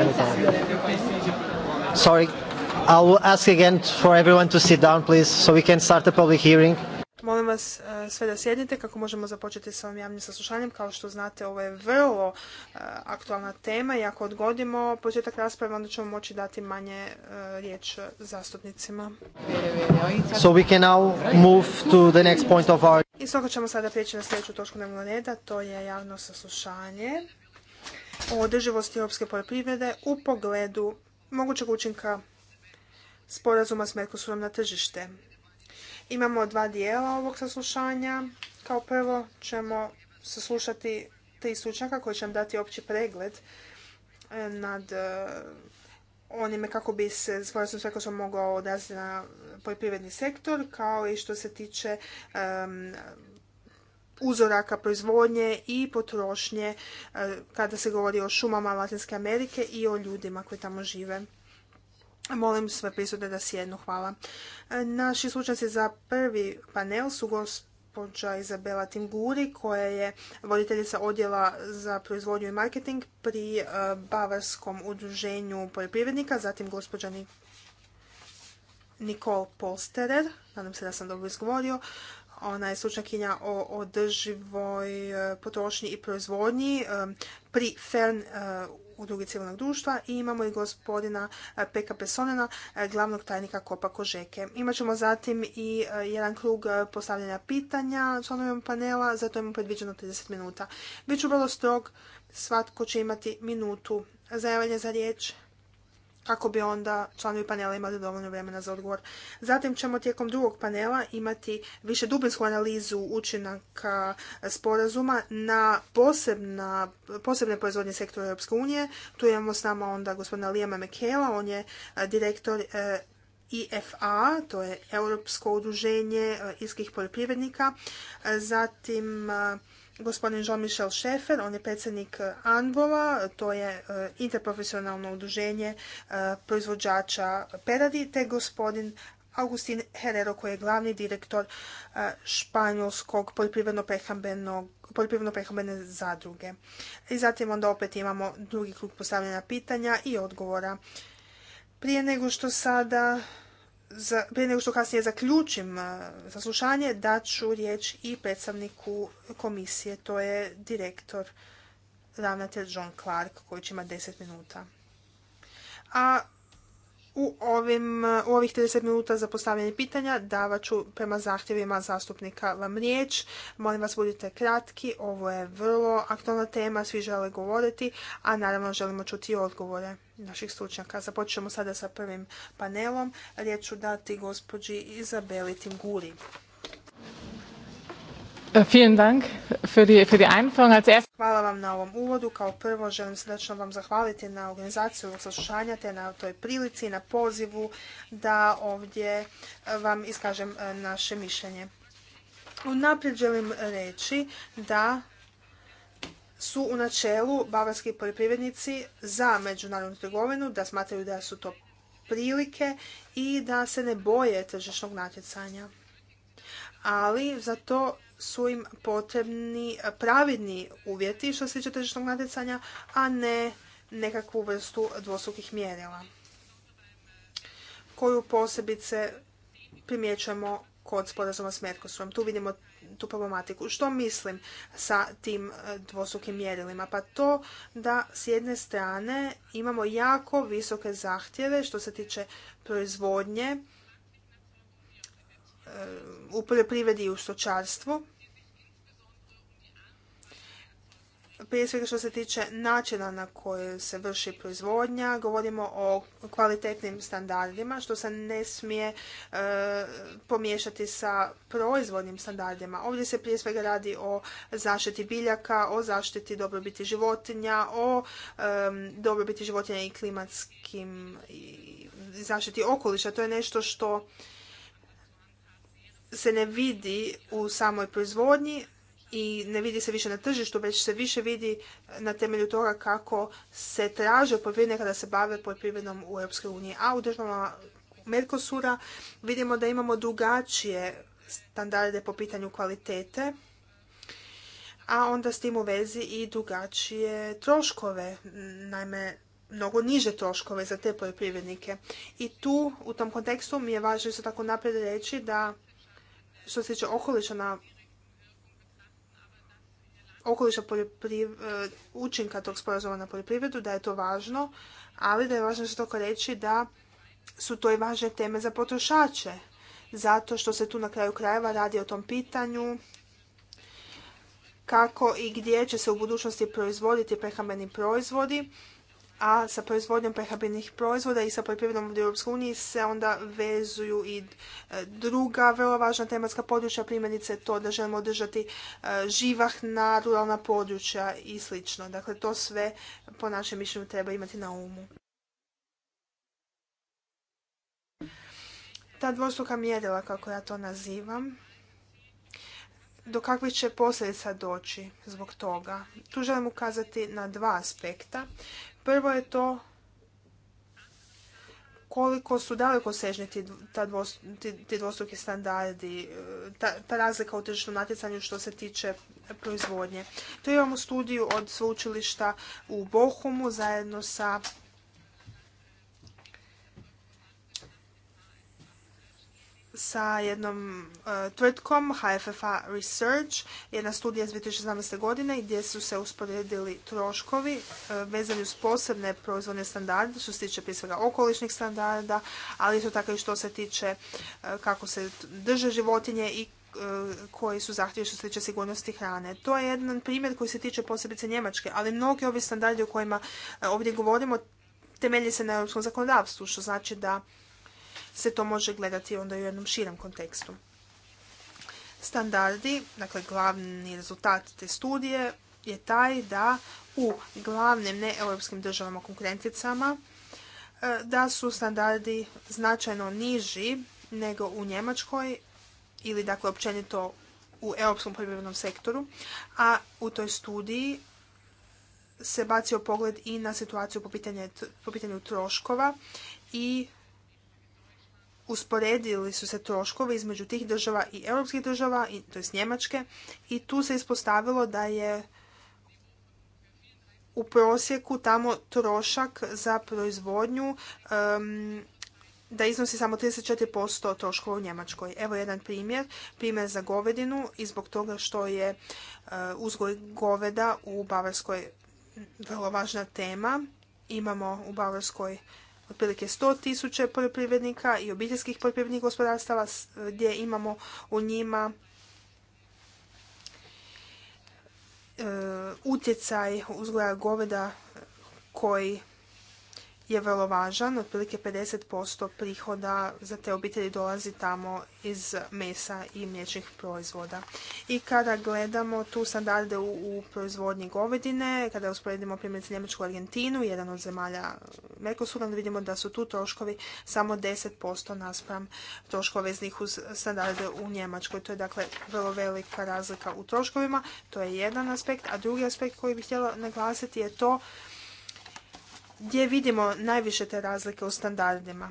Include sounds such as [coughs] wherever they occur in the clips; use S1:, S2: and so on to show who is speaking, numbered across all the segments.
S1: many times. Sorry, I will ask again for everyone to sit down, please, so we can start the public hearing. Molim vas eh, sve da sjednite kako možemo započeti s ovim javnim saslušanjem. Kao što znate, ovo je vrlo eh, aktualna tema i ako odgodimo početak rasprave, onda ćemo moći dati manje eh, riječ zastupnicima. So we can now move to the next point of our... I svako ćemo sada prijeći na sljedeću točku dnevnog reda, to je javno saslušanje o održivosti europske poljoprivrede u pogledu mogućeg učinka sporazuma s Merkosurom na tržište. Imamo dva dijela ovog saslušanja. Kao prvo ćemo saslušati tri stručnjaka koji će nam dati opći pregled eh, nad eh, onime kako bi se sporazum s Merkosurom mogao odraziti na poljoprivredni sektor, kao i što se tiče eh, uzoraka proizvodnje i potrošnje e, kada se govori o šumama Latinske Amerike i o ljudima koji tamo žive. Molim sve prisutne da sjednu. Hvala. E, naši slučajci za prvi panel su gospođa Izabela Timguri, koja je voditeljica odjela za proizvodnju i marketing pri e, Bavarskom udruženju poljoprivrednika, zatim gospođa Nicole Polsterer, nadam se da sam dobro izgovorio, ona je slučakinja o održivoj e, potrošnji i proizvodnji e, pri FERN e, drugi civilnog društva i imamo i gospodina Peka Pesonena, glavnog tajnika Kopa Kožeke. Imaćemo zatim i jedan krug postavljanja pitanja članovima panela, zato imamo predviđeno 30 minuta. Biću vrlo strog, svatko će imati minutu za za riječ kako bi onda članovi panela imali dovoljno vremena za odgovor. Zatim ćemo tijekom drugog panela imati više dubinsku analizu učinaka sporazuma na posebna, posebne proizvodnje sektora Europske unije. Tu imamo s nama onda gospodina Lijama Mekela, on je eh, direktor eh, IFA, to je Europsko udruženje eh, iskih poljoprivrednika, zatim gospodin Jean-Michel Šefer, on je predsjednik e, Anvola, to je e, interprofesionalno udruženje e, proizvođača peradi, te gospodin Augustin Herrero koji je glavni direktor španjolskog poljoprivredno-prehrambene zadruge. I zatim onda opet imamo drugi krug postavljanja pitanja i odgovora. Prije nego što sada za, prije nego što kasnije zaključim saslušanje, ću riječ i predstavniku komisije, to je direktor ravnatelj John Clark koji će imati 10 minuta. A u, ovim, u ovih 30 minuta za postavljanje pitanja davat ću prema zahtjevima zastupnika vam riječ. Molim vas budite kratki, ovo je vrlo aktualna tema, svi žele govoriti, a naravno želimo čuti odgovore naših stručnjaka. Započnemo sada sa prvim panelom. Riječ ću dati gospođi Izabeli Tinguri. Hvala vam na ovom uvodu. Kao prvo želim srdečno vam zahvaliti na organizaciju ovog saslušanja te na toj prilici i na pozivu da ovdje eh, vam iskažem eh, naše mišljenje. Unaprijed želim reći da su u načelu bavarski poljoprivrednici za međunarodnu trgovinu, da smatraju da su to prilike i da se ne boje tržišnog natjecanja ali za to su im potrebni pravidni uvjeti što se tiče tržišnog natjecanja, a ne nekakvu vrstu dvostrukih mjerila koju posebice primjećujemo kod sporazuma s Merkosom. Tu vidimo tu problematiku. Što mislim sa tim e, dvostrukim mjerilima? Pa to da s jedne strane imamo jako visoke zahtjeve što se tiče proizvodnje u poljoprivredi i u stočarstvu. Prije svega što se tiče načina na koje se vrši proizvodnja, govorimo o kvalitetnim standardima što se ne smije e, pomiješati sa proizvodnim standardima. Ovdje se prije svega radi o zaštiti biljaka, o zaštiti dobrobiti životinja, o dobrobiti životinja i klimatskim i zaštiti okoliša. To je nešto što se ne vidi u samoj proizvodnji i ne vidi se više na tržištu, već se više vidi na temelju toga kako se traže poljoprivredne kada se bave poljoprivrednom u EU. A u državama Mercosura vidimo da imamo drugačije standarde po pitanju kvalitete, a onda s tim u vezi i drugačije troškove, naime mnogo niže troškove za te poljoprivrednike. I tu, u tom kontekstu, mi je važno isto tako naprijed reći da što se tiče okoliša na okoliša e, učinka tog sporazuma na poljoprivredu, da je to važno, ali da je važno što toko reći da su to i važne teme za potrošače, zato što se tu na kraju krajeva radi o tom pitanju kako i gdje će se u budućnosti proizvoditi prehrambeni proizvodi a sa proizvodnjom prehrambenih proizvoda i sa poljoprivredom u EU se onda vezuju i e, druga vrlo važna tematska područja, primjerice to da želimo održati e, na ruralna područja i sl. Dakle, to sve po našem mišljenju treba imati na umu. Ta dvostruka mjerila, kako ja to nazivam, do kakvih će posljedica doći zbog toga. Tu želim ukazati na dva aspekta Prvo je to koliko su daleko sežni ti, dvostruki standardi, e, ta, ta razlika u tržišnom natjecanju što se tiče proizvodnje. Tu imamo studiju od sveučilišta u Bohumu zajedno sa sa jednom e, tvrtkom HFFA Research, jedna studija iz 2017. godine gdje su se usporedili troškovi e, vezani uz posebne proizvodne standarde što se tiče prije svega okolišnih standarda, ali isto tako i što se tiče e, kako se drže životinje i koji su zahtjevi što se tiče sigurnosti hrane. To je jedan primjer koji se tiče posebice Njemačke, ali mnogi ovi standardi o kojima ovdje govorimo temelji se na europskom zakonodavstvu, što znači da se to može gledati onda u jednom širem kontekstu. Standardi, dakle glavni rezultat te studije je taj da u glavnim neeuropskim državama konkurenticama e, da su standardi značajno niži nego u Njemačkoj ili dakle općenito u europskom poljoprivrednom sektoru, a u toj studiji se bacio pogled i na situaciju po pitanju, po pitanju troškova i usporedili su se troškovi između tih država i europskih država, to jest Njemačke, i tu se ispostavilo da je u prosjeku tamo trošak za proizvodnju da iznosi samo 34% troškova u Njemačkoj. Evo jedan primjer, primjer za govedinu i zbog toga što je eh, uzgoj goveda u Bavarskoj vrlo važna tema. Imamo u Bavarskoj otprilike 100 tisuća poljoprivrednika i obiteljskih poljoprivrednih gospodarstava gdje imamo u njima e, utjecaj uzgoja goveda koji je vrlo važan. Otprilike 50% prihoda za te obitelji dolazi tamo iz mesa i mliječnih proizvoda. I kada gledamo tu standarde u, proizvodnji govedine, kada usporedimo primjerice Njemačku Argentinu, jedan od zemalja Mercosura, vidimo da su tu troškovi samo 10% naspram troškova veznih uz standarde u Njemačkoj. To je dakle vrlo velika razlika u troškovima. To je jedan aspekt. A drugi aspekt koji bih htjela naglasiti je to gdje vidimo najviše te razlike u standardima.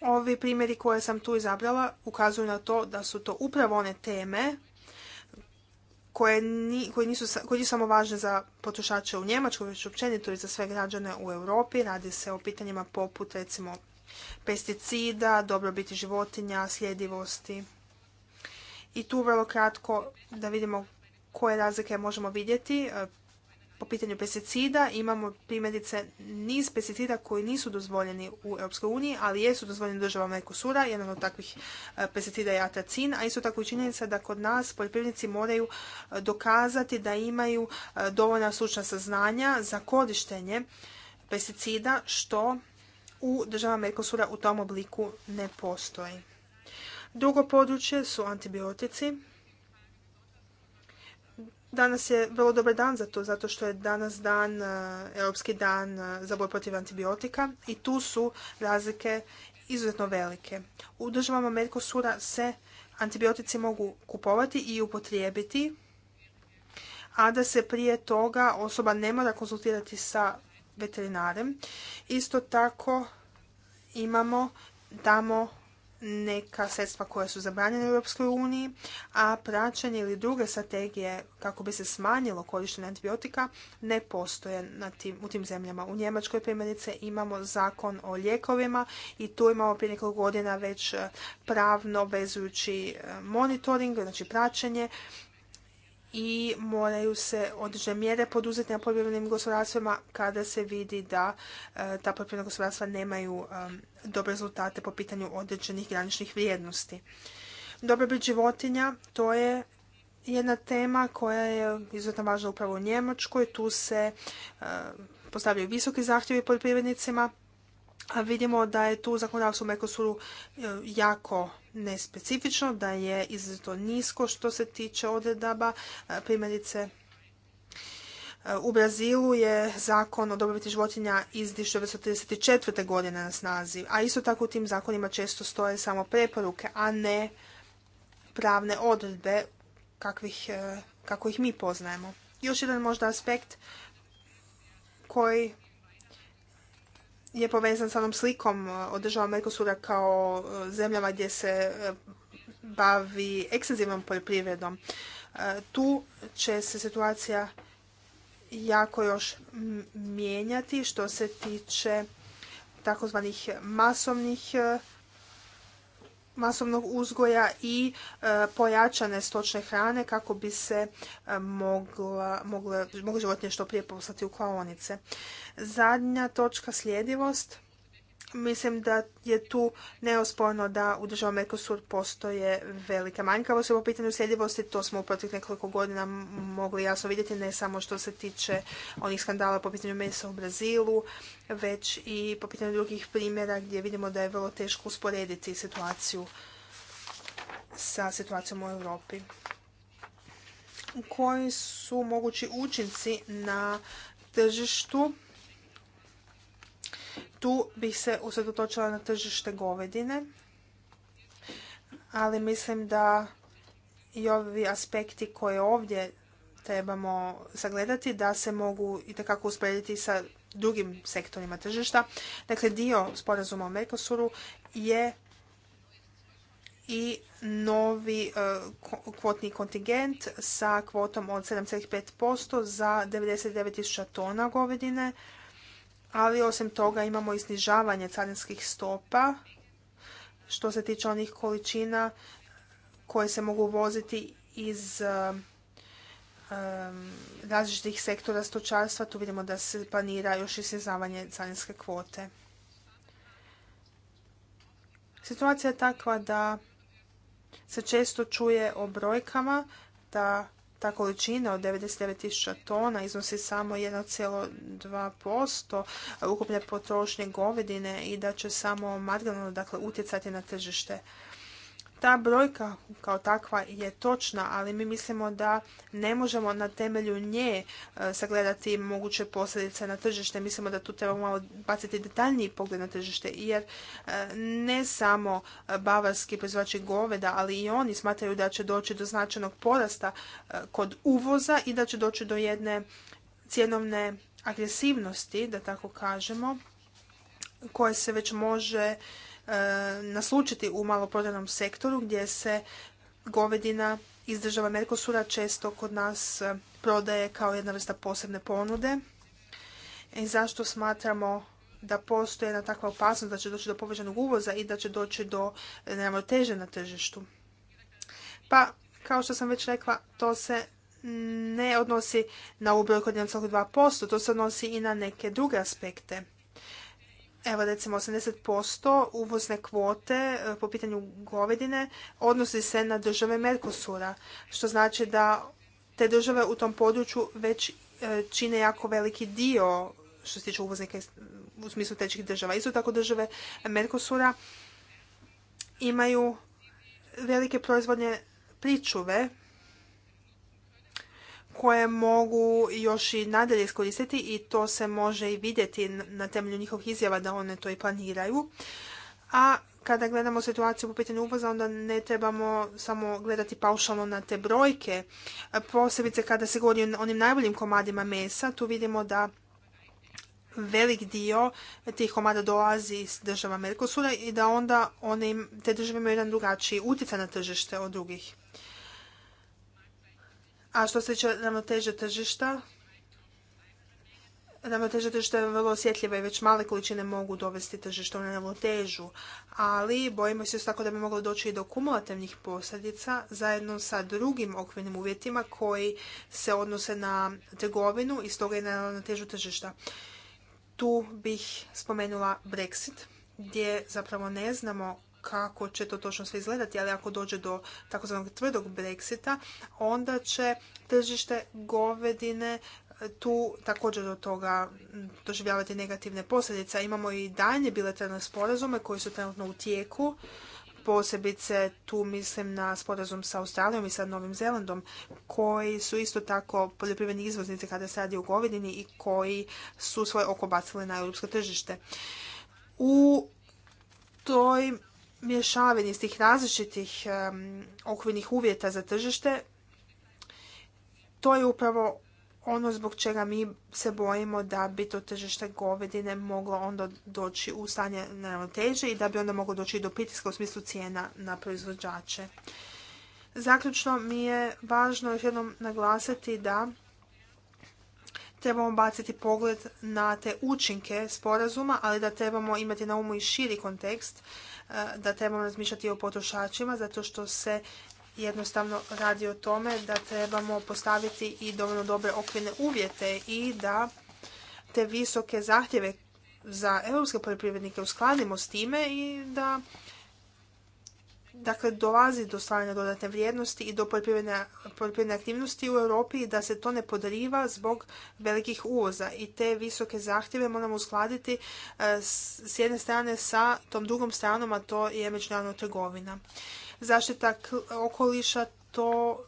S1: Ovi primjeri koje sam tu izabrala ukazuju na to da su to upravo one teme koje, ni, nisu, nisu samo važne za potrošače u Njemačkoj, već općenito i za sve građane u Europi. Radi se o pitanjima poput recimo pesticida, dobrobiti životinja, sljedivosti. I tu vrlo kratko da vidimo koje razlike možemo vidjeti. Po pitanju pesticida imamo primjerice niz pesticida koji nisu dozvoljeni u EU, ali jesu dozvoljeni državama Ekosura. Jedan od takvih e, pesticida je atracin, a isto tako i činjenica da kod nas poljoprivrednici moraju e, dokazati da imaju e, dovoljna stručna saznanja za korištenje pesticida, što u državama Ekosura u tom obliku ne postoji. Drugo područje su antibiotici. Danas je vrlo dobar dan za to, zato što je danas dan, e, Europski dan e, za boj protiv antibiotika i tu su razlike izuzetno velike. U državama Merkosura se antibiotici mogu kupovati i upotrijebiti, a da se prije toga osoba ne mora konzultirati sa veterinarem. Isto tako imamo tamo neka sredstva koja su zabranjena u Europskoj uniji, a praćenje ili druge strategije kako bi se smanjilo korištenje antibiotika ne postoje na tim, u tim zemljama. U Njemačkoj primjerice imamo zakon o lijekovima i tu imamo prije nekoliko godina već eh, pravno vezujući eh, monitoring, znači praćenje i moraju se određene mjere poduzeti na poljoprivrednim gospodarstvima kada se vidi da e, ta poljoprivredna gospodarstva nemaju e, dobre rezultate po pitanju određenih graničnih vrijednosti. Dobrobit životinja, to je jedna tema koja je izuzetno važna upravo u Njemačkoj. Tu se e, postavljaju visoki zahtjevi poljoprivrednicima vidimo da je tu zakonodavstvo u e, jako nespecifično, da je izuzetno nisko što se tiče odredaba. E, primjerice, e, u Brazilu je zakon o dobrobiti životinja iz 1934. godine na snazi, a isto tako u tim zakonima često stoje samo preporuke, a ne pravne odredbe kakvih, kako ih mi poznajemo. Još jedan možda aspekt koji je povezan sa onom slikom e, o državama Mercosura kao e, zemljama gdje se e, bavi ekstenzivnom poljoprivredom. Tu će se situacija jako još mijenjati što se tiče takozvanih masovnih masovnog uzgoja i e, pojačane stočne hrane kako bi se e, mogla, mogle, životinje što prije poslati u klaonice. Zadnja točka sljedivost. Mislim da je tu neosporno da u državom Mercosur postoje velike manjkavosti po pitanju sljedivosti. To smo u proteklih nekoliko godina mogli jasno vidjeti, ne samo što se tiče onih skandala po pitanju mesa u Brazilu, već i po pitanju drugih primjera gdje vidimo da je vrlo teško usporediti situaciju sa situacijom u Europi. Koji su mogući učinci na tržištu tu bih se usredotočila na tržište govedine, ali mislim da i ovi aspekti koje ovdje trebamo sagledati da se mogu i takako usporediti sa drugim sektorima tržišta. Dakle, dio sporazuma o Mercosuru je i novi e, kvotni kontingent sa kvotom od 7,5% za 99.000 tona govedine ali osim toga imamo i snižavanje carinskih stopa što se tiče onih količina koje se mogu voziti iz um, um, različitih sektora stočarstva. Tu vidimo da se planira još i snižavanje carinske kvote. Situacija je takva da se često čuje o brojkama da ta količina od 99.000 tona iznosi samo 1,2% ukupne potrošnje govedine i da će samo marginalno dakle, utjecati na tržište. Ta brojka kao takva je točna, ali mi mislimo da ne možemo na temelju nje e, sagledati moguće posljedice na tržište. Mislimo da tu trebamo malo baciti detaljniji pogled na tržište, jer e, ne samo e, bavarski proizvođači goveda, ali i oni smatraju da će doći do značajnog porasta kod uvoza i da će doći do jedne cjenovne agresivnosti, da tako kažemo, koje se već može E, naslučiti u maloprodajnom sektoru gdje se govedina iz država Merkosura često kod nas e, prodaje kao jedna vrsta posebne ponude. I zašto smatramo da postoji jedna takva opasnost da će doći do povećanog uvoza i da će doći do neravnoteže na tržištu? Pa, kao što sam već rekla, to se ne odnosi na ubroj kod 1,2%, to se odnosi i na neke druge aspekte. Evo recimo 80% uvozne kvote e, po pitanju govedine odnosi se na države Merkosura, što znači da te države u tom području već e, čine jako veliki dio što se tiče uvoznika u smislu trećih država. Isto tako države Merkosura imaju velike proizvodne pričuve koje mogu još i nadalje iskoristiti i to se može i vidjeti na temelju njihovih izjava da one to i planiraju. A kada gledamo situaciju po pitanju uvoza, onda ne trebamo samo gledati paušalno na te brojke. Posebice kada se govori o onim najboljim komadima mesa, tu vidimo da velik dio tih komada dolazi iz država Merkosura i da onda one, te države imaju jedan drugačiji utjecaj na tržište od drugih. A što se tiče ravnoteže tržišta, ravnoteža tržišta je vrlo osjetljiva i već male količine mogu dovesti tržište u ravnotežu, ali bojimo se tako da bi moglo doći i do kumulativnih posljedica zajedno sa drugim okvirnim uvjetima koji se odnose na trgovinu i stoga i na ravnotežu tržišta. Tu bih spomenula Brexit gdje zapravo ne znamo kako će to točno sve izgledati, ali ako dođe do takozvanog tvrdog Brexita, onda će tržište govedine e, tu također do toga doživljavati negativne posljedice. Imamo i dalje bilateralne sporazume koji su trenutno u tijeku, posebice tu mislim na sporazum sa Australijom i sa Novim Zelandom, koji su isto tako poljoprivredni izvoznici kada se radi o govedini i koji su svoje oko bacili na europsko tržište. U toj mješavini iz tih različitih okvirnih uvjeta za tržište, to je upravo ono zbog čega mi se bojimo da bi to tržište govedine moglo onda doći u stanje neravnoteže i da bi onda moglo doći do pritiska u smislu cijena na proizvođače. Zaključno mi je važno još jednom naglasiti da trebamo baciti pogled na te učinke sporazuma, ali da trebamo imati na umu i širi kontekst E, da trebamo razmišljati o potrošačima zato što se jednostavno radi o tome da trebamo postaviti i dovoljno dobre okvirne uvjete i da te visoke zahtjeve za europske poljoprivrednike uskladimo s time i da Dakle, dolazi do stvaranja dodatne vrijednosti i do poljoprivredne aktivnosti u Europi i da se to ne podriva zbog velikih uvoza. I te visoke zahtjeve moramo uskladiti e, s jedne strane sa tom drugom stranom, a to je međunarodna trgovina. Zaštita okoliša, to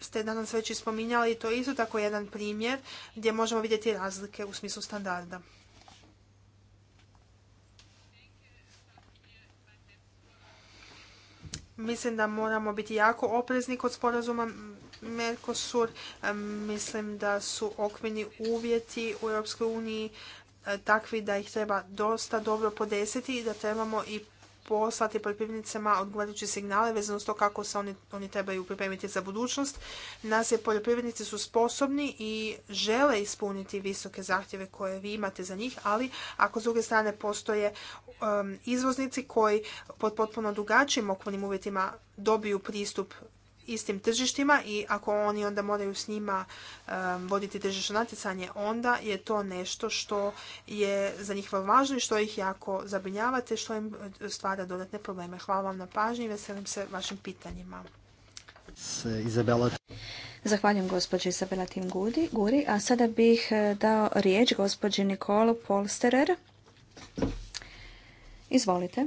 S1: ste danas već i spominjali, to je isto tako jedan primjer gdje možemo vidjeti razlike u smislu standarda. Mislim da moramo biti jako oprezni kod sporazuma Mercosur. Mislim da su okvirni uvjeti u Europskoj uniji eh, takvi da ih treba dosta dobro podesiti i da trebamo i poslati poljoprivrednicama odgovarajuće signale vezano s to kako se oni, trebaju pripremiti za budućnost. Nas je poljoprivrednici su sposobni i žele ispuniti visoke zahtjeve koje vi imate za njih, ali ako s druge strane postoje um, izvoznici koji pod potpuno drugačijim okolnim uvjetima dobiju pristup istim tržištima i ako oni onda moraju s njima voditi tržišno natjecanje, onda je to nešto što je za njih važno i što ih jako zabrinjavate, što im e, stvara dodatne probleme. Hvala vam na pažnji i veselim se vašim pitanjima.
S2: Zahvaljujem gospođi Izabela Tim Guri, a sada bih e, dao riječ gospođi Nikolu Polsterer. Izvolite.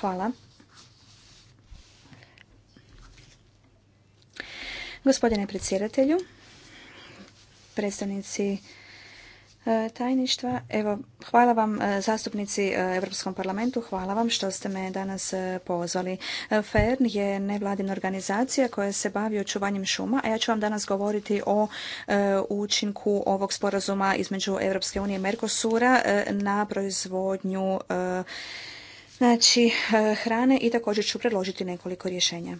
S2: Hvala. Gospodine predsjedatelju, predstavnici e, tajništva. Evo, hvala vam e, zastupnici e, Europskom parlamentu, hvala vam što ste me danas pozvali. FERN je nevladina organizacija koja se bavi očuvanjem šuma, a ja ću vam danas govoriti o učinku ovog sporazuma između Europske unije i Mercosura na proizvodnju znači, hrane i također ću predložiti nekoliko rješenja.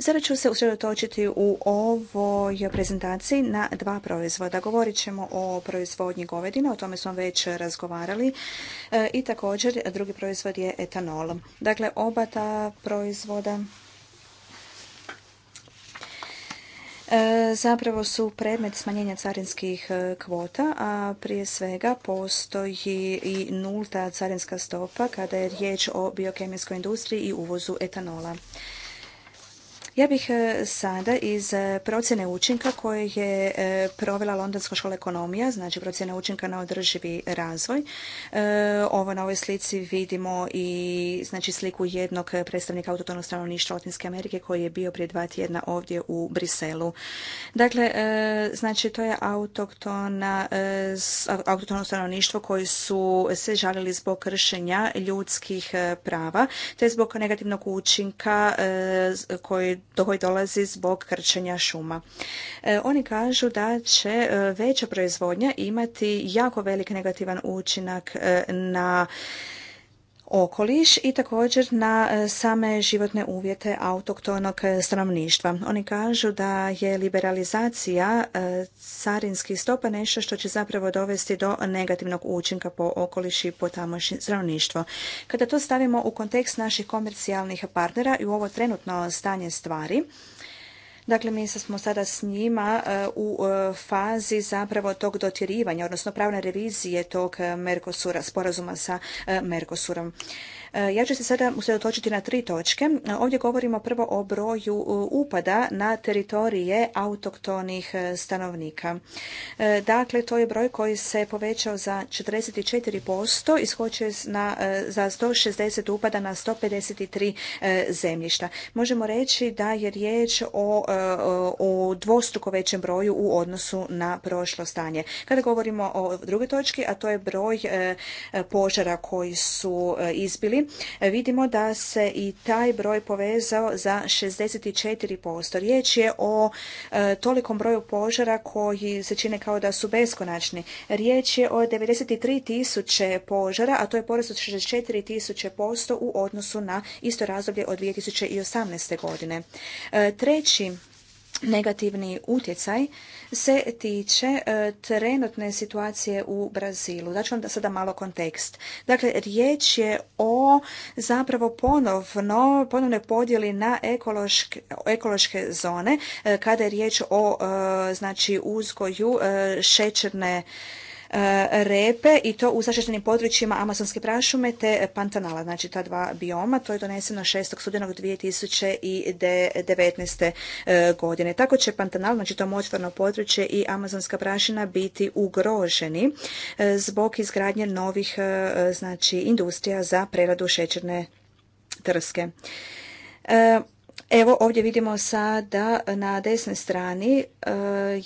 S2: Sada ću se usredotočiti u ovoj prezentaciji na dva proizvoda. Govorit ćemo o proizvodnji govedina, o tome smo već razgovarali e, i također drugi proizvod je etanol. Dakle, oba ta proizvoda e, zapravo su predmet smanjenja carinskih e, kvota, a prije svega postoji i nulta carinska stopa kada je riječ o biokemijskoj industriji i uvozu etanola. Ja bih e, sada iz e, procjene učinka koje je e, provela Londonska škola ekonomija, znači procjena učinka na održivi razvoj. Ovo na ovoj slici vidimo i znači sliku jednog predstavnika autotonog stanovništva Latinske Amerike koji je bio prije dva tjedna ovdje u Briselu. Dakle, znači to je autoktona, autoktono stanovništvo koji su se žalili zbog kršenja ljudskih prava te zbog negativnog učinka koji do kojih dolazi zbog krčenja šuma. E, oni kažu da će e, veća proizvodnja imati jako velik negativan učinak e, na okoliš i također na e, same životne uvjete autoktonog e, stanovništva. Oni kažu da je liberalizacija e, carinskih stopa nešto što će zapravo dovesti do negativnog učinka po okoliš i po tamošnje stanovništvo. Kada to stavimo u kontekst naših komercijalnih partnera i u ovo trenutno stanje stvari, Dakle, mi smo sada s njima e, u e, fazi zapravo tog dotjerivanja, odnosno pravne revizije tog Mercosura, sporazuma sa e, Mercosurom. E, ja ću se sada usredotočiti na tri točke. E, ovdje govorimo prvo o broju e, upada na teritorije autoktonih stanovnika. Dakle, to je broj koji se povećao za 44%, iskočio na, za 160 upada na 153 zemljišta. Možemo reći da je riječ o, dvostruko većem broju u odnosu na prošlo stanje. Kada govorimo o drugoj točki, a to je broj požara koji su izbili, E, vidimo da se i taj broj povezao za 64%. Riječ je o e, tolikom broju požara koji se čine kao da su beskonačni. Riječ je o 93 tisuće požara, a to je porast od 64 tisuće posto u odnosu na isto razdoblje od 2018. godine. E, treći negativni utjecaj se tiče e, trenutne situacije u Brazilu. Daću vam da sada malo kontekst. Dakle, riječ je o zapravo ponovno, ponovne podjeli na ekološke, ekološke zone e, kada je riječ o e, znači uzgoju šećerne E, repe i to u zaštićenim područjima Amazonske prašume te Pantanala, znači ta dva bioma. To je doneseno 6. studenog 2019. E, godine. Tako će Pantanal, znači to močvarno područje i Amazonska prašina biti ugroženi e, zbog izgradnje novih znači industrija za preradu šećerne trske. Evo ovdje vidimo sada na desnoj strani e,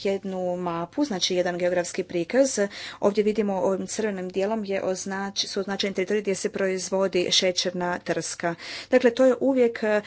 S2: jednu mapu, znači jedan geografski prikaz. Ovdje vidimo ovim crvenim dijelom je su označeni teritorij gdje se proizvodi šećerna trska. Dakle, to je uvijek e,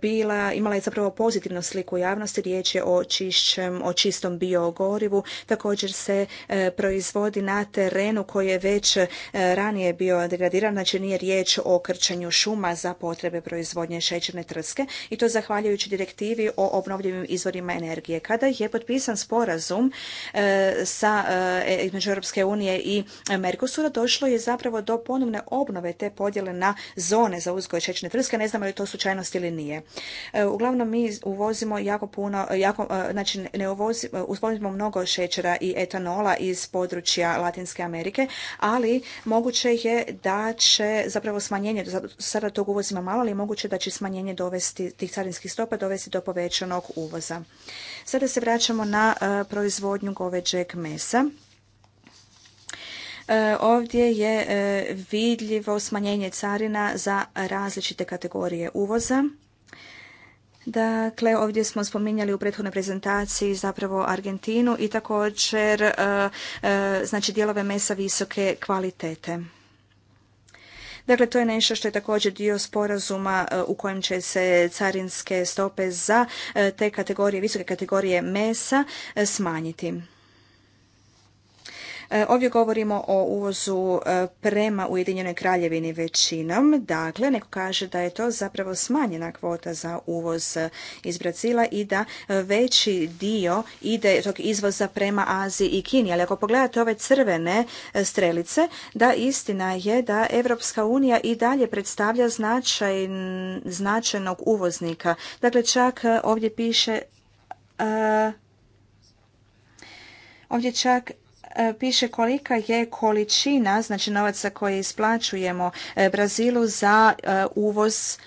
S2: bila, imala je zapravo pozitivnu sliku javnosti, riječ je o, čišćem, o čistom biogorivu, također se e, proizvodi na terenu koji je već ranije bio degradiran, znači nije riječ o krčanju šuma za potrebe proizvodnje šećerne trske i to zahvaljujući direktivi o obnovljivim izvorima energije. Kada je potpisan sporazum e, sa e, e, između Europske unije i Mercosura, došlo je zapravo do ponovne obnove te podjele na zone za uzgoj šećne trske. Ne znamo je to slučajnost ili nije. Uglavnom, mi uvozimo jako puno, jako, znači ne uvozimo, mnogo šećera i etanola iz područja Latinske Amerike, ali moguće je da će zapravo smanjenje, sada tog uvozima malo, ali moguće da će smanjenje dovesti tih carinskih stopa dovesti do povećanog uvoza. Sada se vraćamo na e, proizvodnju goveđeg mesa. E, ovdje je e, vidljivo smanjenje carina za različite kategorije uvoza. Dakle, ovdje smo spominjali u prethodnoj prezentaciji zapravo Argentinu i također znači dijelove mesa visoke kvalitete. Dakle, to je nešto što je također dio sporazuma e, u kojem će se carinske stope za e, te kategorije, visoke kategorije mesa e, smanjiti. E, ovdje govorimo o uvozu e, prema Ujedinjenoj kraljevini većinom. Dakle, neko kaže da je to zapravo smanjena kvota za uvoz iz Brazila i da e, veći dio ide tog izvoza prema Aziji i Kini. Ali ako pogledate ove crvene strelice, da istina je da Evropska unija i dalje predstavlja značaj, značajnog uvoznika. Dakle, čak ovdje piše... ovdje čak E, piše kolika je količina, znači novaca koje isplaćujemo e, Brazilu za e, uvoz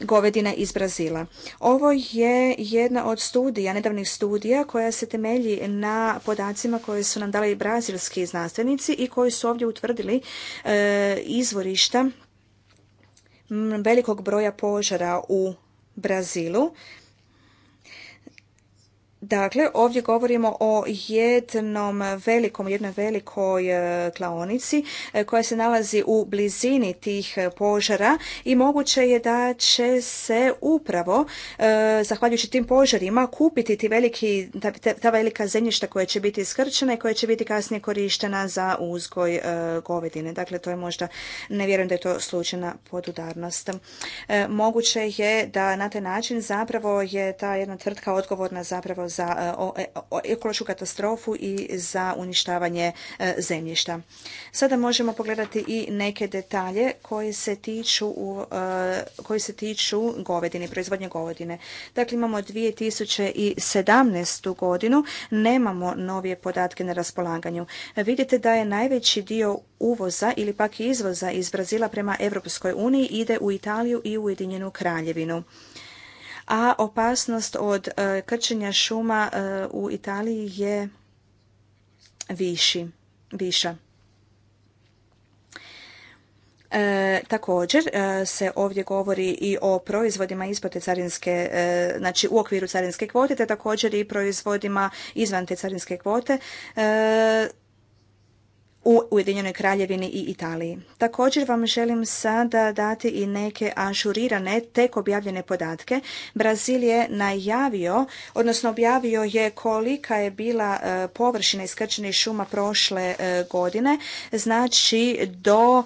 S2: govedine iz Brazila. Ovo je jedna od studija, nedavnih studija koja se temelji na podacima koje su nam dali brazilski znanstvenici i koji su ovdje utvrdili izvorišta velikog broja požara u Brazilu Dakle, ovdje govorimo o jednom velikom, jednoj velikoj e, klaonici e, koja se nalazi u blizini tih e, požara i moguće je da će se upravo, zahvaljujući tim požarima, kupiti ti veliki, ta, velika zemljišta koja će biti skrčena i koja će biti kasnije korištena za uzgoj govedine. Dakle, to je možda, ne vjerujem da je to slučajna podudarnost. Moguće je da na taj način zapravo je ta jedna tvrtka odgovorna zapravo za e, e, ekološku katastrofu i za uništavanje e, zemljišta. Sada možemo pogledati i neke detalje koji se tiču, koji se tiču govedine, proizvodnje govedine. Dakle, imamo 2017. godinu, nemamo novije podatke na raspolaganju. Vidite da je najveći dio uvoza ili pak izvoza iz Brazila prema Europskoj uniji ide u Italiju i u Ujedinjenu kraljevinu a opasnost od e, krčenja šuma e, u Italiji je viši, viša. E, također se ovdje govori i o proizvodima ispod te carinske, znači u okviru carinske kvote, te također i proizvodima izvan te carinske kvote u Ujedinjenoj Kraljevini i Italiji. Također vam želim sada dati i neke ažurirane, tek objavljene podatke. Brazil je najavio, odnosno objavio je kolika je bila e, površina iskrčenih šuma prošle e, godine, znači do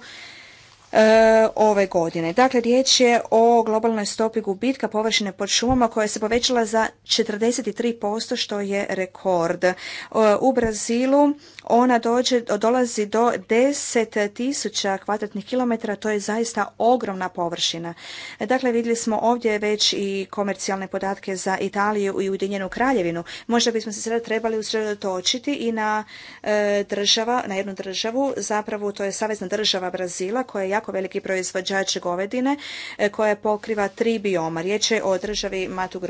S2: E, ove godine. Dakle, riječ je o globalnoj stopi gubitka površine pod šumama koja se povećala za 43%, što je rekord. E, u Brazilu ona dođe, dolazi do 10.000 kvadratnih kilometara, to je zaista ogromna površina. E, dakle, vidjeli smo ovdje već i komercijalne podatke za Italiju i Ujedinjenu kraljevinu. Možda bismo se sada trebali usredotočiti i na država, na jednu državu, zapravo to je Savezna država Brazila koja je jako veliki proizvođač govedine e, koja pokriva tri bioma. Riječ je o državi Matu e,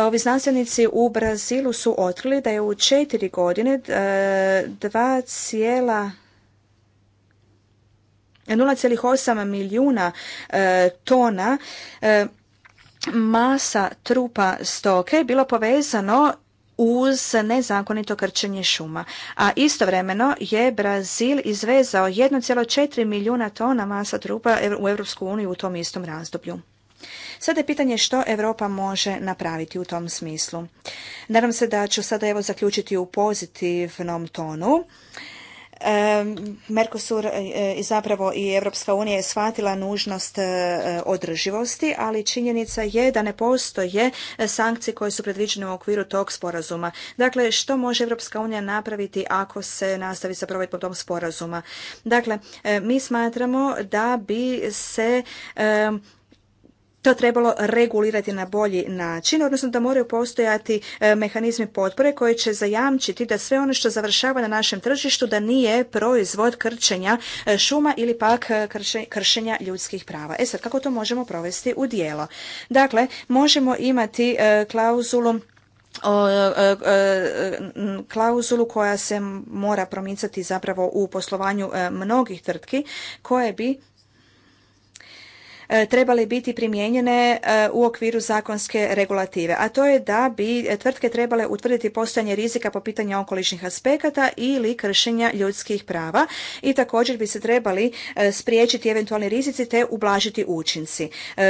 S2: Ovi znanstvenici u Brazilu su otkrili da je u četiri godine 0,8 e, milijuna tona masa trupa stoke bilo povezano uz nezakonito krčenje šuma. A istovremeno je Brazil izvezao 1,4 milijuna tona masa trupa u Europsku uniju u tom istom razdoblju. Sada je pitanje što Europa može napraviti u tom smislu. Nadam se da ću sada evo zaključiti u pozitivnom tonu. Mercosur i e, e, zapravo i Europska unija je shvatila nužnost e, održivosti, ali činjenica je da ne postoje sankcije koje su predviđene u okviru tog sporazuma. Dakle, što može Europska unija napraviti ako se nastavi sa provedbom tog sporazuma? Dakle, mi smatramo da bi se to trebalo regulirati na bolji način, odnosno da moraju postojati e, mehanizmi potpore koji će zajamčiti da sve ono što završava na našem tržištu da nije proizvod krčenja e, šuma ili pak e, kršenja ljudskih prava. E sad, kako to možemo provesti u dijelo? Dakle, možemo imati klauzulu klauzulu koja se mora promicati zapravo u poslovanju mnogih tvrtki koje bi E, trebale biti primijenjene e, u okviru zakonske regulative, a to je da bi tvrtke trebale utvrditi postojanje rizika po pitanju okolišnih aspekata ili kršenja ljudskih prava i također bi se trebali e, spriječiti eventualni rizici te ublažiti učinci.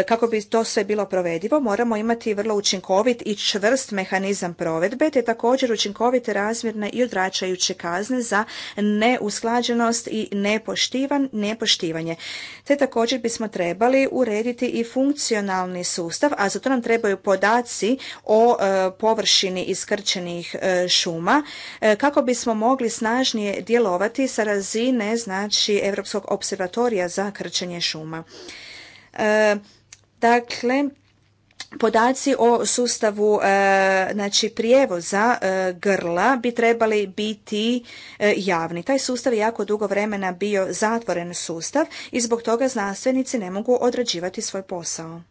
S2: Kako bi to sve bilo provedivo, moramo imati vrlo učinkovit i čvrst mehanizam provedbe, te također učinkovite razmjerne i odračajuće kazne za neusklađenost i nepoštivanje, te također bismo trebali urediti i funkcionalni sustav, a za to nam trebaju podaci o e, površini iskrčenih e, šuma e, kako bismo mogli snažnije djelovati sa razine znači Europskog observatorija za krčenje šuma. Dakle, Podaci o sustavu e, znači prijevoza e, grla bi trebali biti e, javni. Taj sustav je jako dugo vremena bio zatvoren sustav i zbog toga znanstvenici ne mogu odrađivati svoj posao.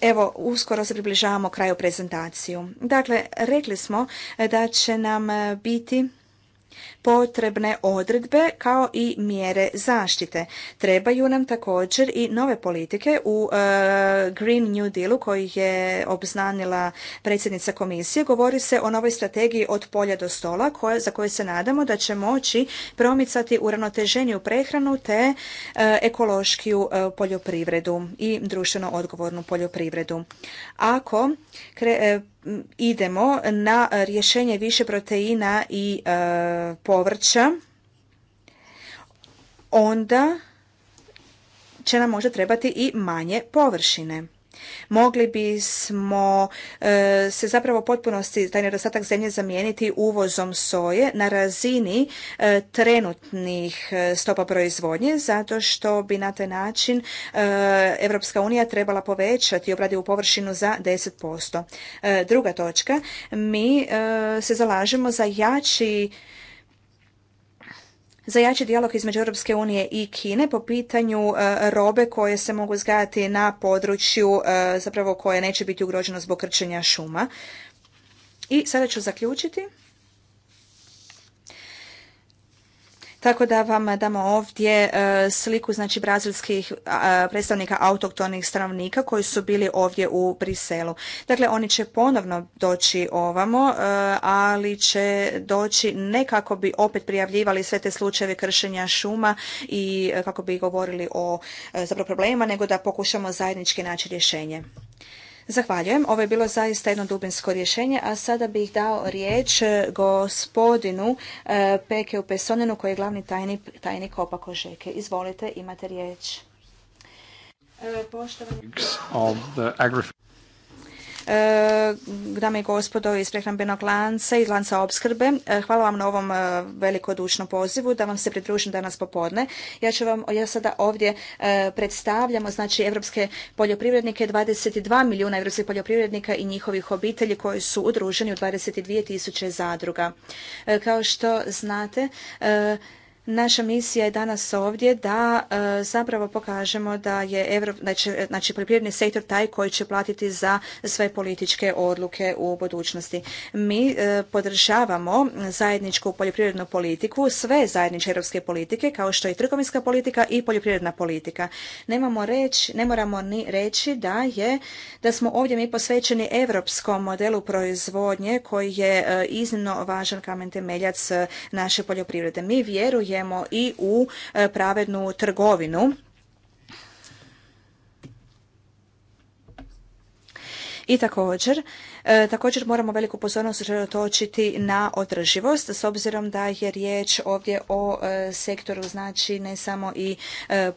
S2: Evo, uskoro se približavamo kraju prezentaciju. Dakle, rekli smo da će nam biti potrebne odredbe kao i mjere zaštite. Trebaju nam također i nove politike u e, Green New Dealu koji je obznanila predsjednica komisije. Govori se o novoj strategiji od polja do stola koja, za koju se nadamo da će moći promicati uravnoteženju prehranu te e, ekološkiju e, poljoprivredu i društveno odgovornu poljoprivredu. Ako idemo na rješenje više proteina i povrća, onda će nam možda trebati i manje površine. Mogli bismo e, se zapravo u potpunosti taj nedostatak zemlje zamijeniti uvozom soje na razini e, trenutnih e, stopa proizvodnje zato što bi na taj način e, Europska unija trebala povećati obradivu površinu za 10%. Druga točka, mi se zalažemo za jači za jači dijalog između Europske unije i Kine po pitanju e, robe koje se mogu uzgajati na području e, zapravo koje neće biti ugroženo zbog krčenja šuma. I sada ću zaključiti Tako da vam damo ovdje e, sliku znači brazilskih predstavnika autoktonih stanovnika koji su bili ovdje u Briselu. Dakle, oni će ponovno doći ovamo, e, ali će doći ne kako bi opet prijavljivali sve te slučajeve kršenja šuma i e, kako bi govorili o zapravo problemima, nego da pokušamo zajednički naći rješenje. Zahvaljujem. Ovo je bilo zaista jedno dubinsko rješenje, a sada bih dao riječ e, gospodinu e, Pekeu Pesoninu koji je glavni tajnik, tajnik Opako Žeke. Izvolite, imate riječ. E, poštovani... E, dame i gospodo iz prehrambenog lanca iz lanca opskrbe. E, hvala vam na ovom e, velikodušnom pozivu da vam se pridružim danas popodne. Ja ću vam, ja sada ovdje predstavljamo znači evropske poljoprivrednike, 22 milijuna evropskih poljoprivrednika i njihovih obitelji koji su udruženi u 22 tisuće zadruga. Kao što znate, Naša misija je danas ovdje da e, zapravo pokažemo da je znači, poljoprivredni sektor taj koji će platiti za sve političke odluke u budućnosti. Mi e, podržavamo zajedničku poljoprivrednu politiku, sve zajedničke europske politike kao što je trgovinska politika i poljoprivredna politika. Nemamo reći, ne moramo ni reći da je da smo ovdje mi posvećeni europskom modelu proizvodnje koji je e, iznimno važan kamen temeljac naše poljoprivrede. Mi vjerujemo vjerujemo i u e, pravednu trgovinu I također, e, također moramo veliku pozornost usredotočiti na održivost s obzirom da je riječ ovdje o e, sektoru znači ne samo i e,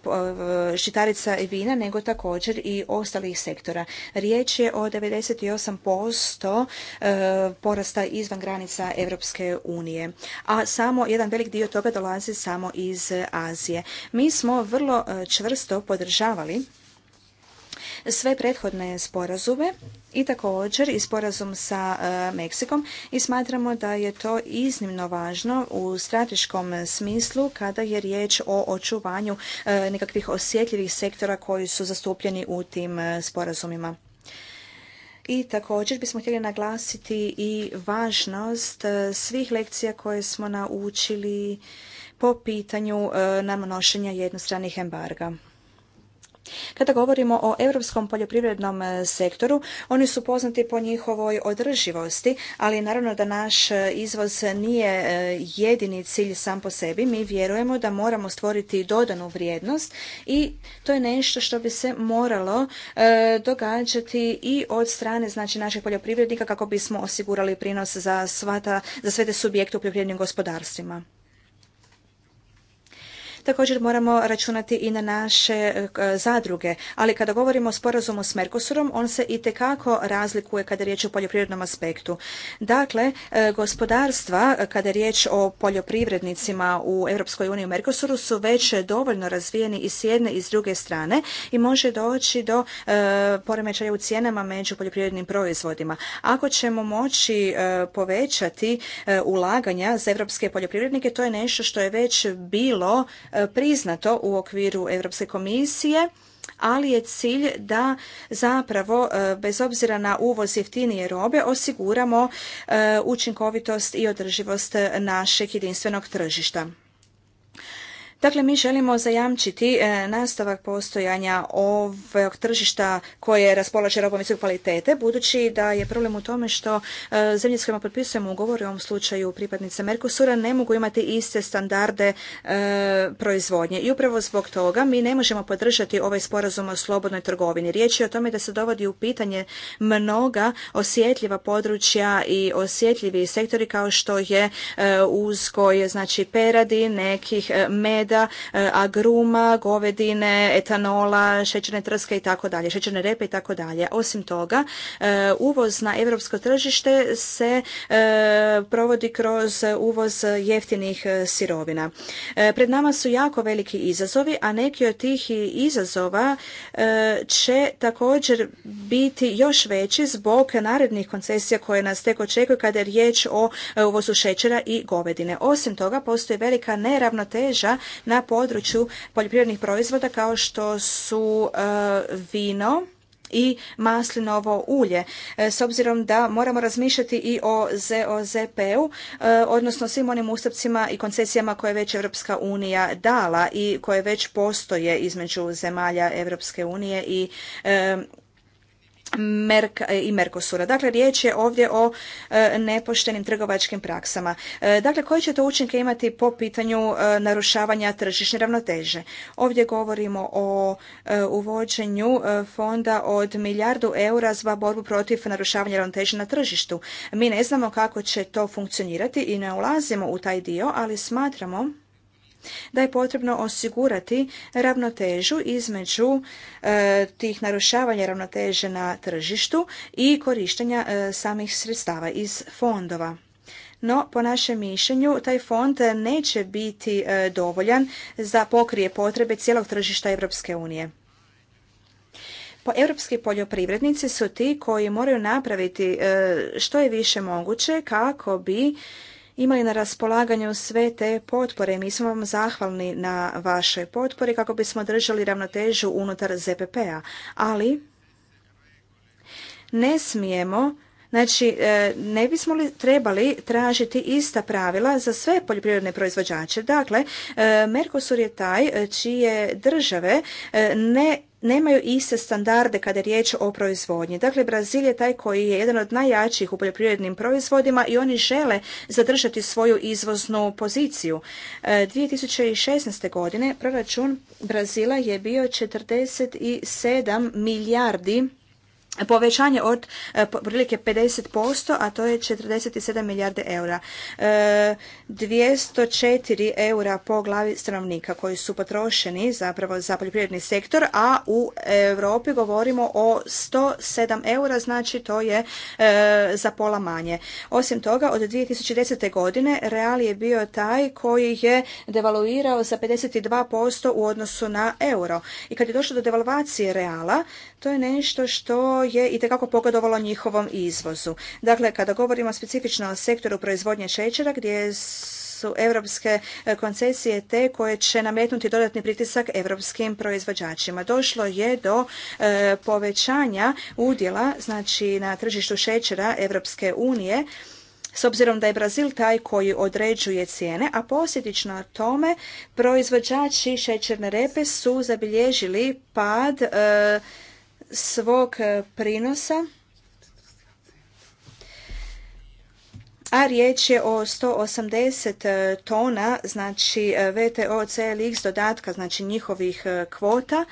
S2: šitarica i vina nego također i ostalih sektora. Riječ je o 98% porasta izvan granica Europske unije, a samo jedan velik dio toga dolazi samo iz Azije. Mi smo vrlo čvrsto podržavali sve prethodne sporazume i također i sporazum sa e, Meksikom i smatramo da je to iznimno važno u strateškom smislu kada je riječ o očuvanju e, nekakvih osjetljivih sektora koji su zastupljeni u tim e, sporazumima. I također bismo htjeli naglasiti i važnost svih lekcija koje smo naučili po pitanju namnošenja jednostranih embarga. Kada govorimo o europskom poljoprivrednom e, sektoru, oni su poznati po njihovoj održivosti, ali naravno da naš e, izvoz nije e, jedini cilj sam po sebi. Mi vjerujemo da moramo stvoriti dodanu vrijednost i to je nešto što bi se moralo događati i od strane znači naših poljoprivrednika kako bismo osigurali prinos za, svata, za sve te subjekte u poljoprivrednim gospodarstvima. Također moramo računati i na naše e, e, zadruge, ali kada govorimo o sporazumu s Mercosurom, on se i tekako razlikuje kada je riječ o poljoprivrednom aspektu. Dakle, e, gospodarstva, kada je riječ o poljoprivrednicima u EU uniji u Mercosuru, su već dovoljno razvijeni i s jedne i s druge strane i može doći do poremećaja u cijenama među poljoprivrednim proizvodima. Ako ćemo moći povećati ulaganja za europske poljoprivrednike, to je nešto što je već bilo E, priznato u okviru Europske komisije ali je cilj da zapravo e, bez obzira na uvoz jeftinije robe osiguramo e, učinkovitost i održivost našeg jedinstvenog tržišta. Dakle, mi želimo zajamčiti e, nastavak postojanja ovog tržišta koje raspolaže robom visoke kvalitete, budući da je problem u tome što e, zemlje s kojima potpisujemo ugovor u ovom slučaju pripadnice Mercosura, ne mogu imati iste standarde e, proizvodnje. I upravo zbog toga mi ne možemo podržati ovaj sporazum o slobodnoj trgovini. Riječ je o tome da se dovodi u pitanje mnoga osjetljiva područja i osjetljivi sektori kao što je uzgoj znači peradi, nekih med meda, e, agruma, govedine, etanola, šećerne trske i tako dalje, šećerne repe i tako dalje. Osim toga, e, uvoz na europsko tržište se e, provodi kroz uvoz jeftinih sirovina. Pred nama su jako veliki izazovi, a neki od tih izazova će također biti još veći zbog narednih koncesija koje nas tek očekuju kada je riječ o uvozu šećera i govedine. Osim toga, postoji velika neravnoteža na području poljoprivrednih proizvoda kao što su e, vino i maslinovo ulje. E, s obzirom da moramo razmišljati i o ZOZP-u, e, odnosno svim onim ustupcima i koncesijama koje je već Europska unija dala i koje već postoje između zemalja Europske unije i E, i Merkosura. Dakle, riječ je ovdje o e, nepoštenim trgovačkim praksama. E, dakle, koje će to učinke imati po pitanju narušavanja tržišne ravnoteže? Ovdje govorimo o uvođenju fonda od milijardu eura za borbu protiv narušavanja ravnoteže na tržištu. Mi ne znamo kako će to funkcionirati i ne ulazimo u taj dio, ali smatramo da je potrebno osigurati ravnotežu između e, tih narušavanja ravnoteže na tržištu i korištenja e, samih sredstava iz fondova. No, po našem mišljenju, taj fond neće biti e, dovoljan za pokrije potrebe cijelog tržišta Europske unije. Europski poljoprivrednici su ti koji moraju napraviti što je više moguće kako bi imali na raspolaganju sve te potpore. Mi smo vam zahvalni na vašoj potpori kako bismo držali ravnotežu unutar ZPP-a, ali ne smijemo Znači, e, ne bismo li trebali tražiti ista pravila za sve poljoprivredne proizvođače? Dakle, e, Mercosur je taj e, čije države ne nemaju iste standarde kada je riječ o proizvodnji. Dakle, Brazil je taj koji je jedan od najjačih u poljoprivrednim proizvodima i oni žele zadržati svoju izvoznu poziciju. 2016. E, godine proračun Brazila je bio 47 milijardi povećanje od e, prilike 50%, a to je 47 milijarde eura. 204 e, eura po glavi stanovnika koji su potrošeni zapravo za poljoprivredni sektor, a u Europi govorimo o 107 eura, znači to je e, za pola manje. Osim toga, od 2010. godine Real je bio taj koji je devaluirao za 52% u odnosu na euro. I kad je došlo do devalvacije Reala, to je nešto što je i tekako pogodovalo njihovom izvozu. Dakle, kada govorimo specifično o sektoru proizvodnje šećera, gdje su europske e, koncesije te koje će nametnuti dodatni pritisak europskim proizvođačima. Došlo je do e, povećanja udjela znači na tržištu šećera Evropske unije s obzirom da je Brazil taj koji određuje cijene, a posljedično tome proizvođači šećerne repe su zabilježili pad e, svog e, prinosa, a riječ je o 180 e, tona, znači e, VTO, CLX dodatka, znači njihovih kvota,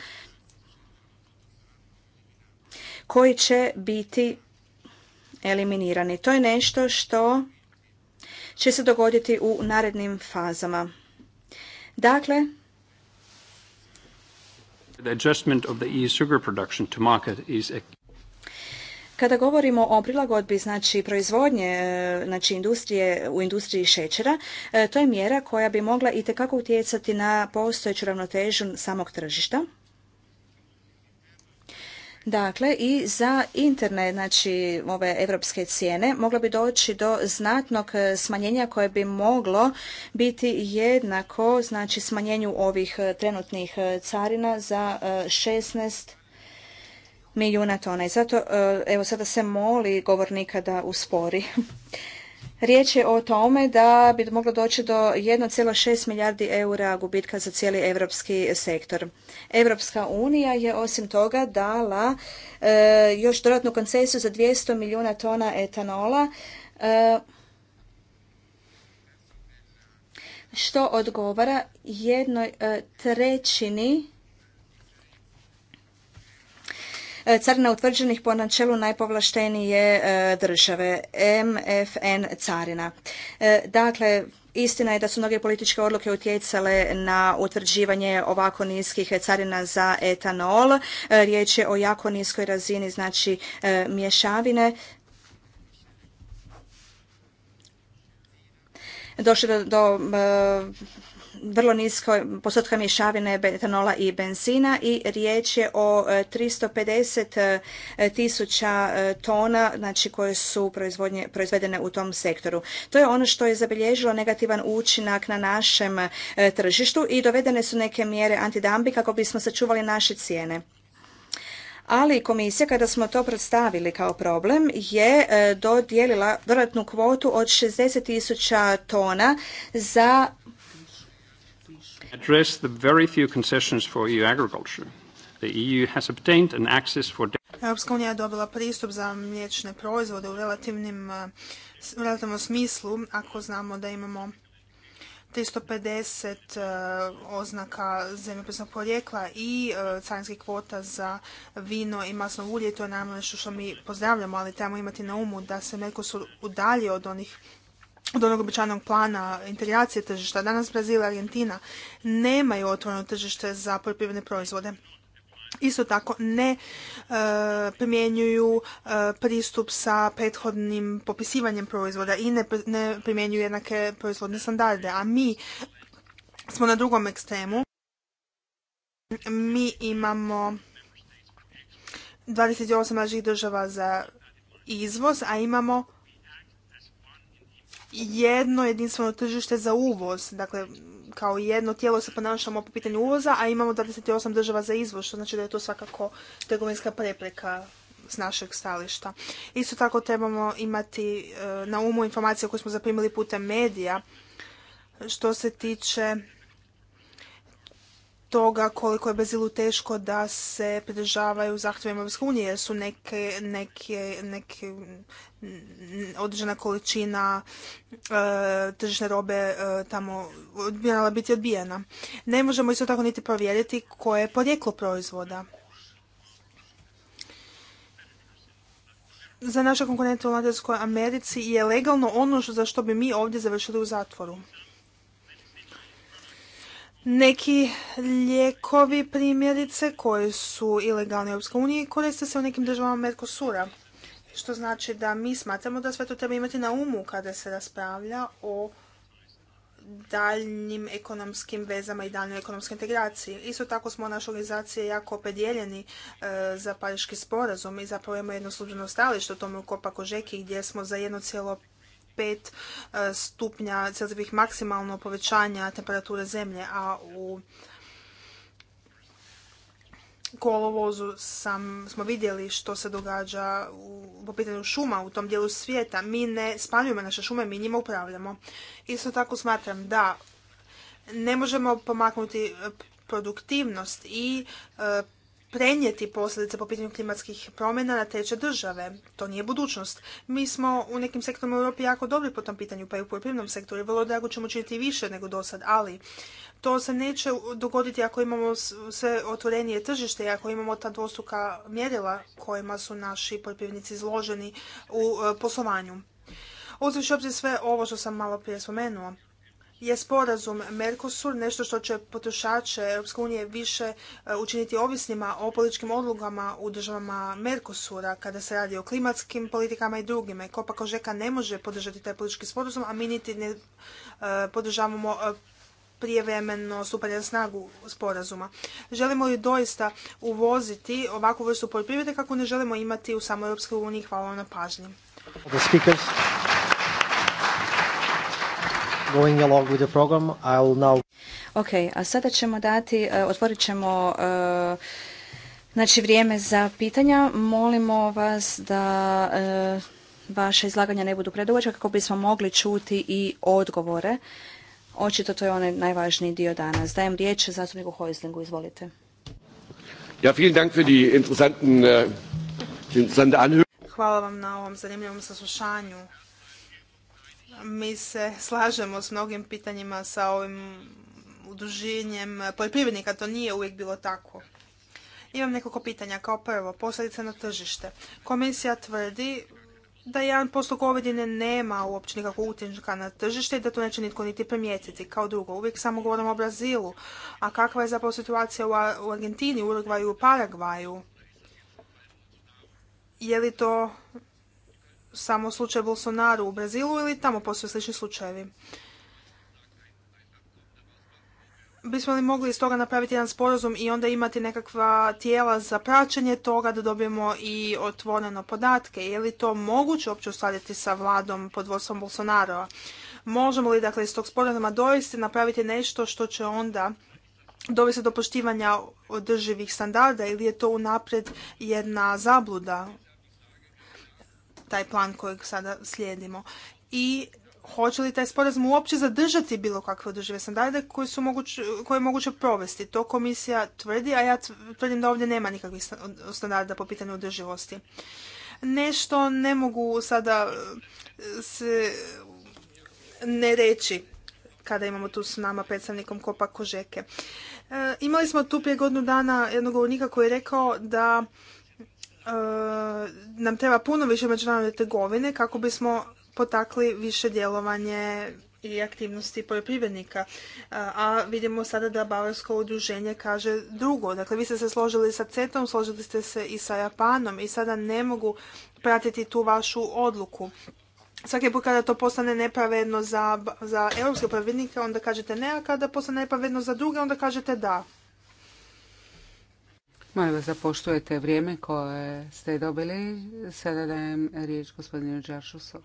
S2: koji će biti eliminirani. To je nešto što će se dogoditi u narednim fazama. Dakle, kada govorimo o prilagodbi znači proizvodnje e, znači industrije u industriji šećera, e, to je mjera koja bi mogla itekako utjecati na postojeću ravnotežu samog tržišta Dakle, i za interne, znači ove europske cijene, moglo bi doći do znatnog e, smanjenja koje bi moglo biti jednako, znači smanjenju ovih e, trenutnih e, carina za 16 milijuna tona. I zato, evo sada se moli govornika da uspori. [laughs] Riječ je o tome da bi moglo doći do 1,6 milijardi eura gubitka za cijeli europski sektor. Europska unija je osim toga dala e, još dodatnu koncesiju za 200 milijuna tona etanola, e, što odgovara jednoj e, trećini carina utvrđenih po načelu najpovlaštenije e, države, MFN carina. E, dakle, Istina je da su mnoge političke odluke utjecale na utvrđivanje ovako niskih carina za etanol. E, riječ je o jako niskoj razini, znači mješavine. Došlo do vrlo nisko postotka mješavine betanola i benzina i riječ je o 350 e, e, tisuća e, tona znači, koje su proizvedene u tom sektoru. To je ono što je zabilježilo negativan učinak na našem tržištu i dovedene su neke mjere antidambi kako bismo sačuvali naše cijene ali komisija kada smo to predstavili kao problem je dodijelila dodatnu kvotu od 60 tisuća tona za
S1: address the very few concessions for EU agriculture. The EU has obtained an access for... Europska unija je dobila pristup za mliječne proizvode u eh, relativnom smislu, ako znamo da imamo 350 eh, oznaka zemljopisnog porijekla i eh, carinskih kvota za vino i masno ulje. To je naravno nešto što mi pozdravljamo, ali trebamo imati na umu da se su udalje od onih od onog običajnog plana integracije tržišta. Danas Brazil i Argentina nemaju otvoreno tržište za poljoprivredne proizvode. Isto tako ne e, primjenjuju e, pristup sa prethodnim popisivanjem proizvoda i ne, primjenjuju jednake proizvodne standarde. A mi smo na drugom ekstremu. Mi imamo 28 različitih država za izvoz, a imamo jedno jedinstveno tržište za uvoz. Dakle, kao jedno tijelo se ponašamo po pitanju uvoza, a imamo 28 država za izvoz, što znači da je to svakako trgovinska prepreka s našeg stališta. Isto tako trebamo imati e, na umu informacije koje smo zaprimili putem medija što se tiče toga koliko je Brazilu teško da se pridržavaju zahtjevima Europske unije jer su neke, neke, neke određena količina e, tržišne robe e, tamo odbijala biti odbijena. Ne možemo isto tako niti provjeriti koje je porijeklo proizvoda. Za naše konkurente u Latinskoj Americi je legalno ono za što bi mi ovdje završili u zatvoru. Neki lijekovi primjerice koji su ilegalni u Europskoj koriste se u nekim državama Mercosura. Što znači da mi smatramo da sve to treba imati na umu kada se raspravlja o daljnim ekonomskim vezama i daljnjoj ekonomskoj integraciji. Isto tako smo naše organizacije jako opredjeljeni e, za pariški sporazum i zapravo imamo jedno službeno stalište o tome u gdje smo za 5 e, stupnja Celzijevih maksimalno povećanja temperature zemlje, a u kolovozu smo vidjeli što se događa u, po pitanju šuma u tom dijelu svijeta. Mi ne spanjujemo naše šume, mi njima upravljamo. Isto tako smatram da ne možemo pomaknuti produktivnost i e, prenijeti posljedice po pitanju klimatskih promjena na treće države. To nije budućnost. Mi smo u nekim sektorima u Europi jako dobri po tom pitanju, pa i u poljoprivrednom sektoru. Vrlo drago ćemo činiti više nego do sad, ali to se neće dogoditi ako imamo sve otvorenije tržište i ako imamo ta dvostruka mjerila kojima su naši poljoprivrednici izloženi u e, poslovanju. Uzviš obzir sve ovo što sam malo prije spomenuo, je sporazum Mercosur nešto što će potrošače Europske unije više e, učiniti ovisnima o političkim odlugama u državama Mercosura kada se radi o klimatskim politikama i drugime. Kopa Kožeka ne može podržati taj politički sporazum, a mi niti ne e, podržavamo e, prijevremeno stupanje na snagu sporazuma. Želimo li doista uvoziti ovakvu vrstu poljoprivrede kako ne želimo imati u samoj Europskoj uniji? Hvala vam na pažnji going along with the program, I will now...
S2: Ok, a sada ćemo dati, e, otvorit ćemo e, znači vrijeme za pitanja. Molimo vas da uh, e, vaše izlaganja ne budu predugačka kako bismo mogli čuti i odgovore. Očito to je onaj najvažniji dio danas. Dajem riječ zastupniku Hojslingu, izvolite.
S1: Ja, vielen Dank für die interessanten, äh,
S2: Hvala vam na ovom zanimljivom saslušanju.
S1: Mi se slažemo s mnogim pitanjima sa ovim udruženjem poljoprivrednika. To nije uvijek bilo tako. Imam nekoliko pitanja. Kao prvo, posljedice na tržište. Komisija tvrdi da jedan posto govedine nema uopće nikakvog utječnika na tržište i da to neće nitko niti primijetiti. Kao drugo, uvijek samo govorimo o Brazilu. A kakva je zapravo situacija u Argentini, Urugvaju u Paragvaju? Je li to samo slučaj Bolsonaro u Brazilu ili tamo postoje slični slučajevi. Bismo li mogli iz toga napraviti jedan sporazum i onda imati nekakva tijela za praćenje toga da dobijemo i otvoreno podatke? Je li to moguće uopće uskladiti sa vladom pod vodstvom Bolsonaroa? Možemo li dakle iz tog sporazuma doista napraviti nešto što će onda dovesti do poštivanja održivih standarda ili je to unaprijed jedna zabluda taj plan kojeg sada slijedimo i hoće li taj sporazum uopće zadržati bilo kakve održive standarde koje, su moguće, koje je moguće provesti. To komisija tvrdi, a ja tvrdim da ovdje nema nikakvih standarda po pitanju održivosti. Nešto ne mogu sada e, se ne reći kada imamo tu s nama predstavnikom Kopa Kožeke. E, imali smo tu prije godinu dana jednog govornika koji je rekao da E, nam treba puno više međunarodne trgovine kako bismo potakli više djelovanje i aktivnosti poljoprivrednika. E, a vidimo sada da Bavarsko udruženje kaže drugo. Dakle, vi ste se složili sa CETOM, složili ste se i sa Japanom i sada ne mogu pratiti tu vašu odluku. Svaki put kada to postane nepravedno za, za europske poljoprivrednike, onda kažete ne, a kada postane nepravedno za druge, onda kažete da.
S3: Molim vas da poštujete vrijeme koje ste dobili. Sada dajem riječ gospodinu Đaršusu.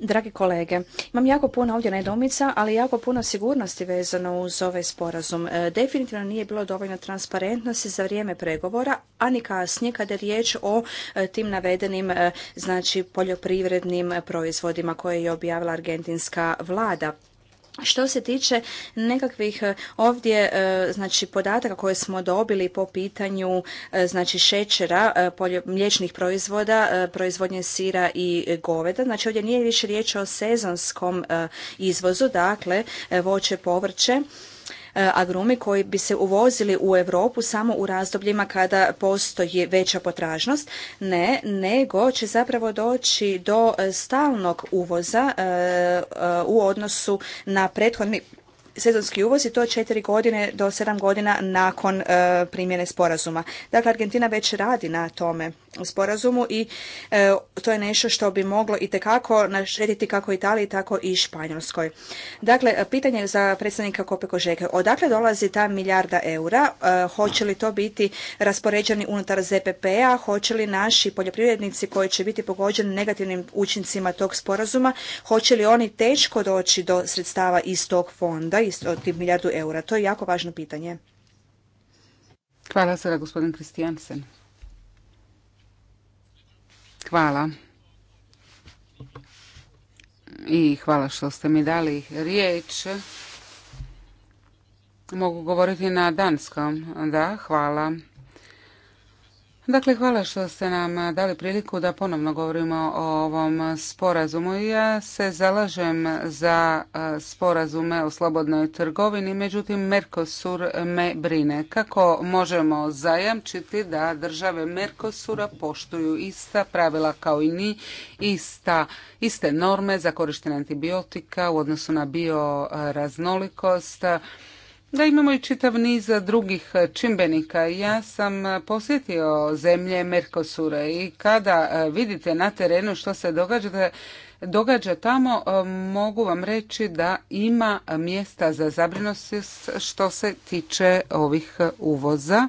S2: Dragi kolege, imam jako puno ovdje nedomica, ali jako puno sigurnosti vezano uz ovaj sporazum. E, definitivno nije bilo dovoljno transparentnosti za vrijeme pregovora, a ni kasnije kada je riječ o e, tim navedenim e, znači poljoprivrednim proizvodima koje je objavila argentinska vlada. Što se tiče nekakvih e, ovdje e, znači podataka koje smo dobili po pitanju e, znači šećera, mliječnih proizvoda, proizvodnje sira i goveda, znači ovdje nije više riječ o sezonskom izvozu, dakle voće, povrće E, agrumi koji bi se uvozili u Europu samo u razdobljima kada postoji veća potražnost. Ne, nego će zapravo doći do e, stalnog uvoza e, u odnosu na prethodni sezonski uvoz i to četiri godine do sedam godina nakon e, primjene sporazuma. Dakle, Argentina već radi na tome sporazumu i e, to je nešto što bi moglo i tekako naštetiti kako Italiji, tako i Španjolskoj. Dakle, pitanje za predstavnika Kopeko Žeke. Odakle dolazi ta milijarda eura? E, hoće li to biti raspoređeni unutar ZPP-a? Hoće li naši poljoprivrednici koji će biti pogođeni negativnim učincima tog sporazuma, hoće li oni teško doći do sredstava iz
S3: tog fonda, tih milijardu eura? To je jako važno pitanje. Hvala sada gospodin Kristijansen. Hvala. I hvala što ste mi dali riječ. Mogu govoriti na danskom. Da, hvala. Dakle, hvala što ste nam eh, dali priliku da ponovno govorimo o ovom sporazumu. Ja se zalažem za eh, sporazume o slobodnoj trgovini, međutim Mercosur me brine. Kako možemo zajamčiti da države Mercosura poštuju ista pravila kao i ni, ista, iste norme za korištenje antibiotika u odnosu na bioraznolikost, da imamo i čitav niz drugih čimbenika. Ja sam posjetio zemlje Merkosura i kada e, vidite na terenu što se događa, događa tamo, e, mogu vam reći da ima mjesta za zabrinost što se tiče ovih uvoza.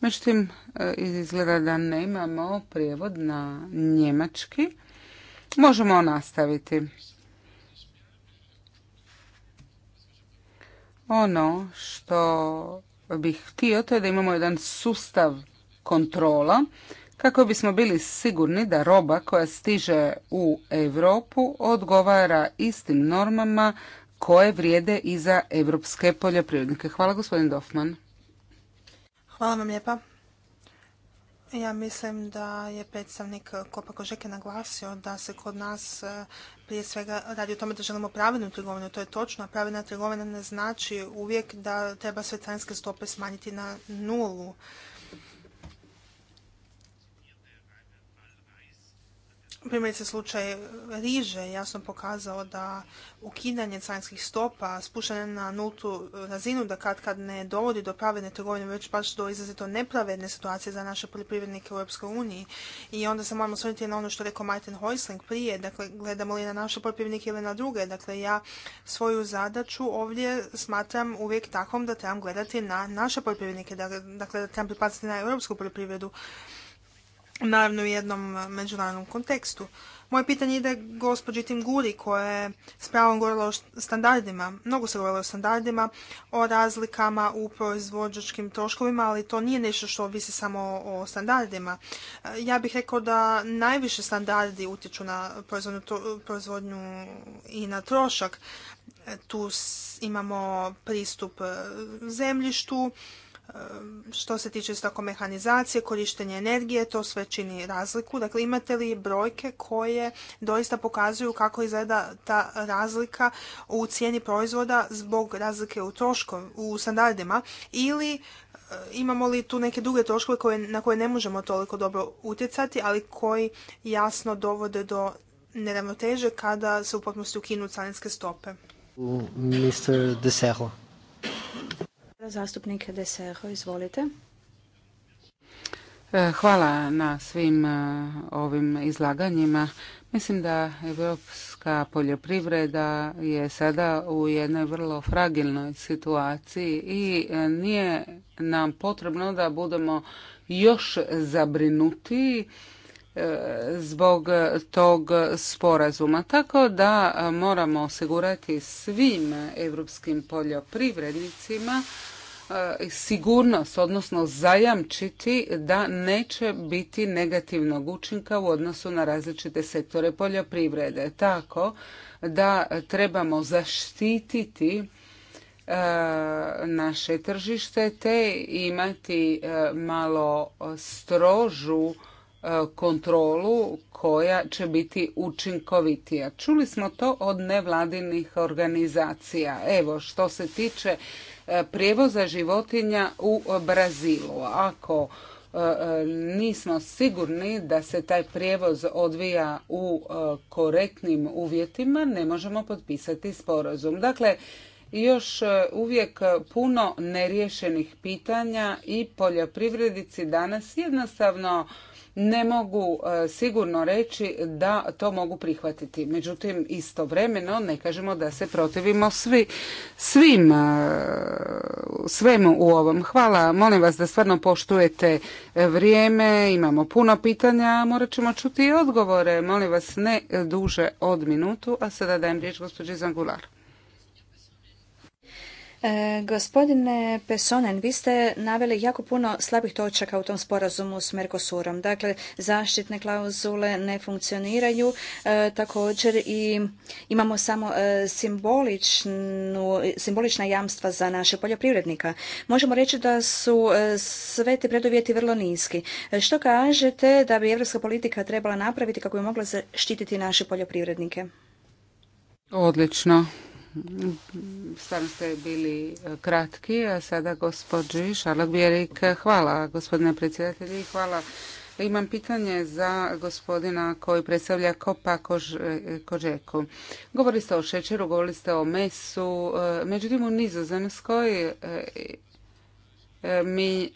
S3: Međutim, e, izgleda da nemamo prijevod na njemački. Možemo nastaviti. Ono što bih htio to je da imamo jedan sustav kontrola kako bismo bili sigurni da roba koja stiže u Europu odgovara istim normama koje vrijede i za europske poljoprivrednike. Hvala gospodin Dofman.
S1: Hvala vam lijepa. Ja mislim da je predstavnik Kopa Kožeke naglasio da se kod nas e, prije svega radi o tome da želimo pravilnu trgovinu, to je točno, a pravedna trgovina ne znači uvijek da treba sve carinske stope smanjiti na nulu. Primjerice slučaj Riže ja jasno pokazao da ukidanje carinskih stopa, spuštanje na nultu razinu, da kad kad ne dovodi do pravedne trgovine, već baš do izrazito nepravedne situacije za naše poljoprivrednike u Europskoj uniji. I onda se moramo osvrnuti na ono što rekao Martin Hoisling prije, dakle gledamo li na naše poljoprivrednike ili na druge. Dakle, ja svoju zadaću ovdje smatram uvijek takvom da trebam gledati na naše poljoprivrednike, dakle da trebam pripaziti na europsku poljoprivredu naravno u jednom međunarodnom kontekstu. Moje pitanje ide gospođi Tim Guri koja je s pravom govorila o standardima. Mnogo se govorilo o standardima, o razlikama u proizvođačkim troškovima, ali to nije nešto što ovisi samo o standardima. E, ja bih rekao da najviše standardi utječu na proizvodnju i na trošak. E, tu imamo pristup e, zemljištu, što se tiče tako mehanizacije, korištenje energije, to sve čini razliku. Dakle, imate li brojke koje doista pokazuju kako izgleda ta razlika u cijeni proizvoda zbog razlike u troškom, u standardima ili e, imamo li tu neke druge troškove na koje ne možemo toliko dobro utjecati, ali koji jasno dovode do neravnoteže kada se u potpunosti ukinu carinske stope. Mr.
S3: De izvolite. E, hvala na svim e, ovim izlaganjima. Mislim da Evropska poljoprivreda je sada u jednoj vrlo fragilnoj situaciji i e, nije nam potrebno da budemo još zabrinuti zbog tog sporazuma. Tako da moramo osigurati svim europskim poljoprivrednicima E, sigurnost, odnosno zajamčiti da neće biti negativnog učinka u odnosu na različite sektore poljoprivrede. Tako da trebamo zaštititi e, naše tržište te imati e, malo strožu kontrolu koja će biti učinkovitija. Čuli smo to od nevladinih organizacija. Evo, što se tiče E, prijevoza životinja u Brazilu. Ako e, e, nismo sigurni da se taj prijevoz odvija u korektnim uvjetima, ne možemo potpisati sporazum. Dakle, još uvijek puno neriješenih pitanja i poljoprivrednici danas jednostavno ne mogu e, sigurno reći da to mogu prihvatiti. Međutim, istovremeno ne kažemo da se protivimo svi, svim e, svemu u ovom. Hvala, molim vas da stvarno poštujete vrijeme, imamo puno pitanja, morat ćemo čuti i odgovore. Molim vas ne duže od minutu, a sada dajem riječ gospođi Zangular.
S2: E, gospodine Pesonen, vi ste naveli jako puno slabih točaka u tom sporazumu s Mercosurom. Dakle, zaštitne klauzule ne funkcioniraju, e, također i imamo samo e, simbolična jamstva za naše poljoprivrednika. Možemo reći da su sve ti preduvjeti vrlo niski. Što kažete da bi europska politika trebala napraviti kako bi mogla zaštititi
S3: naše poljoprivrednike? Odlično Stvarno ste bili e, kratki, a sada gospođi šarlak Bjerik. E, hvala gospodine predsjedatelji, hvala. Imam pitanje za gospodina koji predstavlja Kopa e, Kožeku. Govorili ste o šećeru, govorili ste o mesu, međutim u Nizozemskoj mi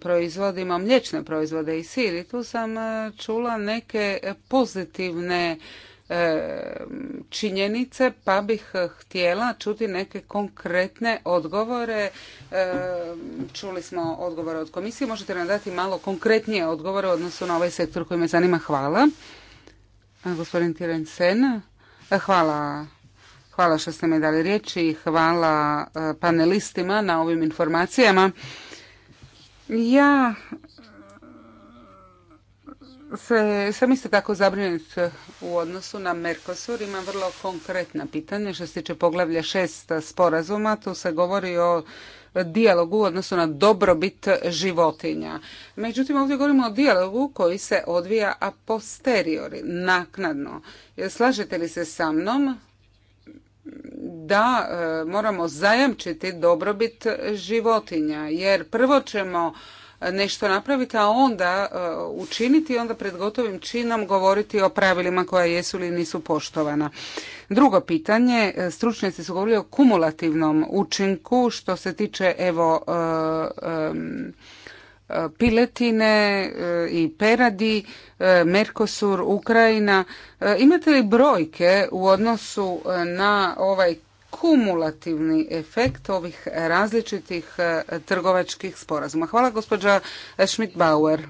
S3: proizvodimo mliječne proizvode i sir i tu sam čula neke pozitivne E, činjenice, pa bih htjela čuti neke konkretne odgovore. E, čuli smo odgovore od komisije, možete nam dati malo konkretnije odgovore u odnosu na ovaj sektor koji me zanima. Hvala. E, gospodin Sen. hvala. Hvala što ste mi dali riječi i hvala panelistima na ovim informacijama. Ja se, sam isto tako zabrinut u odnosu na Mercosur. Imam vrlo konkretna pitanja što se tiče poglavlja šest sporazuma. Tu se govori o dijalogu u odnosu na dobrobit životinja. Međutim, ovdje govorimo o dijalogu koji se odvija a posteriori, naknadno. Slažete li se sa mnom da e, moramo zajamčiti dobrobit životinja, jer prvo ćemo nešto napraviti, a onda e, učiniti, onda pred gotovim činom govoriti o pravilima koja jesu ili nisu poštovana. Drugo pitanje, e, stručnjaci su govorili o kumulativnom učinku što se tiče evo e, piletine i peradi, Merkosur, Ukrajina. Imate li brojke u odnosu na ovaj kumulativni efekt ovih različitih e, trgovačkih sporazuma. Hvala gospođa Schmidt-Bauer.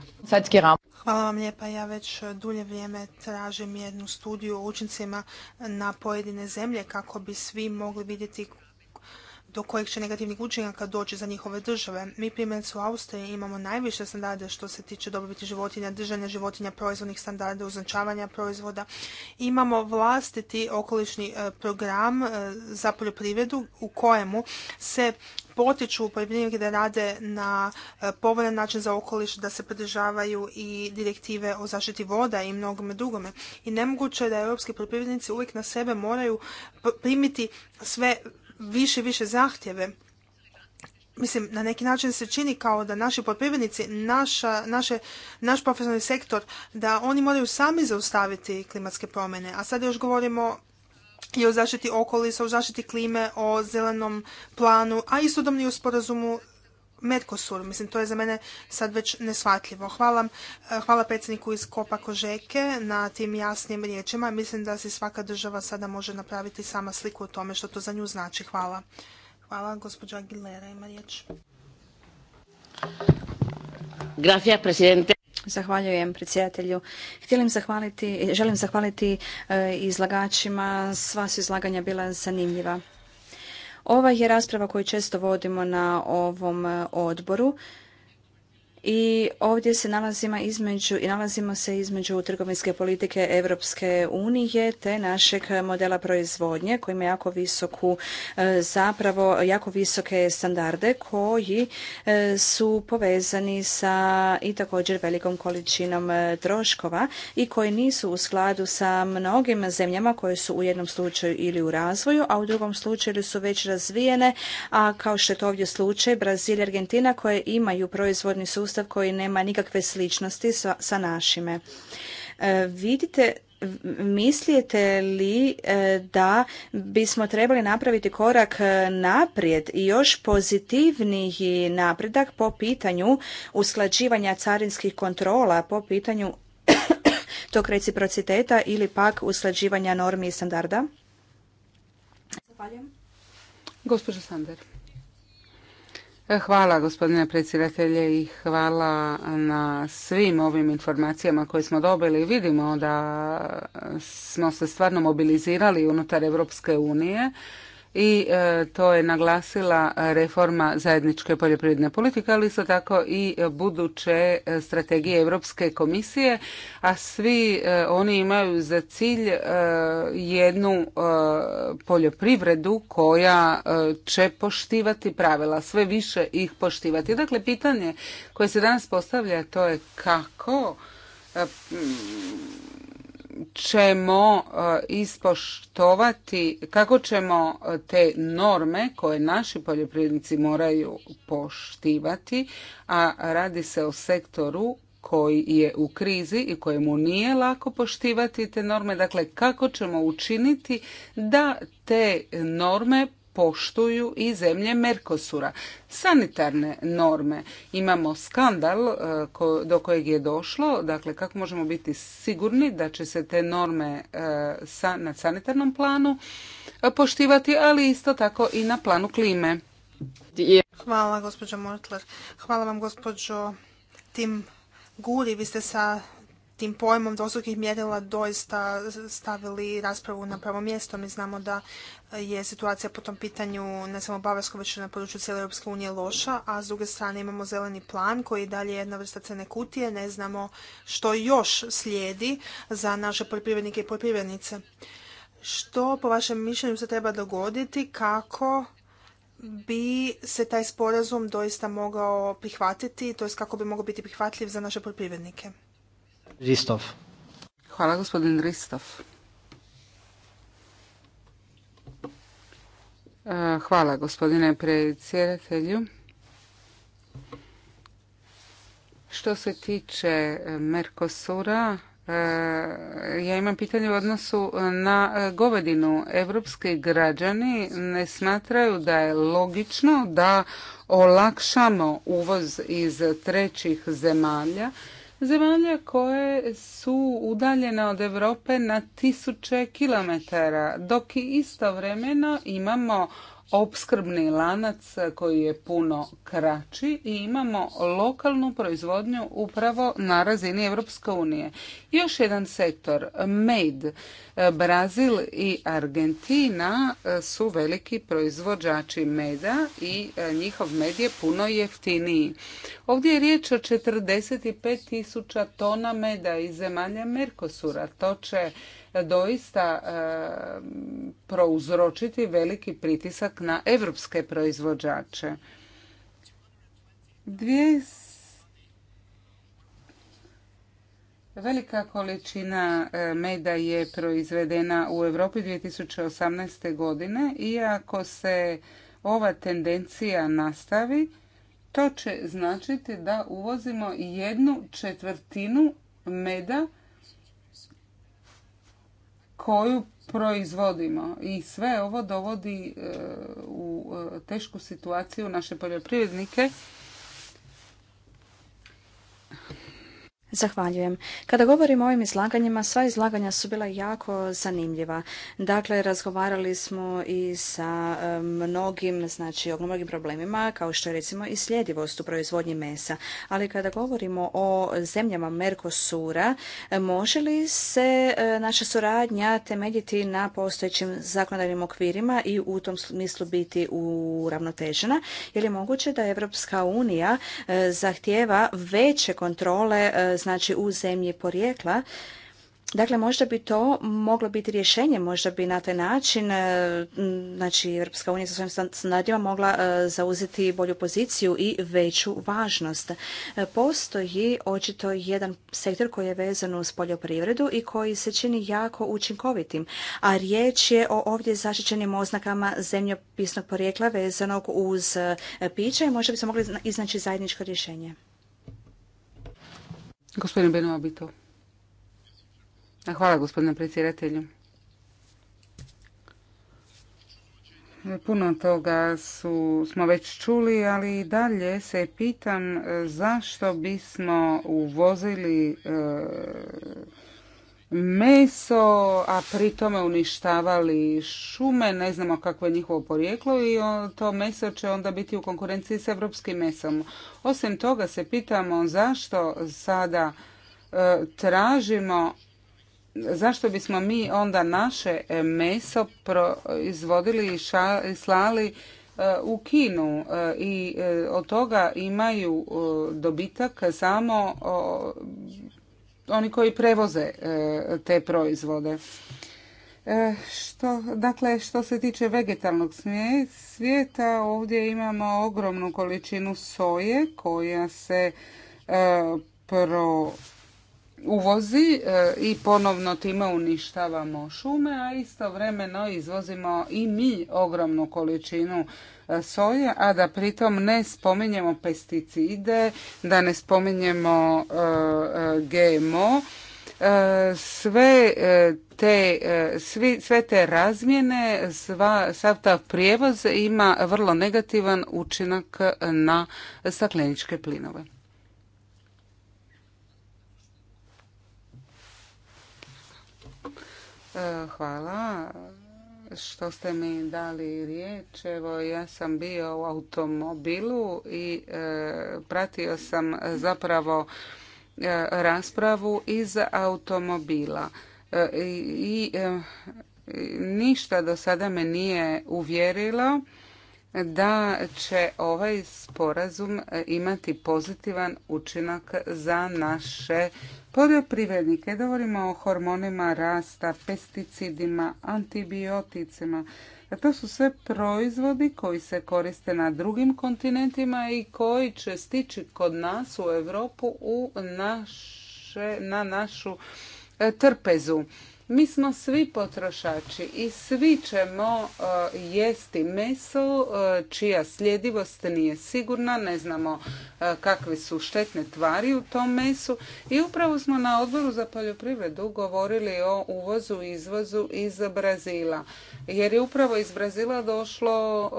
S1: Hvala vam lijepa. Ja već dulje vrijeme tražim jednu studiju o učincima na pojedine zemlje kako bi svi mogli vidjeti do kojih će negativnih učinaka doći za njihove države. Mi primjerice u Austriji imamo najviše standarde što se tiče dobrobiti životinja, držanja životinja, proizvodnih standarda, označavanja proizvoda. Imamo vlastiti okolišni e, program e, za poljoprivredu u kojemu se potiču poljoprivrednike da rade na e, povoljan način za okoliš, da se pridržavaju i direktive o zaštiti voda i mnogome drugome. I nemoguće je da europski poljoprivrednici uvijek na sebe moraju primiti sve više i više zahtjeve. Mislim, na neki način se čini kao da naši poljoprivrednici, naš profesionalni sektor, da oni moraju sami zaustaviti klimatske promjene. A sad još govorimo i o zaštiti okolisa, o zaštiti klime, o zelenom planu, a istodobno i u sporazumu Mislim, to je za mene sad već neshvatljivo. Hvala, eh, hvala predsjedniku iz Kopa Kožeke na tim jasnim riječima. Mislim da se svaka država sada može napraviti sama sliku o tome što to za nju znači. Hvala. Hvala, gospođa Aguilera ima riječ.
S2: presidente. Zahvaljujem predsjedatelju. zahvaliti, želim zahvaliti eh, izlagačima. Sva su izlaganja bila zanimljiva. Ova je rasprava koju često vodimo na ovom e, odboru i ovdje se nalazimo između i nalazimo se između trgovinske politike Europske unije te našeg modela proizvodnje koji ima jako visoku e, zapravo jako visoke standarde koji e, su povezani sa i također velikom količinom e, troškova i koji nisu u skladu sa mnogim zemljama koje su u jednom slučaju ili u razvoju, a u drugom slučaju su već razvijene, a kao što je to ovdje slučaj Brazil i Argentina koje imaju proizvodni sustav sustav koji nema nikakve sličnosti sa, našime. E, vidite mislite li e, da bismo trebali napraviti korak e, naprijed i još pozitivniji napredak po pitanju usklađivanja carinskih kontrola, po pitanju [coughs] tog reciprociteta ili pak
S3: usklađivanja normi i standarda? Zahvaljujem. Gospođo Sander. Hvala gospodine predsjedatelje i hvala na svim ovim informacijama koje smo dobili. Vidimo da smo se stvarno mobilizirali unutar Europske unije i e, to je naglasila reforma zajedničke poljoprivredne politike, ali isto tako i buduće e, strategije Europske komisije, a svi e, oni imaju za cilj jednu poljoprivredu koja će poštivati pravila, sve više ih poštivati. Dakle, pitanje koje se danas postavlja to je kako ćemo e, ispoštovati, kako ćemo e, te norme koje naši poljoprivrednici moraju poštivati, a radi se o sektoru koji je u krizi i kojemu nije lako poštivati te norme. Dakle, kako ćemo učiniti da te norme poštuju i zemlje Merkosura. Sanitarne norme. Imamo skandal e, do kojeg je došlo, dakle kako možemo biti sigurni da će se te norme e, na sanitarnom planu e, poštivati, ali isto tako i na planu klime. Hvala gospođo Mortler. Hvala vam gospođo
S1: Tim Guri, vi ste sa tim pojmom dvostrukih mjerila doista stavili raspravu na pravo mjesto. Mi znamo da je situacija po tom pitanju ne samo Bavarsko, već na području cijele Europske unije loša, a s druge strane imamo zeleni plan koji dalje jedna vrsta cene kutije, ne znamo što još slijedi za naše poljoprivrednike i poljoprivrednice. Što po vašem mišljenju se treba dogoditi kako bi se taj sporazum doista mogao prihvatiti, to kako bi mogao biti prihvatljiv za naše poljoprivrednike?
S3: Ristov. Hvala gospodin Ristov. E, hvala gospodine predsjedatelju. Što se tiče e, Mercosura, e, ja imam pitanje u odnosu na govedinu. Evropski građani ne smatraju da je logično da olakšamo uvoz iz trećih zemalja zemalja koje su udaljene od Europe na tisuće kilometara, dok istovremeno imamo opskrbni lanac koji je puno kraći i imamo lokalnu proizvodnju upravo na razini Europske unije. Još jedan sektor, med, Brazil i Argentina su veliki proizvođači meda i e, njihov med je puno jeftiniji. Ovdje je riječ o 45 tisuća tona meda iz zemalja Merkosura. To će doista e, prouzročiti veliki pritisak na evropske proizvođače. Velika količina e, meda je proizvedena u Europi 2018. godine i ako se ova tendencija nastavi, to će značiti da uvozimo jednu četvrtinu meda koju proizvodimo i sve ovo dovodi e, u e, tešku situaciju naše poljoprivrednike
S2: Zahvaljujem. Kada govorimo o ovim izlaganjima, sva izlaganja su bila jako zanimljiva. Dakle, razgovarali smo i sa mnogim, znači o mnogim problemima, kao što je recimo i sljedivost u proizvodnji mesa. Ali kada govorimo o zemljama Merkosura, može li se e, naša suradnja temeljiti na postojećim zakonodavnim okvirima i u tom smislu biti uravnotežena? Je li moguće da Evropska unija e, zahtjeva veće kontrole e, znači u zemlji porijekla. Dakle, možda bi to moglo biti rješenje, možda bi na taj način, e, znači Europska unija sa svojim standardima mogla e, zauzeti bolju poziciju i veću važnost. E, postoji očito jedan sektor koji je vezan uz poljoprivredu i koji se čini jako učinkovitim, a riječ je o ovdje zaštićenim oznakama zemljopisnog porijekla vezanog uz piće i možda bi se mogli iznaći zajedničko rješenje.
S3: Gospodine Beno Hvala gospodine predsjedatelju. Puno toga su, smo već čuli, ali i dalje se pitam e, zašto bismo uvozili e, meso, a pri tome uništavali šume, ne znamo kakvo je njihovo porijeklo i to meso će onda biti u konkurenciji s evropskim mesom. Osim toga se pitamo zašto sada e, tražimo zašto bismo mi onda naše meso proizvodili i slali e, u Kinu e, i od toga imaju dobitak samo oni koji prevoze e, te proizvode. E, što, dakle, što se tiče vegetalnog svijeta, ovdje imamo ogromnu količinu soje koja se e, pro uvozi i ponovno time uništavamo šume, a istovremeno izvozimo i mi ogromnu količinu soje, a da pritom ne spominjemo pesticide, da ne spominjemo e, e, GMO. E, sve te, svi, sve te razmjene, sva, sav ta prijevoz ima vrlo negativan učinak na stakleničke plinove. Hvala što ste mi dali riječ. Evo, ja sam bio u automobilu i e, pratio sam zapravo e, raspravu iz automobila. E, I ništa do sada me nije uvjerilo da će ovaj sporazum e, imati pozitivan učinak za naše poljoprivrednike. Govorimo o hormonima rasta, pesticidima, antibioticima. E, to su sve proizvodi koji se koriste na drugim kontinentima i koji će stići kod nas u Europu u na našu e, trpezu. Mi smo svi potrošači i svi ćemo e, jesti meso e, čija sljedivost nije sigurna, ne znamo e, kakve su štetne tvari u tom mesu i upravo smo na odboru za poljoprivredu govorili o uvozu i izvozu iz Brazila. Jer je upravo iz Brazila došlo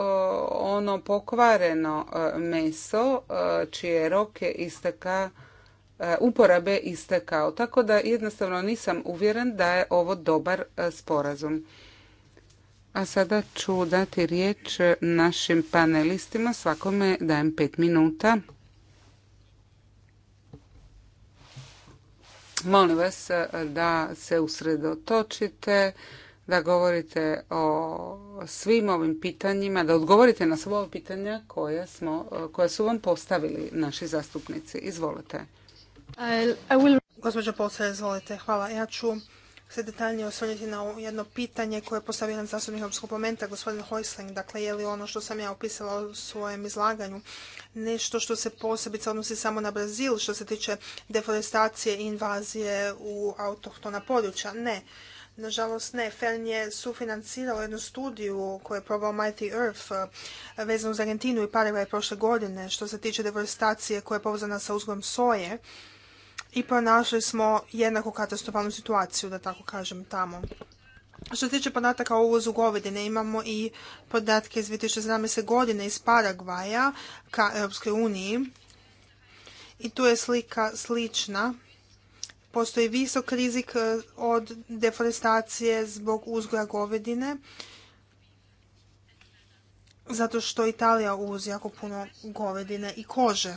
S3: ono pokvareno meso čije roke isteka E, uporabe istekao. Tako da jednostavno nisam uvjeren da je ovo dobar e, sporazum. A sada ću dati riječ našim panelistima. Svakome dajem pet minuta. Molim vas e, da se usredotočite, da govorite o svim ovim pitanjima, da odgovorite na sva pitanja koja, smo, koja su vam postavili naši zastupnici. Izvolite
S1: izvolite. Hvala. Ja ću se detaljnije osvrnuti na jedno pitanje koje je postavio jedan zastupnik Europskog parlamenta, gospodin Hojsling. Dakle, je li ono što sam ja opisala u svojem izlaganju nešto što se posebice odnosi samo na Brazil što se tiče deforestacije i invazije u autohtona područja? Ne. Nažalost ne, Fern je sufinancirao jednu studiju koju je probao Mighty Earth eh, vezanu uz Argentinu i Paraguay prošle godine što se tiče deforestacije koja je povezana sa uzgojem soje i pronašli smo jednako katastrofalnu situaciju, da tako kažem, tamo. Što se tiče podataka o uvozu govedine, imamo i podatke iz 2017. godine iz Paragvaja ka Europskoj uniji. I tu je slika slična. Postoji visok rizik e, od deforestacije zbog uzgoja govedine, zato što Italija uvozi jako puno govedine i kože.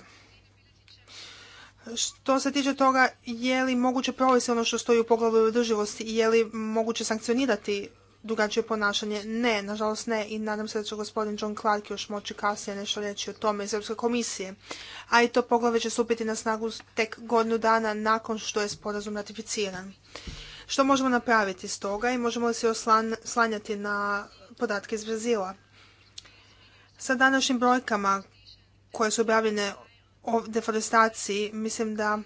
S1: Što se tiče toga, je li moguće provesti ono što stoji u poglavlju održivosti i je li moguće sankcionirati drugačije ponašanje? Ne, nažalost ne i nadam se da će gospodin John Clark još moći kasnije nešto reći o tome iz Europske komisije. A i to poglavlje će stupiti na snagu tek godinu dana nakon što je sporazum ratificiran. Što možemo napraviti s toga i možemo li se oslanjati na podatke iz Brazila? Sa današnjim brojkama koje su objavljene o deforestaciji, mislim da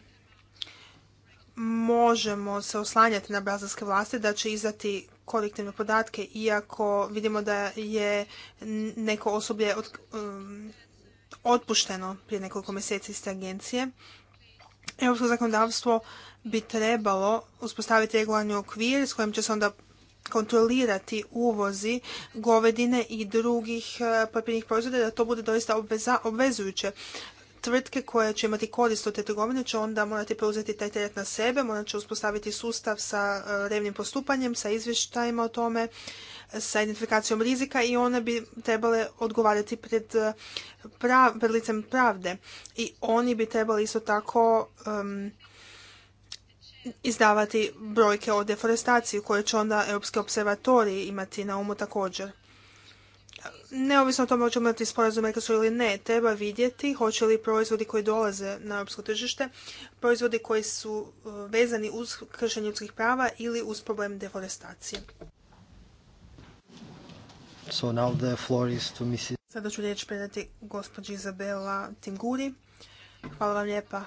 S1: možemo se oslanjati na brazilske vlasti da će izdati kolektivne podatke, iako vidimo da je neko osoblje um, otpušteno prije nekoliko mjeseci iz te agencije. Europsko zakonodavstvo bi trebalo uspostaviti regularni okvir s kojim će se onda kontrolirati uvozi govedine i drugih eh, poljoprivrednih proizvoda da to bude doista obvezujuće tvrtke koje će imati korist od te trgovine će onda morati preuzeti taj teret na sebe, morat će uspostaviti sustav sa e, revnim postupanjem, sa izvještajima o tome, sa identifikacijom rizika i one bi trebale odgovarati pred, e, prav, pravde. I oni bi trebali isto tako izdavati brojke o deforestaciji koje će onda Europski observatori imati na umu također neovisno o tome hoćemo imati sporazum su ili ne, treba vidjeti hoće li proizvodi koji dolaze na europsko tržište, proizvodi koji su e, vezani uz kršenje ljudskih prava ili uz problem deforestacije. So now the floor is to Mrs. Sada ću riječ predati gospođi Izabela Tinguri. Hvala vam lijepa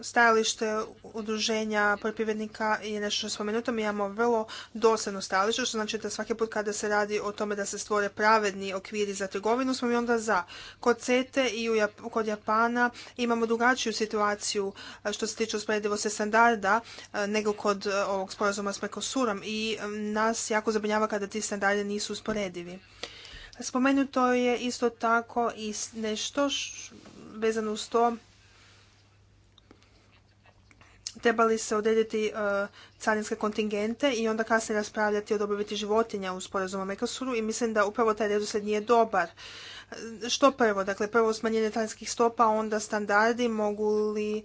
S1: stajalište udruženja poljoprivrednika i nešto što je spomenuto. Mi imamo vrlo dosadno stajalište, što znači da svaki put kada se radi o tome da se stvore pravedni okviri za trgovinu, smo mi onda za. Kod CETE i kod Japana imamo drugačiju situaciju što se tiče usporedivosti standarda nego kod ovog sporazuma s prekosurom i nas jako zabrinjava kada ti standarde nisu usporedivi. Spomenuto je isto tako i nešto vezano uz to trebali se odrediti e, carinske kontingente i onda kasnije raspravljati o dobrobiti životinja u sporazumu Mekosuru i mislim da upravo taj redoslijed nije dobar. E, što prvo? Dakle, prvo smanjenje carinskih stopa, onda standardi mogu li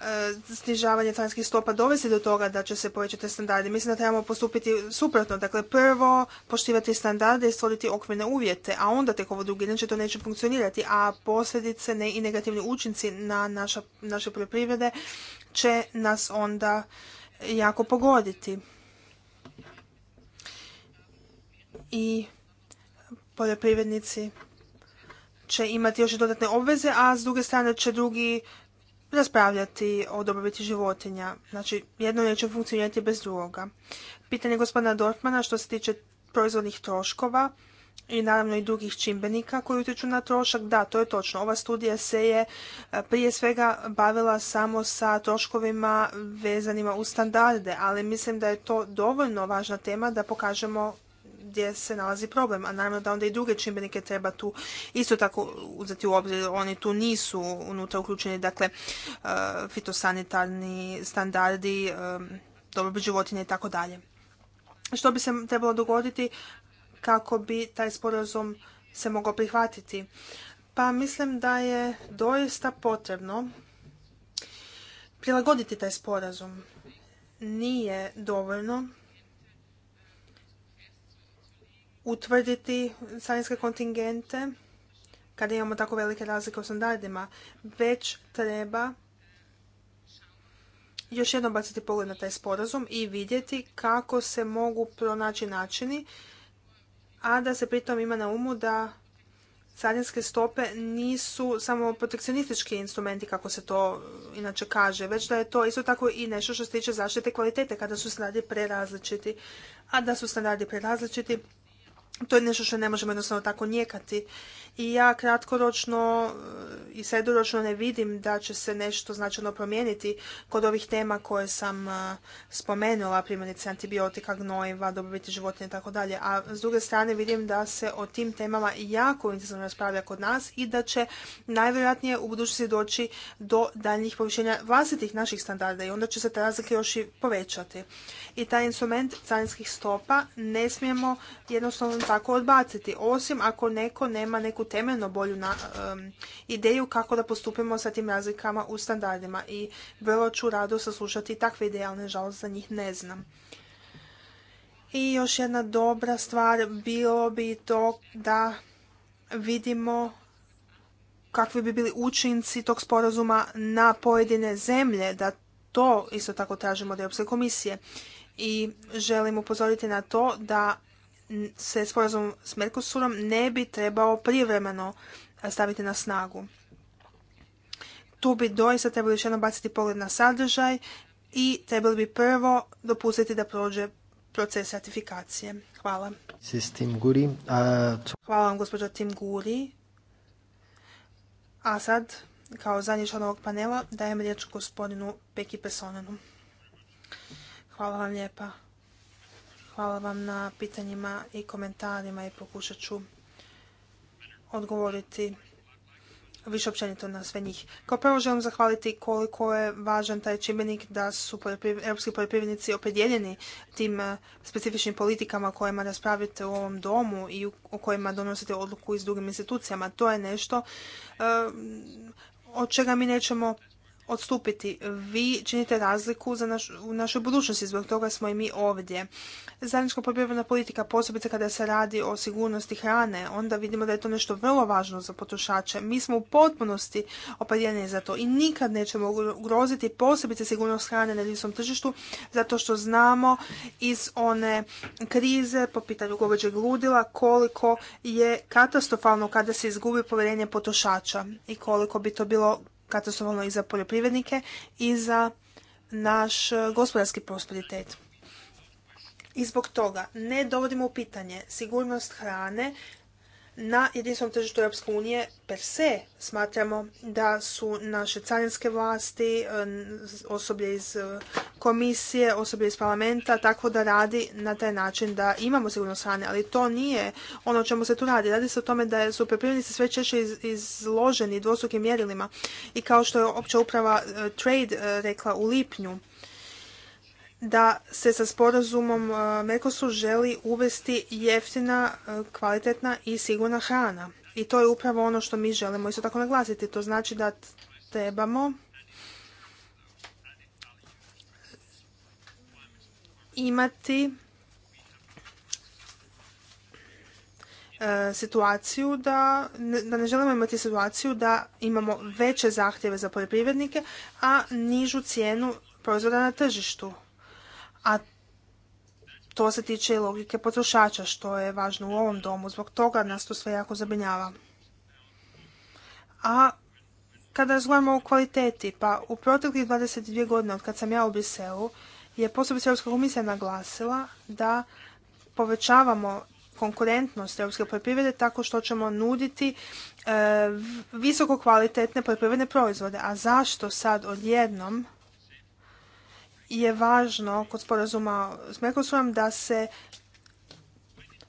S1: e, snižavanje carinskih stopa dovesti do toga da će se povećati standardi. Mislim da trebamo postupiti suprotno. Dakle, prvo poštivati standarde i stvoriti okvirne uvjete, a onda tek ovo drugi, inače to neće funkcionirati, a posljedice ne i negativni učinci na naše poljoprivrede će nas onda jako pogoditi. I poljoprivrednici će imati još dodatne obveze, a s druge strane će drugi raspravljati o dobrobiti životinja. Znači, jedno neće funkcionirati bez drugoga. Pitanje gospodina Dortmana što se tiče proizvodnih troškova i naravno i drugih čimbenika koji utječu na trošak. Da, to je točno. Ova studija se je e, prije svega bavila samo sa troškovima vezanima u standarde, ali mislim da je to dovoljno važna tema da pokažemo gdje se nalazi problem, a naravno da onda i druge čimbenike treba tu isto tako uzeti u obzir, oni tu nisu unutra uključeni, dakle e, fitosanitarni standardi, e, dobrobit životinje i tako dalje. Što bi se trebalo dogoditi kako bi taj sporazum se mogao prihvatiti. Pa mislim da je doista potrebno prilagoditi taj sporazum. Nije dovoljno utvrditi carinske kontingente kada imamo tako velike razlike u standardima, već treba još jednom baciti pogled na taj sporazum i vidjeti kako se mogu pronaći načini a da se pritom ima na umu da carinske stope nisu samo protekcionistički instrumenti, kako se to uh, inače kaže, već da je to isto tako i nešto što se tiče zaštite kvalitete kada su standardi prerazličiti. A da su standardi prerazličiti, to je nešto što ne možemo jednostavno tako njekati. I ja kratkoročno eh, i sredoročno ne vidim da će se nešto značajno promijeniti kod ovih tema koje sam eh, spomenula, primjerice antibiotika, gnojiva, dobrobiti životinje i tako dalje. A s druge strane vidim da se o tim temama jako intenzivno raspravlja kod nas i da će najvjerojatnije u budućnosti doći do daljnjih povišenja vlastitih naših standarda i onda će se te razlike još i povećati. I taj instrument carinskih stopa ne smijemo jednostavno tako odbaciti, osim ako neko nema neku temeljno bolju ideju kako da postupimo sa tim razlikama u standardima i vrlo ću rado saslušati takve ideje, ali nažalost za njih ne znam. I još jedna dobra stvar bilo bi to da vidimo kakvi bi bili učinci tog sporazuma na pojedine zemlje, da to isto tako tražimo od Europske komisije. I želim upozoriti na to da se sporazum s Mercosurom ne bi trebao privremeno staviti na snagu. Tu bi doista trebali još jednom baciti pogled na sadržaj i trebali bi prvo dopustiti da prođe proces ratifikacije. Hvala. Hvala vam gospođo Tim Guri. A sad, kao zadnji član ovog panela, dajem riječ gospodinu Peki Pesonenu. Hvala vam lijepa. Hvala vam na pitanjima i komentarima i pokušat ću odgovoriti više općenito na sve njih. Kao prvo želim zahvaliti koliko je važan taj čimbenik da su europski poljoprivrednici opredjeljeni tim eh, specifičnim politikama o kojima raspravite u ovom domu i o kojima donosite odluku i s drugim institucijama. To je nešto eh, od čega mi nećemo odstupiti. Vi činite razliku za u našoj budućnosti, zbog toga smo i mi ovdje. Zajednička poljoprivredna politika, posebice kada se radi o sigurnosti hrane, onda vidimo da je to nešto vrlo važno za potrošače. Mi smo u potpunosti opadjeni za to i nikad nećemo ugroziti posebice sigurnost hrane na jedinstvom tržištu, zato što znamo iz one krize po pitanju goveđeg ludila koliko je katastrofalno kada se izgubi povjerenje potrošača i koliko bi to bilo katastrofalno i za poljoprivrednike i za naš e, gospodarski prosperitet. I zbog toga ne dovodimo u pitanje sigurnost hrane na jedinstvenom tržištu Europske unije per se smatramo da su naše carinske vlasti, e, osoblje iz e, komisije, osoblje iz parlamenta, tako da radi na taj način da imamo sigurno hrane, ali to nije ono o čemu se tu radi. Radi se o tome da su poljoprivrednici sve češće izloženi dvostrukim mjerilima i kao što je opća uprava e, Trade rekla u lipnju, da se sa sporazumom e, Mekosu želi uvesti jeftina, e, kvalitetna i sigurna hrana. I to je upravo ono što mi želimo isto tako naglasiti. To znači da trebamo imati e, situaciju da, da ne želimo imati situaciju da imamo veće zahtjeve za poljoprivrednike, a nižu cijenu proizvoda na tržištu a to se tiče i logike potrošača, što je važno u ovom domu. Zbog toga nas to sve jako zabrinjava. A kada razgovaramo o kvaliteti, pa u proteklih 22 godine od kad sam ja u Briselu, je posebice Europska komisija naglasila da povećavamo konkurentnost europske poljoprivrede tako što ćemo nuditi e, visoko kvalitetne poljoprivredne proizvode. A zašto sad odjednom je važno kod sporazuma s Mekosurom da se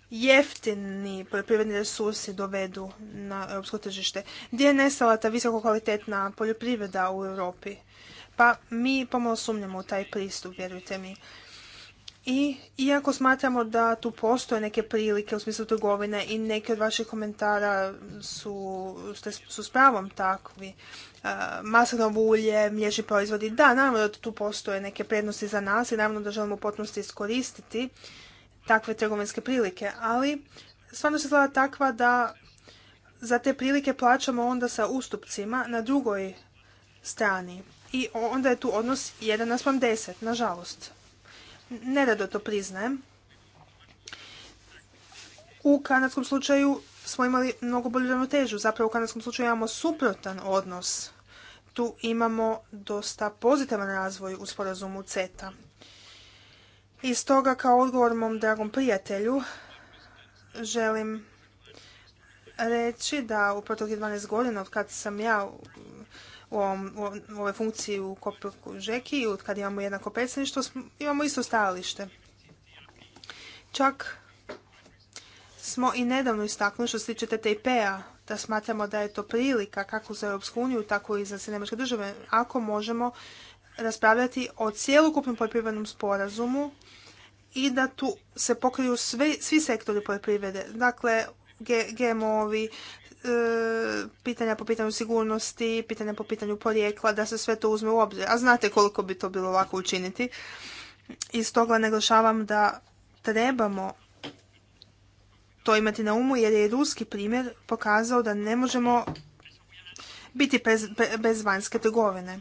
S1: jeftini poljoprivredni resursi dovedu na europsko tržište. Gdje je nestala ta visoko kvalitetna poljoprivreda u Europi? Pa mi pomalo sumnjamo u taj pristup, vjerujte mi. I iako smatramo da tu postoje neke prilike u smislu trgovine i neke od vaših komentara su, su s pravom takvi, e, maslinovo ulje, mliječni proizvodi, da, naravno da tu postoje neke prednosti za nas i naravno da želimo u potpunosti iskoristiti takve trgovinske prilike, ali stvarno se zgleda takva da za te prilike plaćamo onda sa ustupcima na drugoj strani. I onda je tu odnos 1 naspram 10, nažalost nerado to priznajem. U kanadskom slučaju smo imali mnogo bolju ravnotežu. Zapravo u kanadskom slučaju imamo suprotan odnos. Tu imamo dosta pozitivan razvoj u sporazumu CETA. I stoga kao odgovor mom dragom prijatelju želim reći da u proteklih 12 godina od kad sam ja u, u ovoj funkciji u Kopilku Žeki i kad imamo jednako predsjedništvo, imamo isto stajalište. Čak smo i nedavno istaknuli što se tiče TTIP-a, da smatramo da je to prilika kako za Europsku uniju, tako i za Sjedinjene države, ako možemo raspravljati o cjelokupnom poljoprivrednom sporazumu i da tu se pokriju svi, svi sektori poljoprivrede. Dakle, GMO-ovi, E, pitanja po pitanju sigurnosti, pitanja po pitanju porijekla, da se sve to uzme u obzir. A znate koliko bi to bilo lako učiniti. I stoga naglašavam da trebamo to imati na umu jer je ruski primjer pokazao da ne možemo biti bez, vanjske trgovine.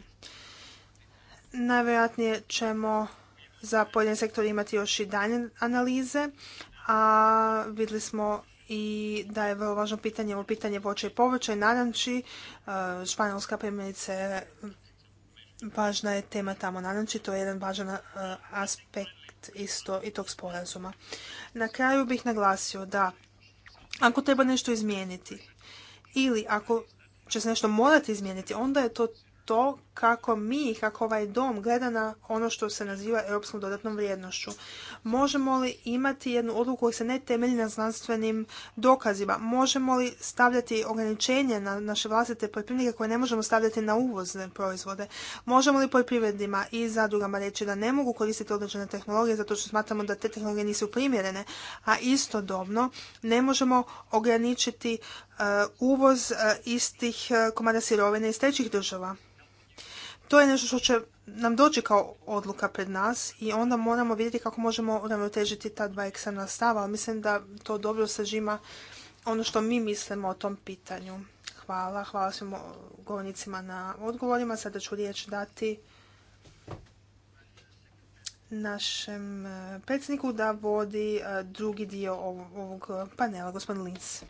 S1: Najvjerojatnije ćemo za pojedin sektor imati još i dalje analize, a vidjeli smo i da je vrlo važno pitanje, ovo pitanje voća i povrća i naranči. E, španjolska primjerice važna je tema tamo naranči, to je jedan važan e, aspekt isto i tog sporazuma. Na kraju bih naglasio da ako treba nešto izmijeniti ili ako će se nešto morati izmijeniti, onda je to to kako mi, kako ovaj dom gleda na ono što se naziva europskom dodatnom vrijednošću. Možemo li imati jednu odluku koja se ne temelji na znanstvenim dokazima? Možemo li stavljati ograničenje na naše vlastite poljoprivrednike koje ne možemo stavljati na uvozne proizvode? Možemo li poljoprivrednima i zadrugama reći da ne mogu koristiti određene tehnologije zato što smatramo da te tehnologije nisu primjerene, a istodobno ne možemo ograničiti uh, uvoz uh, istih uh, komada sirovine iz trećih država? To je nešto što će nam doći kao odluka pred nas i onda moramo vidjeti kako možemo uravnotežiti ta dva eksterna stava. Mislim da to dobro sažima ono što mi mislimo o tom pitanju. Hvala, hvala svim govornicima na odgovorima. Sada ću riječ dati našem e, predsjedniku da vodi e, drugi dio ovog panela, gospodin Lins.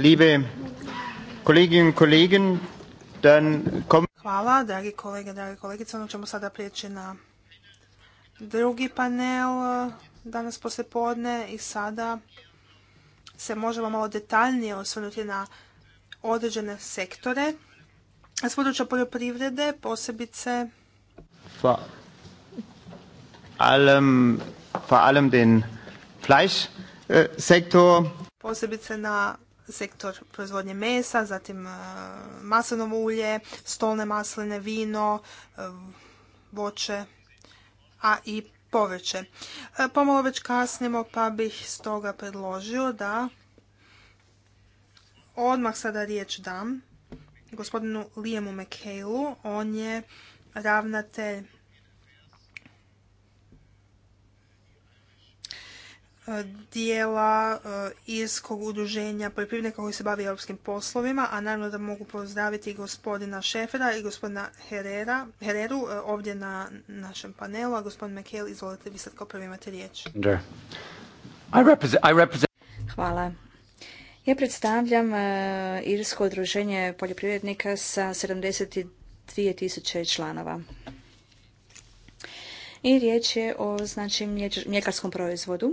S1: liebe Kolleginnen und Kollegen,
S3: dann kommen
S1: Hvala, dragi kolege, dragi kolegice. Ono ćemo sada prijeći na drugi panel eh, danas posle podne i sada se možemo malo detaljnije osvrnuti na određene sektore s područja poljoprivrede, posebice vor allem, vor allem den Posebice na sektor proizvodnje mesa, zatim e, maslinovo ulje, stolne masline, vino, e, voće, a i povrće. E, pomalo već kasnimo pa bih stoga predložio da odmah sada riječ dam gospodinu Lijemu McHale-u. On je ravnatelj E, dijela e, Irskog udruženja poljoprivrednika koji se bavi europskim poslovima, a naravno da mogu pozdraviti gospodina Šefera i gospodina Hereru e, ovdje na našem panelu, a gospodin
S2: mekel izvolite, vi sad kao prvi imate riječ. Hvala. Ja predstavljam Irsko udruženje poljoprivrednika sa 72 tisuće članova. I riječ je o znači, mljekarskom proizvodu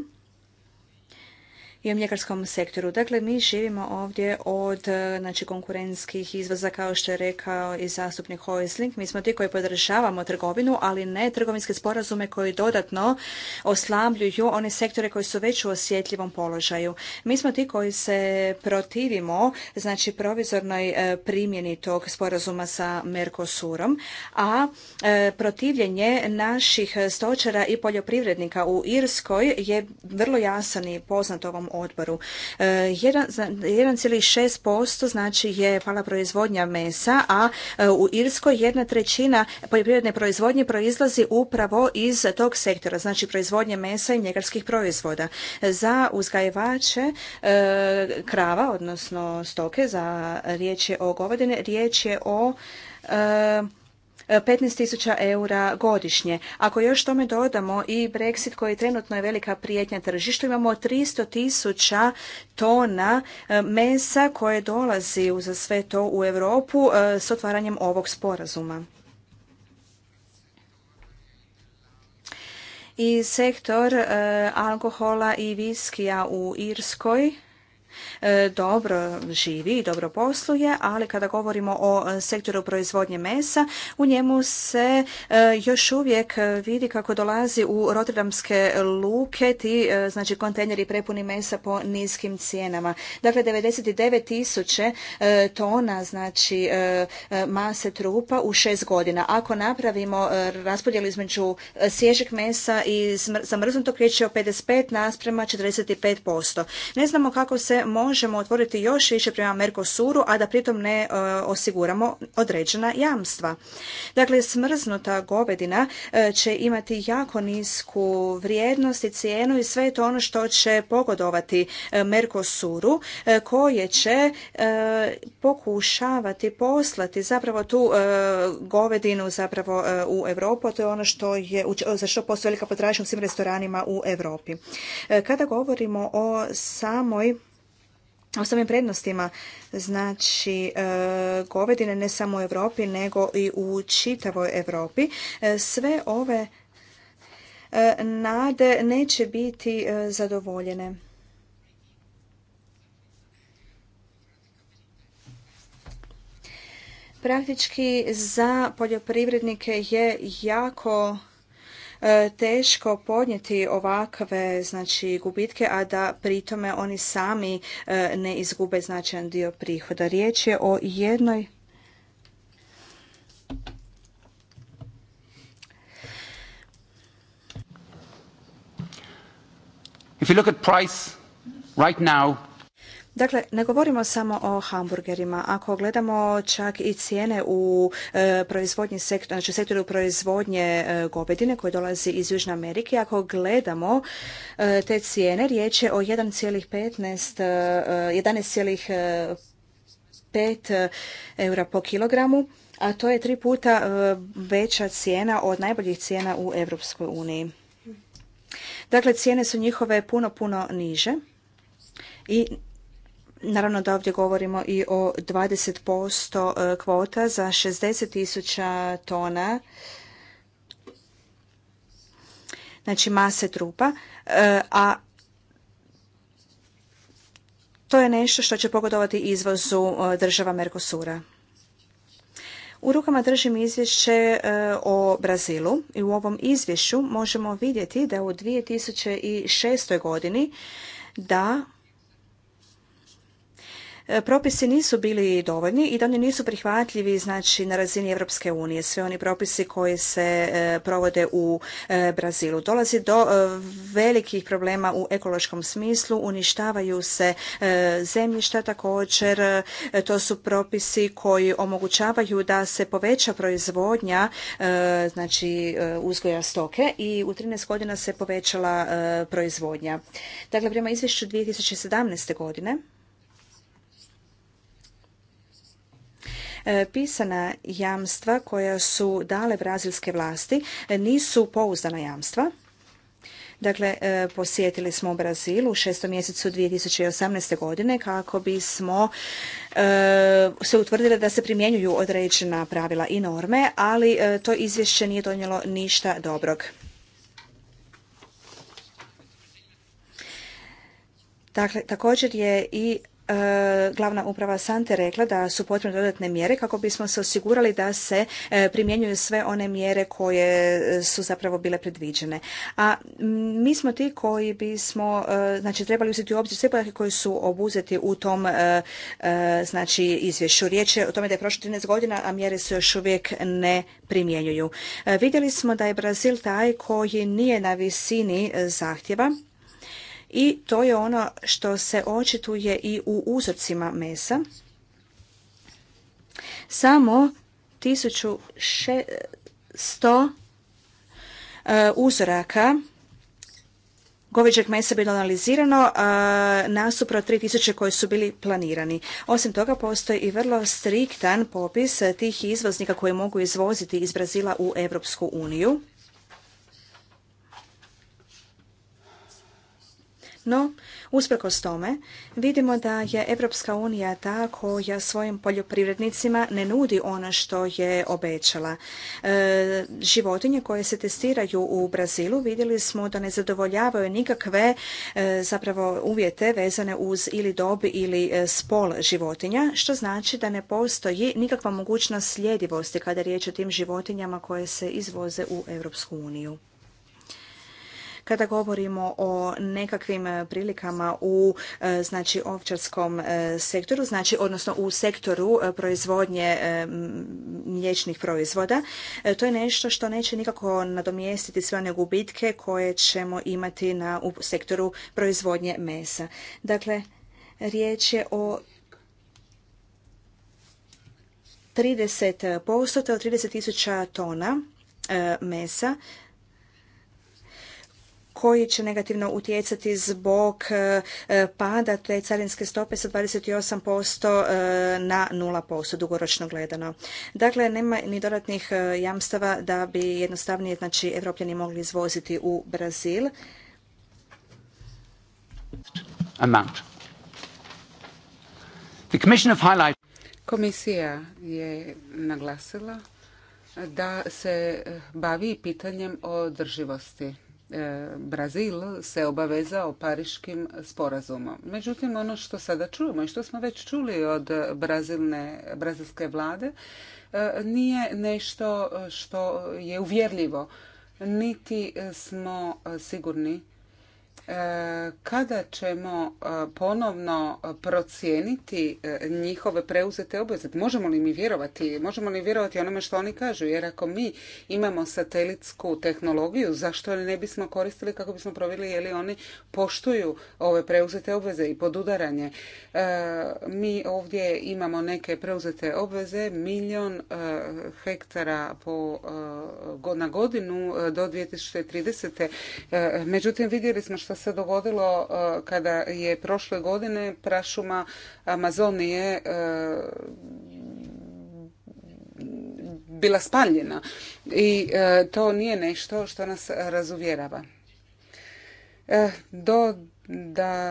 S2: i u mljekarskom sektoru. Dakle, mi živimo ovdje od e, znači, konkurentskih izvoza, kao što je rekao i zastupnik Hoisling. Mi smo ti koji podržavamo trgovinu, ali ne trgovinske sporazume koji dodatno oslabljuju one sektore koji su već u osjetljivom položaju. Mi smo ti koji se protivimo znači, provizornoj e, primjeni tog sporazuma sa Mercosurom, a e, protivljenje naših stočara i poljoprivrednika u Irskoj je vrlo jasan i poznat ovom odboru. E, odboru. 1,6% znači je pala proizvodnja mesa, a e, u Irskoj jedna trećina poljoprivredne proizvodnje proizlazi upravo iz tog sektora, znači proizvodnje mesa i mljekarskih proizvoda. Za uzgajivače e, krava, odnosno stoke, za riječ je o govedine, riječ je o tisuća eura godišnje. Ako još tome dodamo i Brexit koji trenutno je velika prijetnja tržištu, imamo tisuća tona e, mesa koje dolazi za sve to u Europu e, s otvaranjem ovog sporazuma. I sektor e, alkohola i viskija u Irskoj E, dobro živi i dobro posluje, ali kada govorimo o e, sektoru proizvodnje mesa, u njemu se e, još uvijek vidi kako dolazi u rotterdamske luke ti znači kontejneri prepuni mesa po niskim cijenama. Dakle, 99 tisuće tona znači mase trupa u šest godina. Ako napravimo raspodjel između svježeg mesa i zamrznutog riječ je o 55 nasprema 45%. Ne znamo kako se može možemo otvoriti još više prema Mercosuru, a da pritom ne e, osiguramo određena jamstva. Dakle, smrznuta govedina e, će imati jako nisku vrijednost i cijenu i sve je to ono što će pogodovati e, Mercosuru koje će pokušavati poslati zapravo tu govedinu zapravo u Europu, a to je ono što je, za što postoji velika potražnja u svim restoranima u Europi. Kada govorimo o samoj o samim prednostima znači e, govedine ne samo u Europi nego i u čitavoj Europi. E, sve ove e, nade neće biti zadovoljene. Praktički za poljoprivrednike je jako E, teško podnijeti ovakve znači gubitke, a da pritome oni sami e, ne izgube značajan dio prihoda. Riječ je o jednoj
S3: If you look at price right now,
S2: Dakle, ne govorimo samo o hamburgerima. Ako gledamo čak i cijene u e, proizvodnji sektora, znači sektoru proizvodnje e, govedine koje dolazi iz Južne Amerike, ako gledamo e, te cijene, riječ je o 1,15 11,5 eura po kilogramu, a to je tri puta veća cijena od najboljih cijena u Europskoj uniji. Dakle, cijene su njihove puno, puno niže i Naravno da ovdje govorimo i o 20% e, kvota za 60 tisuća tona znači mase trupa, e, a to je nešto što će pogodovati izvozu e, država Mercosura. U rukama držim izvješće o Brazilu i u ovom izvješću možemo vidjeti da u 2006. godini da E, propisi nisu bili dovoljni i da oni nisu prihvatljivi znači na razini Europske unije. Sve oni propisi koji se e, provode u e, Brazilu. Dolazi do velikih problema u ekološkom smislu, uništavaju se zemljišta također, to su propisi koji omogućavaju da se poveća proizvodnja znači uzgoja stoke i u 13 godina se povećala proizvodnja. Dakle, prema izvješću 2017. godine E, pisana jamstva koja su dale brazilske vlasti e, nisu pouzdana jamstva. Dakle, e, posjetili smo Brazil u šestom mjesecu 2018. godine kako bismo se utvrdili da se primjenjuju određena pravila i norme, ali to izvješće nije donijelo ništa dobrog. Dakle, također je i E, glavna uprava Sante rekla da su potrebne dodatne mjere kako bismo se osigurali da se e, primjenjuju sve one mjere koje e, su zapravo bile predviđene. A mi smo ti koji bismo znači, trebali uzeti u obzir sve podatke koji su obuzeti u tom znači, izvješću. Riječ je o tome da je prošlo 13 godina, a mjere se još uvijek ne primjenjuju. Vidjeli smo da je Brazil taj koji nije na visini zahtjeva i to je ono što se očituje i u uzorcima mesa. Samo 1600 e, uzoraka goveđeg mesa bilo analizirano e, nasupro tri 3000 koji su bili planirani. Osim toga postoji i vrlo striktan popis tih izvoznika koje mogu izvoziti iz Brazila u Europsku uniju No, usprkos tome, vidimo da je Evropska unija ta koja svojim poljoprivrednicima ne nudi ono što je obećala. E, životinje koje se testiraju u Brazilu vidjeli smo da ne zadovoljavaju nikakve e, zapravo uvjete vezane uz ili dob ili e, spol životinja, što znači da ne postoji nikakva mogućnost sljedivosti kada je riječ o tim životinjama koje se izvoze u Europsku uniju. Kada govorimo o nekakvim e, prilikama u e, znači ovčarskom e, sektoru, znači odnosno u sektoru proizvodnje mliječnih proizvoda, to je nešto što neće nikako nadomjestiti sve one gubitke koje ćemo imati na u sektoru proizvodnje mesa. Dakle, riječ je o 30%, to je 30 tisuća tona mesa koji će negativno utjecati zbog e, e, pada te carinske stope sa 28% e, na 0% dugoročno gledano. Dakle, nema ni dodatnih jamstava da bi jednostavnije znači, evropljani mogli izvoziti
S3: u Brazil. Amount. The commission of Komisija je naglasila da se bavi pitanjem održivosti. E, Brazil se obavezao pariškim sporazumom. Međutim, ono što sada čujemo i što smo već čuli od brazilske vlade e, nije nešto što je uvjerljivo. Niti smo sigurni kada ćemo e, ponovno procijeniti e, njihove preuzete obveze. Možemo li mi vjerovati? Možemo li vjerovati onome što oni kažu? Jer ako mi imamo satelitsku tehnologiju, zašto ne bismo koristili kako bismo provjerili je li oni poštuju ove preuzete obveze i podudaranje? E, mi ovdje imamo neke preuzete obveze, milion hektara po, na godinu do 2030. Međutim, vidjeli smo što se dogodilo e, kada je prošle godine prašuma Amazonije e, bila spaljena i e, to nije nešto što nas razuvjerava. Do da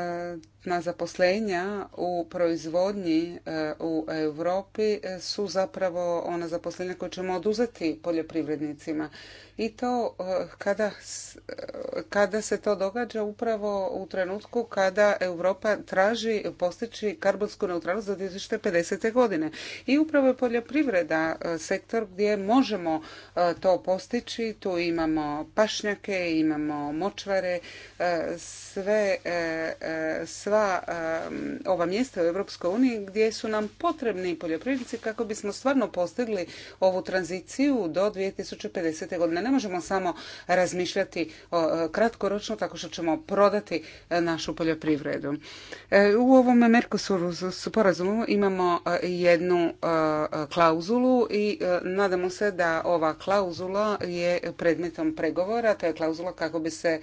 S3: na zaposlenja u proizvodnji e, u Europi e, su zapravo ona zaposlenja koje ćemo oduzeti poljoprivrednicima. I to e, kada, kada se to događa upravo u trenutku kada Europa traži postići karbonsku neutralnost do 2050. godine. I upravo je poljoprivreda sektor gdje možemo to postići. Tu imamo pašnjake, imamo močvare, sve sva ova mjesta u Europskoj uniji gdje su nam potrebni poljoprivrednici kako bismo stvarno postigli ovu tranziciju do 2050. godine. Ne možemo samo razmišljati e, kratkoročno tako što ćemo prodati e, našu poljoprivredu. E, u ovom Mercosuru sporazumu imamo jednu klauzulu i nadamo se da ova klauzula je predmetom pregovora. To je klauzula kako bi se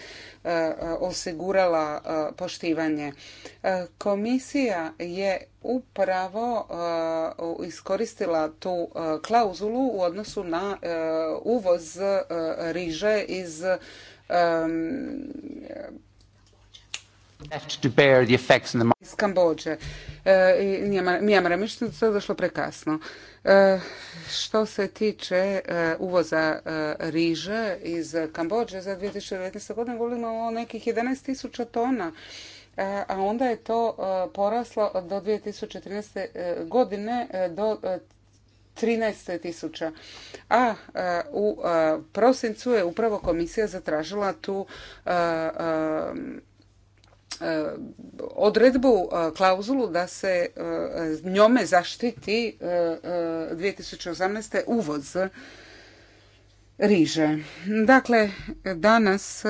S3: osigurala poštivanje E, komisija je upravo e, iskoristila tu e, klauzulu u odnosu na uvoz riže iz iz Kambođe. Mijamara, mi da došlo prekasno. Što se tiče uvoza riže iz Kambođe za 2019. godinu, govorimo o nekih 11.000 tona E, a onda je to e, poraslo do 2013. E, godine do 13.000. tisuća. A u prosincu je upravo komisija zatražila tu odredbu, klauzulu da se njome zaštiti 2018. uvoz riže. Dakle, danas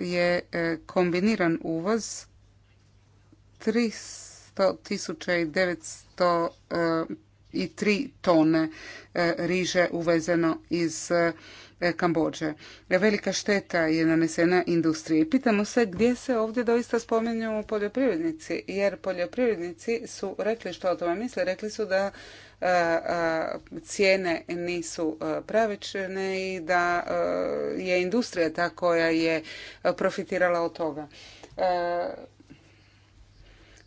S3: je kombiniran uvoz Tristo tone e, riže uvezeno iz e, Kambođe. Velika šteta je nanesena industriji. Pitamo se gdje se ovdje doista spominju poljoprivrednici, jer poljoprivrednici su rekli što o tome misle, rekli su da e, cijene nisu pravične i da je industrija ta koja je profitirala od toga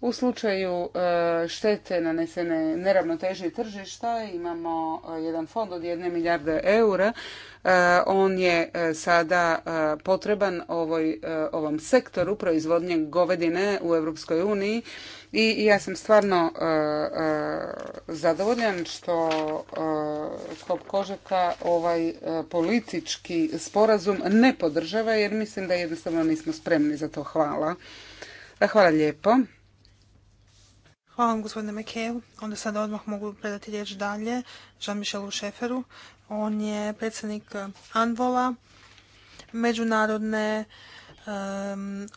S3: u slučaju e, štete nanesene neravnoteži tržišta imamo e, jedan fond od jedne milijarde eura. E, on je sada potreban ovom sektoru proizvodnje govedine u Europskoj uniji i ja sam stvarno zadovoljan što Skop Kožeka ovaj politički sporazum ne podržava jer mislim da jednostavno nismo spremni za to. Hvala. Hvala lijepo.
S1: Hvala vam gospodine Mekeju.
S3: Onda sada odmah mogu predati riječ dalje Jean-Michelu
S1: Šeferu. On je predsjednik eh, Anvola, međunarodne um,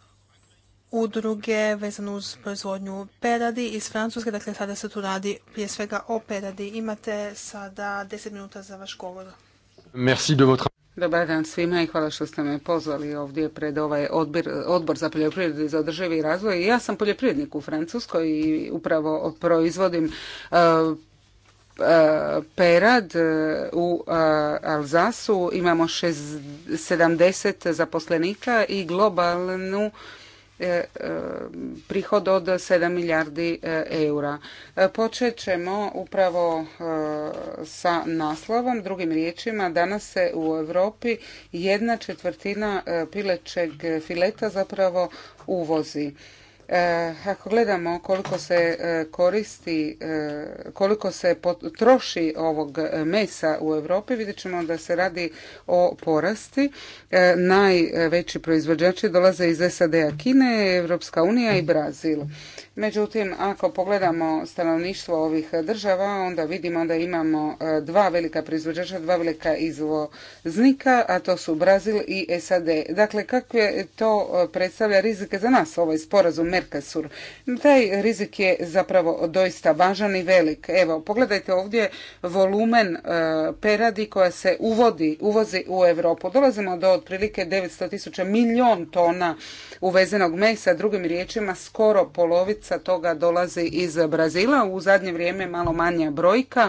S1: udruge vezane uz proizvodnju peradi iz Francuske. Dakle, sada se tu radi prije svega o peradi. Imate sada 10 minuta za vaš govor. Merci de votre...
S3: Dobar dan svima i hvala što ste me pozvali ovdje pred ovaj odbor za poljoprivredu i za održivi razvoj. Ja sam poljoprivrednik u Francuskoj i upravo proizvodim e, e, Perad e, u Alzasu imamo 70 zaposlenika i globalnu E, e, prihod od 7 milijardi e, eura. Počet ćemo upravo sa naslovom, drugim riječima, danas se u Europi jedna četvrtina pilećeg fileta zapravo uvozi. E, ako gledamo koliko se e, koristi, e, koliko se troši ovog mesa u Europi, vidjet ćemo da se radi o porasti. Najveći proizvođači dolaze iz SAD-a, Kine, Europska unija i Brazil. Međutim, ako pogledamo stanovništvo ovih država, onda vidimo da imamo e, dva velika proizvođača, dva velika izvoznika, a to su Brazil i SAD. Dakle, kakve to e, predstavlja rizike za nas, ovaj sporazum Mercosur? Taj rizik je zapravo doista važan i velik. Evo, pogledajte ovdje volumen e, peradi koja se uvodi, uvozi u Europu. Dolazimo do otprilike 900.000 tisuća milijon tona uvezenog mesa, drugim riječima skoro polovica polovica toga dolazi iz Brazila, u zadnje vrijeme malo manja brojka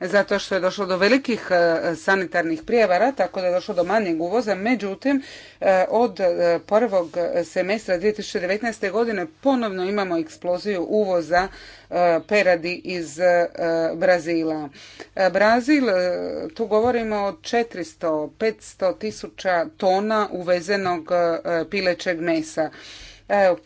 S3: zato što je došlo do velikih e, sanitarnih prijevara, tako da je došlo do manjeg uvoza. Međutim, e, od e, prvog semestra 2019. godine ponovno imamo eksploziju uvoza peradi iz Brazila. Brazil, tu govorimo o 400-500 tisuća tona uvezenog pilećeg mesa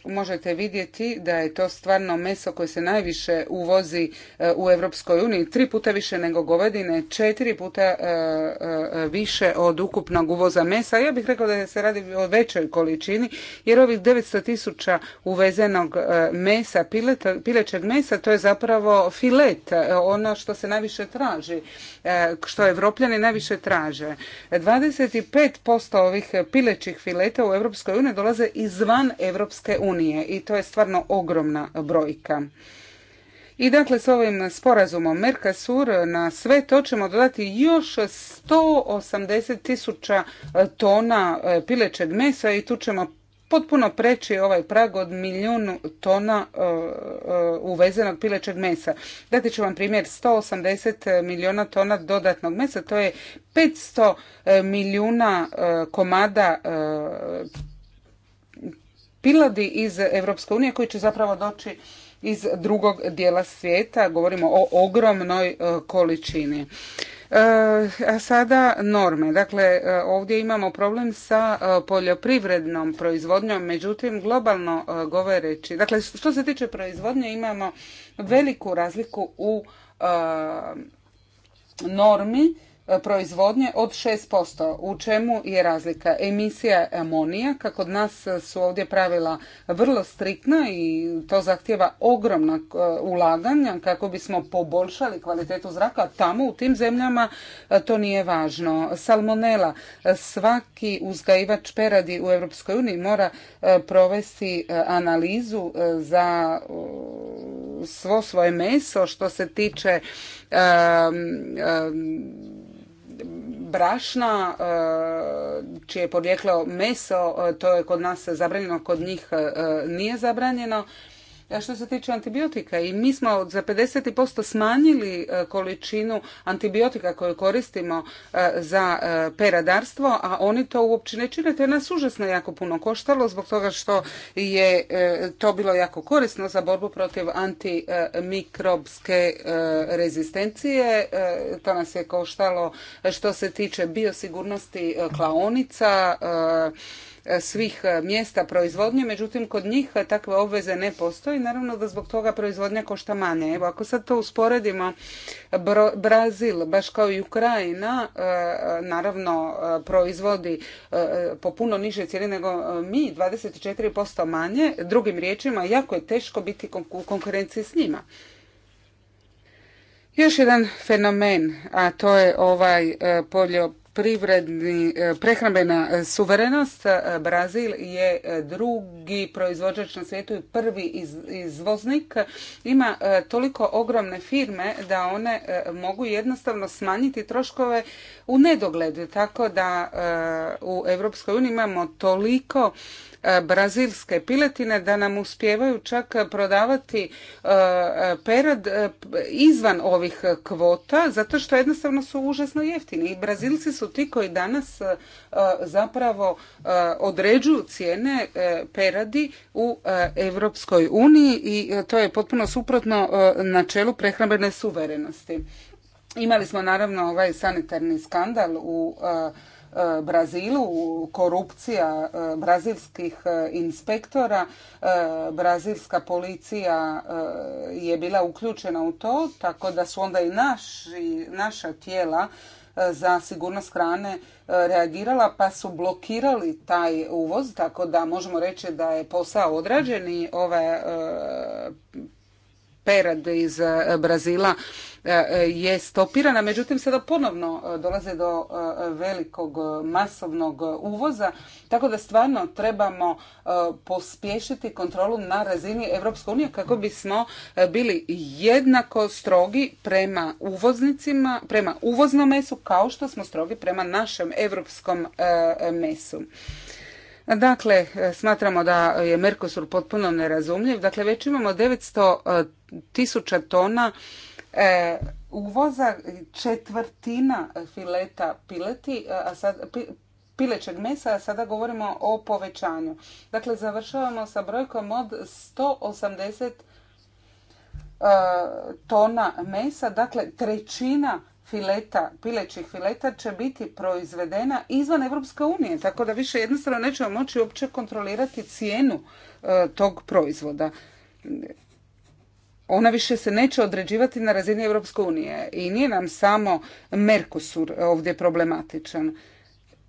S3: možete vidjeti da je to stvarno meso koje se najviše uvozi e, u Europskoj uniji, tri puta više nego govedine, četiri puta e, e, više od ukupnog uvoza mesa. Ja bih rekao da se radi o većoj količini, jer ovih 900 tisuća uvezenog mesa, pilećeg mesa, to je zapravo filet, ono što se najviše traži, što evropljani najviše traže. 25% ovih pilećih fileta u Europskoj uniji dolaze izvan EU. Europske unije i to je stvarno ogromna brojka. I dakle s ovim sporazumom Mercosur na sve to ćemo dodati još 180 tisuća e, tona e, pilećeg mesa i tu ćemo potpuno preći ovaj prag od milijun tona e, uvezenog pilećeg mesa. Dati ću vam primjer 180 milijuna tona dodatnog mesa, to je 500 milijuna komada piladi iz Europske unije koji će zapravo doći iz drugog dijela svijeta. Govorimo o ogromnoj e, količini. E, a sada norme. Dakle, e, ovdje imamo problem sa poljoprivrednom proizvodnjom, međutim, globalno govoreći, dakle, što se tiče proizvodnje, imamo veliku razliku u normi E, proizvodnje od 6%. U čemu je razlika? Emisija amonijaka. Kod nas su ovdje pravila vrlo striktna i to zahtjeva ogromna e, ulaganja kako bismo poboljšali kvalitetu zraka. Tamo u tim zemljama e, to nije važno. Salmonela. Svaki uzgajivač peradi u EU mora provesti analizu za svo svoje meso što se tiče brašna, e, čije je porijeklo meso, e, to je kod nas zabranjeno, kod njih e, nije zabranjeno što se tiče antibiotika i mi smo za 50% smanjili e, količinu antibiotika koju koristimo e, za e, peradarstvo, a oni to uopće ne čine. To je nas užasno jako puno koštalo zbog toga što je to bilo jako korisno za borbu protiv antimikrobske rezistencije. To nas je koštalo što se tiče biosigurnosti klaonica, E, svih e, mjesta proizvodnje, međutim kod njih e, takve obveze ne postoji, naravno da zbog toga proizvodnja košta manje. Evo, ako sad to usporedimo, Brazil, baš kao i Ukrajina, naravno proizvodi po puno niže cijeli nego mi, 24% manje, drugim riječima, jako je teško biti u konkurenciji s njima. Još jedan fenomen, a to je ovaj poljoprivredni privredni, e, prehrambena suverenost. E, Brazil je e, drugi proizvođač na svijetu i prvi izvoznik. Ima toliko ogromne firme da one mogu jednostavno smanjiti troškove u nedogled. Tako da u EU imamo toliko brazilske piletine da nam uspijevaju čak prodavati e, perad e, izvan ovih kvota zato što jednostavno su užasno jeftini i brazilci su ti koji danas e, zapravo određuju cijene peradi u Europskoj uniji i to je potpuno suprotno načelu prehrambene suverenosti. Imali smo naravno ovaj sanitarni skandal u E, Brazilu, korupcija e, brazilskih e, inspektora, brazilska policija je bila uključena u to, tako da su onda i naši, naša tijela za sigurnost hrane reagirala pa su blokirali taj uvoz, tako da možemo reći da je posao odrađen i ova perad iz eh, Brazila eh, je stopirana, međutim sada ponovno eh, dolaze do velikog masovnog uvoza, tako da stvarno trebamo pospješiti kontrolu na razini Europske unije kako bismo bili jednako strogi prema uvoznicima, prema uvoznom mesu kao što smo strogi prema našem europskom mesu. Dakle, smatramo da je Merkosur potpuno nerazumljiv. Dakle, već imamo 900 e, tisuća tona e, uvoza, četvrtina fileta pileti, e, a sad, pilećeg mesa, a sada govorimo o povećanju. Dakle, završavamo sa brojkom od 180 tona mesa, dakle trećina fileta, pilećih fileta će biti proizvedena izvan Europske unije, tako da više jednostavno nećemo moći uopće kontrolirati cijenu e, tog proizvoda. Ona više se neće određivati na razini Europske unije i nije nam samo Mercosur ovdje problematičan.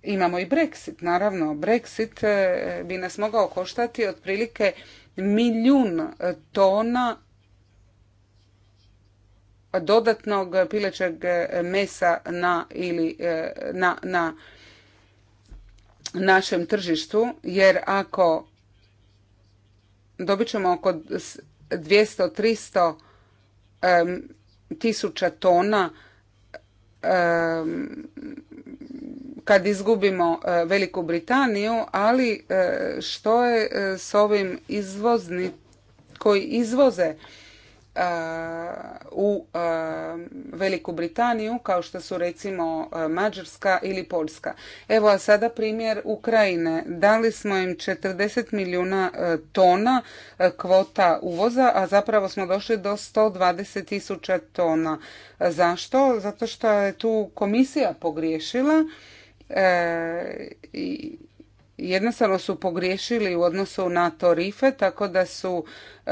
S3: Imamo i Brexit, naravno. Brexit e, bi nas mogao koštati otprilike milijun tona dodatnog pilećeg e, mesa na ili e, na, na našem tržištu jer ako dobit ćemo oko 200 300 tisuća tona kad izgubimo e, Veliku Britaniju, ali što je s ovim izvozni koji izvoze Uh, u uh, Veliku Britaniju kao što su recimo uh, Mađarska ili Poljska. Evo a sada primjer Ukrajine. Dali smo im 40 milijuna tona kvota uvoza, a zapravo smo došli do 120 tisuća tona. Zašto? Zato što je tu komisija pogriješila i jednostavno su pogriješili u odnosu na tarife tako da su e,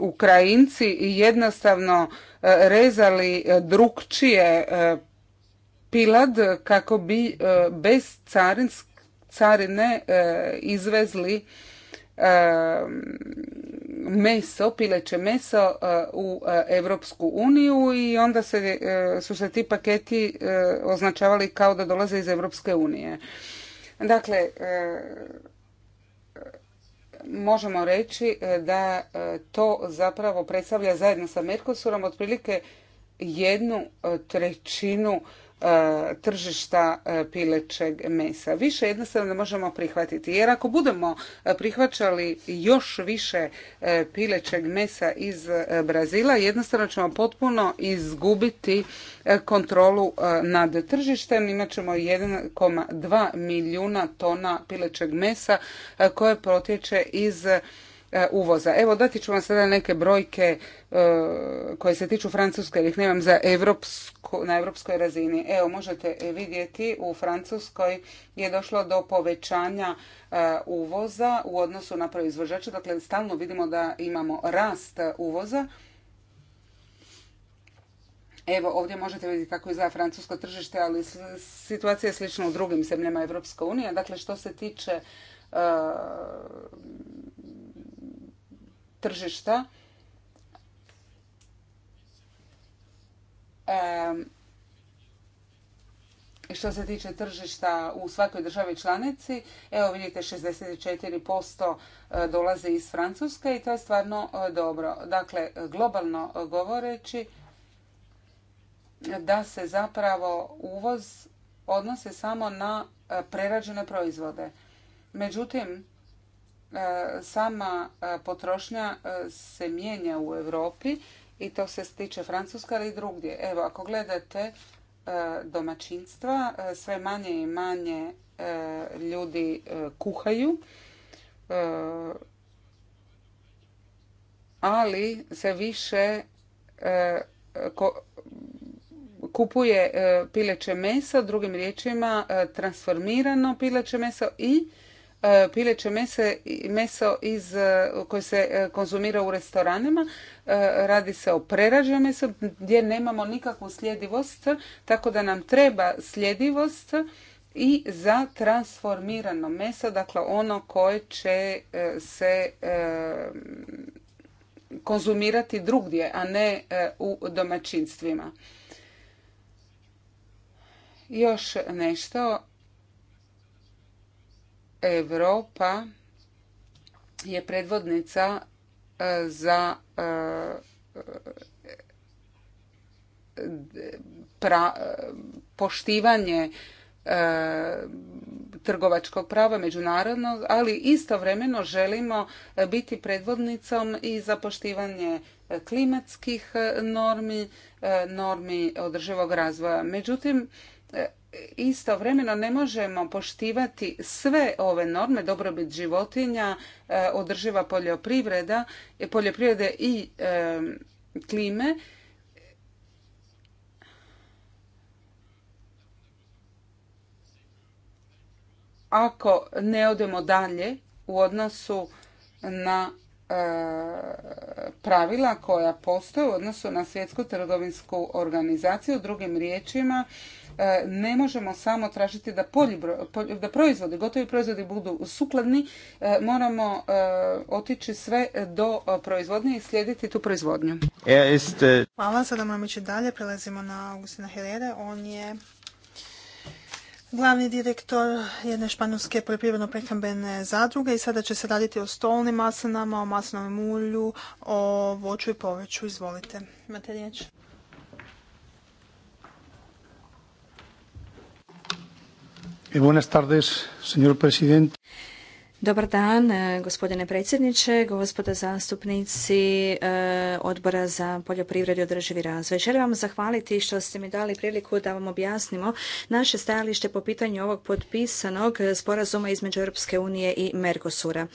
S3: Ukrajinci jednostavno e, rezali drukčije e, pilad kako bi e, bez carine izvezli meso, pileće meso u Europsku uniju i onda se, su se ti paketi označavali kao da dolaze iz Europske unije. Dakle, e, možemo reći e, da e, to zapravo predstavlja zajedno sa Mercosurom otprilike jednu trećinu E, tržišta e, pilećeg mesa. Više jednostavno ne možemo prihvatiti. Jer ako budemo e, prihvaćali još više pilećeg mesa iz Brazila, jednostavno ćemo potpuno izgubiti kontrolu nad tržištem. Imaćemo 1,2 milijuna tona pilećeg mesa koje protječe iz E, uvoza. Evo dati ću vam sada neke brojke e, koje se tiču Francuske jer ih nemam za na europskoj razini. Evo možete e, vidjeti u Francuskoj je došlo do povećanja uvoza u odnosu na proizvođače. Dakle, stalno vidimo da imamo rast uvoza. Evo, ovdje možete vidjeti kako za francusko tržište, ali situacija je slična u drugim zemljama Evropske unije. Dakle, što se tiče tržišta što se tiče tržišta u svakoj državi članici, evo vidite 64% eh, dolazi iz Francuske i to je stvarno eh, dobro. Dakle, globalno eh, govoreći da se zapravo uvoz odnose samo na prerađene proizvode. Međutim, E, sama e, potrošnja e, se mijenja u Europi i to se tiče Francuska ali i drugdje. Evo, ako gledate domaćinstva, sve manje i manje ljudi kuhaju, ali se više kupuje pileće mesa, drugim riječima transformirano pileće meso i E, pileće meso e, koje se e, konzumira u restoranima. Radi se o prerađenom mesu gdje nemamo nikakvu sljedivost, tako da nam treba sljedivost i za transformirano meso, dakle ono koje će se konzumirati drugdje, a ne u domaćinstvima. Još nešto Europa je predvodnica e, za e, poštivanje e, trgovačkog prava međunarodnog, ali istovremeno želimo biti predvodnicom i za poštivanje klimatskih normi, normi održivog razvoja. Međutim, istovremeno ne možemo poštivati sve ove norme, dobrobit životinja, e, održiva poljoprivreda, poljoprivrede i e, klime, ako ne odemo dalje u odnosu na e, pravila koja postoje u odnosu na svjetsku trgovinsku organizaciju, drugim riječima E, ne možemo samo tražiti da, pol, da proizvodi, gotovi proizvodi budu sukladni, e, moramo e, otići sve do proizvodnje i slijediti tu proizvodnju. Hvala, sada moramo ići dalje, prelazimo na Augustina Herrera, on
S1: je glavni direktor jedne španjolske poljoprivredno-prehrambene zadruge i sada će se raditi o stolnim maslinama, o maslinovom ulju, o voću i povrću. Izvolite, imate riječ.
S3: Y eh, buenas tardes, señor presidente.
S2: Dobar dan, e, gospodine predsjedniče, gospodo zastupnici e, Odbora za poljoprivredu i održivi razvoj. Želim vam zahvaliti što ste mi dali priliku da vam objasnimo naše stajalište po pitanju ovog potpisanog sporazuma između Europske unije i Mercosura.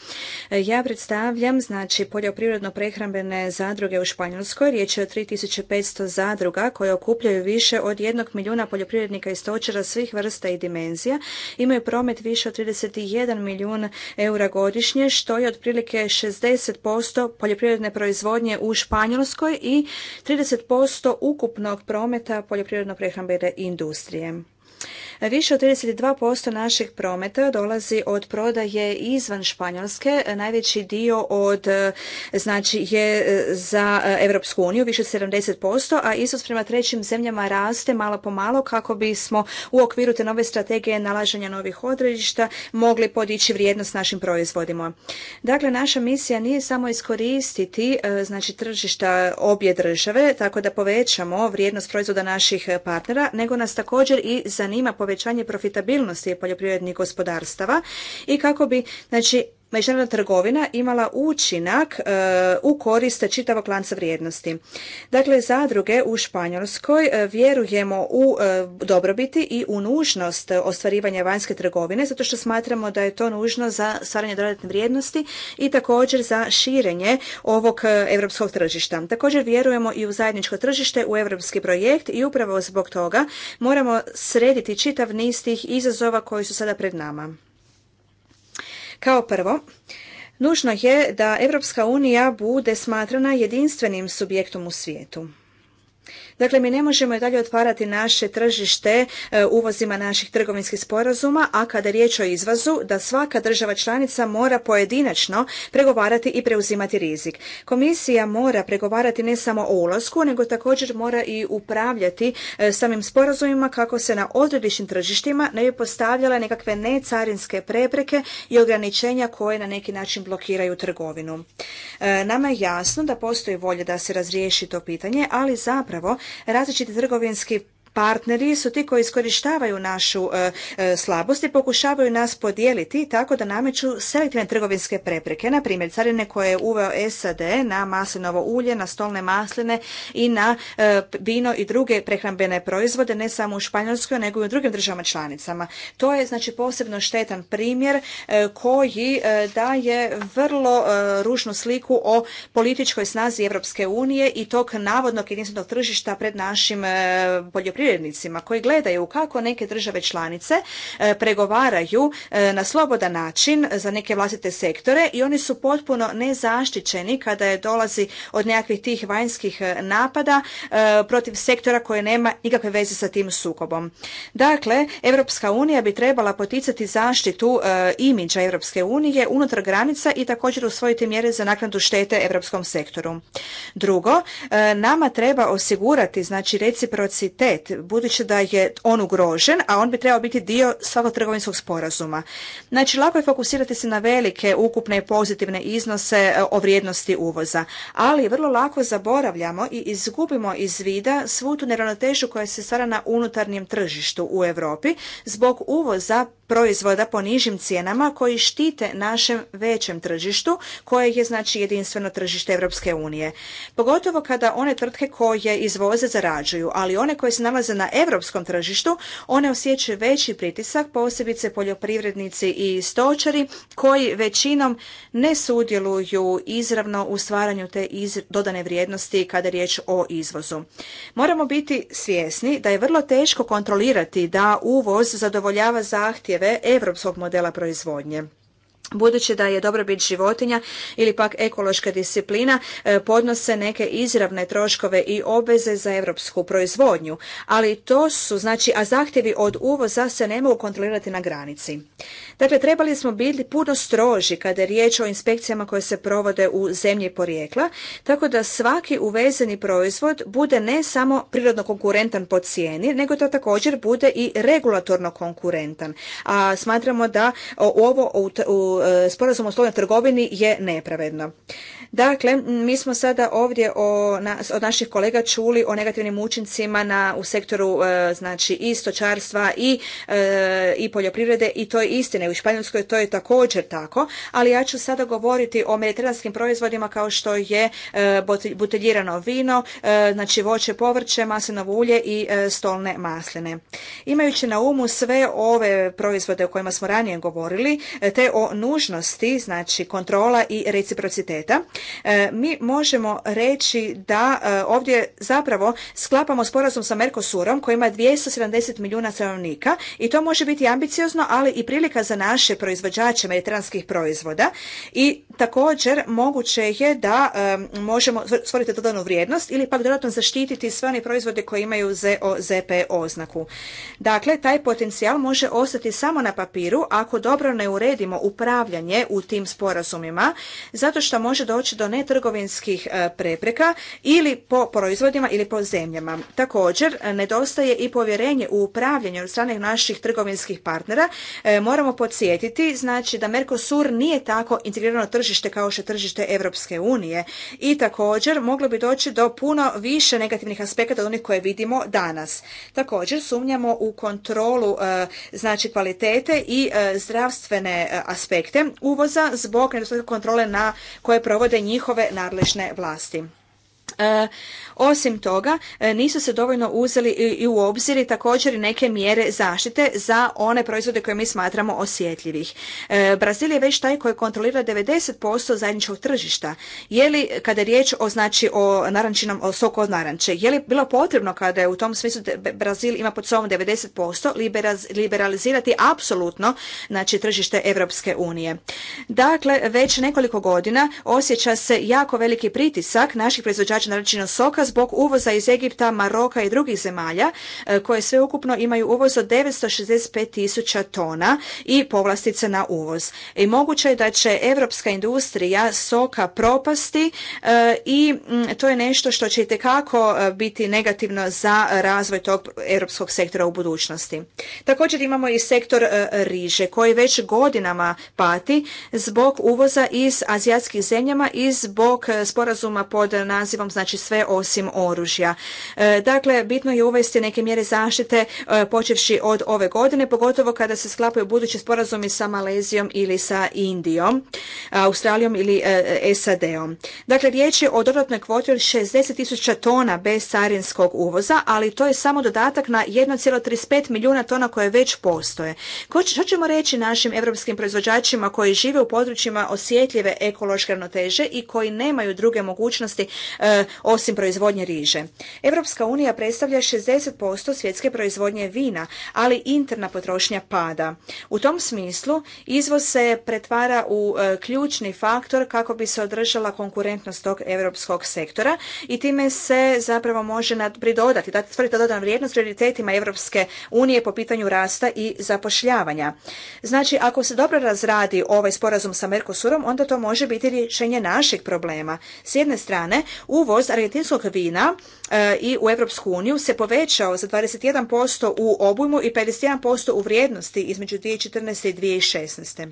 S2: E, ja predstavljam znači poljoprivredno prehrambene zadruge u Španjolskoj. Riječ je o 3500 zadruga koje okupljaju više od jednog milijuna poljoprivrednika i stočara svih vrsta i dimenzija. Imaju promet više od 31 milijun eura godišnje, što je otprilike 60% poljoprivredne proizvodnje u Španjolskoj i 30% ukupnog prometa poljoprivredno-prehrambene industrije. Više od 32% našeg prometa dolazi od prodaje izvan Španjolske, najveći dio od, znači, je e, za Europsku uniju, više od 70%, a izvoz prema trećim zemljama raste malo po malo kako bismo u okviru te nove strategije nalaženja novih odredišta mogli podići vrijednost našim proizvodima. Dakle, naša misija nije samo iskoristiti e, znači, tržišta obje države, tako da povećamo vrijednost proizvoda naših partnera, nego nas također i zanima povećanje povećanje profitabilnosti poljoprivrednih gospodarstava i kako bi znači, međunarodna trgovina imala učinak e, u korist čitavog lanca vrijednosti. Dakle, zadruge u Španjolskoj e, vjerujemo u e, dobrobiti i u nužnost ostvarivanja vanjske trgovine, zato što smatramo da je to nužno za stvaranje dodatne vrijednosti i također za širenje ovog europskog tržišta. Također vjerujemo i u zajedničko tržište, u europski projekt i upravo zbog toga moramo srediti čitav niz tih izazova koji su sada pred nama. Kao prvo, nužno je da Europska unija bude smatrana jedinstvenim subjektom u svijetu. Dakle, mi ne možemo i dalje otvarati naše tržište e, uvozima naših trgovinskih sporazuma, a kada je riječ o izvazu, da svaka država članica mora pojedinačno pregovarati i preuzimati rizik. Komisija mora pregovarati ne samo o ulasku, nego također mora i upravljati e, samim sporazumima kako se na odredišnim tržištima ne bi postavljale nekakve necarinske prepreke i ograničenja koje na neki način blokiraju trgovinu. E, nama je jasno da postoji volja da se razriješi to pitanje, ali zapravo različiti trgovinski partneri su ti koji iskorištavaju našu e, e, slabost i pokušavaju nas podijeliti tako da nameću selektivne trgovinske prepreke. Na primjer, carine koje je uveo SAD na maslinovo ulje, na stolne masline i na e, vino i druge prehrambene proizvode, ne samo u Španjolskoj, nego i u drugim državama članicama. To je znači posebno štetan primjer koji daje vrlo ružnu sliku o političkoj snazi Europske unije i tog navodnog jedinstvenog tržišta pred našim poljoprivrednim poljoprivrednicima koji gledaju kako neke države članice e, pregovaraju e, na slobodan način za neke vlastite sektore i oni su potpuno nezaštićeni kada je dolazi od nekakvih tih vanjskih e, napada protiv sektora koje nema nikakve veze sa tim sukobom. Dakle, Europska unija bi trebala poticati zaštitu imidža Europske unije unutar granica i također usvojiti mjere za naknadu štete europskom sektoru. Drugo, nama treba osigurati znači reciprocitet budući da je on ugrožen, a on bi trebao biti dio svakog trgovinskog sporazuma. Znači, lako je fokusirati se na velike ukupne pozitivne iznose e, o vrijednosti uvoza, ali vrlo lako zaboravljamo i izgubimo iz vida svu tu neravnotežu koja se stvara na unutarnjem tržištu u Europi zbog uvoza proizvoda po nižim cijenama koji štite našem većem tržištu koje je znači jedinstveno tržište Europske unije. Pogotovo kada one tvrtke koje izvoze zarađuju, ali one koje se nalaze na europskom tržištu, one osjećaju veći pritisak, posebice poljoprivrednici i stočari koji većinom ne sudjeluju izravno u stvaranju te dodane vrijednosti kada je riječ o izvozu. Moramo biti svjesni da je vrlo teško kontrolirati da uvoz zadovoljava zahtjev zahtjeve europskog modela proizvodnje. Budući da je dobrobit životinja ili pak ekološka disciplina e, podnose neke izravne troškove i obveze za europsku proizvodnju, ali to su znači a zahtjevi od uvoza se ne mogu kontrolirati na granici. Dakle, trebali smo biti puno stroži kada je riječ o inspekcijama koje se provode u zemlji porijekla, tako da svaki uvezeni proizvod bude ne samo prirodno konkurentan po cijeni, nego to također bude i regulatorno konkurentan. A smatramo da ovo u E, sporazum o slobodnoj trgovini je nepravedno. Dakle, mi smo sada ovdje od naših kolega čuli o negativnim učincima na, u sektoru e, znači i stočarstva i, e, i poljoprivrede i to je istina. U Španjolskoj to je također tako, ali ja ću sada govoriti o mediteranskim proizvodima kao što je e, buteljirano vino, e, znači voće, povrće, maslinovo ulje i e, stolne masline. Imajući na umu sve ove proizvode o kojima smo ranije govorili, te o nužnosti znači kontrola i reciprociteta, E, mi možemo reći da e, ovdje zapravo sklapamo sporazum sa Mercosurom koji ima 270 milijuna stanovnika i to može biti ambiciozno, ali i prilika za naše proizvođače mediteranskih proizvoda i također moguće je da e, možemo stvoriti dodanu vrijednost ili pak dodatno zaštititi sve one proizvode koji imaju ZOZP oznaku. Dakle, taj potencijal može ostati samo na papiru ako dobro ne uredimo upravljanje u tim sporazumima, zato što može doći doći do netrgovinskih e, prepreka ili po proizvodima ili po zemljama. Također, e, nedostaje i povjerenje u upravljanje od strane naših trgovinskih partnera. E, moramo podsjetiti znači, da Mercosur nije tako integrirano tržište kao što je tržište Europske unije i također moglo bi doći do puno više negativnih aspekata od onih koje vidimo danas. Također, sumnjamo u kontrolu znači, kvalitete i zdravstvene aspekte uvoza zbog nedostatka kontrole na koje provode njihove nadležne vlasti. E, osim toga, e, nisu se dovoljno uzeli i u obziri također i neke mjere zaštite za one proizvode koje mi smatramo osjetljivih. E, Brazil je već taj koji kontrolira 90% zajedničkog tržišta. Je li, kada je riječ o, znači, o narančinom, o soku od naranče, je li bilo potrebno kada je u tom smislu Brazil ima pod sobom 90% liberaz, liberalizirati apsolutno znači, tržište Europske unije? Dakle, već nekoliko godina osjeća se jako veliki pritisak naših proizvođača povećana soka zbog uvoza iz Egipta, Maroka i drugih zemalja e, koje sve ukupno imaju uvoz od 965 tisuća tona i povlastice na uvoz. I moguće je da će evropska industrija soka propasti e, i to je nešto što će itekako e, biti negativno za razvoj tog europskog sektora u budućnosti. Također imamo i sektor riže koji već godinama pati zbog uvoza iz azijatskih zemljama i zbog sporazuma pod nazivom znači sve osim oružja. E, dakle, bitno je uvesti neke mjere zaštite e, počevši od ove godine, pogotovo kada se sklapaju budući sporazumi sa Malezijom ili sa Indijom, Australijom ili e, SAD-om. Dakle, riječ je o dodatnoj kvoti od 60 tisuća tona bez carinskog uvoza, ali to je samo dodatak na 1,35 milijuna tona koje već postoje. Što ćemo reći našim europskim proizvođačima koji žive u područjima osjetljive ekološke ravnoteže i koji nemaju druge mogućnosti osim proizvodnje riže. Europska unija predstavlja 60% svjetske proizvodnje vina, ali interna potrošnja pada. U tom smislu izvoz se pretvara u e, ključni faktor kako bi se održala konkurentnost tog europskog sektora i time se zapravo može pridodati, da stvoriti dodana vrijednost prioritetima Europske unije po pitanju rasta i zapošljavanja. Znači, ako se dobro razradi ovaj sporazum sa Mercosurom, onda to može biti rješenje našeg problema. S jedne strane, uvoz uvoz argentinskog vina e, i u Evropsku uniju se povećao za 21% u obujmu i 51% u vrijednosti između 2014. i 2016.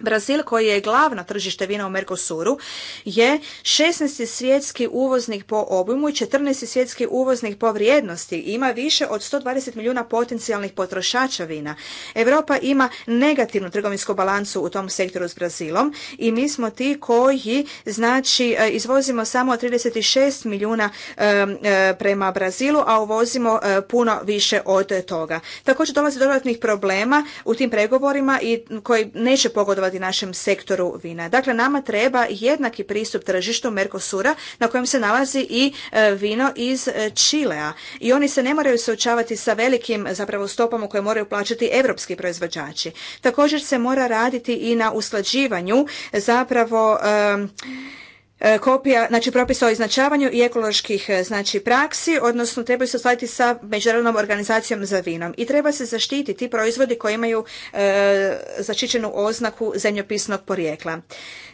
S2: Brazil koji je glavno tržište vina u Mercosuru je 16. svjetski uvoznik po obimu i 14. svjetski uvoznik po vrijednosti. Ima više od 120 milijuna potencijalnih potrošača vina. Europa ima negativnu trgovinsku balancu u tom sektoru s Brazilom i mi smo ti koji znači e, izvozimo samo 36 milijuna e, e, prema Brazilu, a uvozimo puno više od toga. Također dolazi dodatnih problema u tim pregovorima i koji neće pogodovati i našem sektoru vina. Dakle, nama treba jednaki pristup tržištu Mercosura na kojem se nalazi i e, vino iz e, Čilea. I oni se ne moraju suočavati sa velikim zapravo stopama koje moraju plaćati europski proizvođači. Također se mora raditi i na usklađivanju zapravo e, E, kopija, znači propisa o iznačavanju i ekoloških e, znači praksi, odnosno trebaju se uskladiti sa međunarodnom organizacijom za vinom i treba se zaštititi proizvodi koji imaju e, zaštićenu oznaku zemljopisnog porijekla.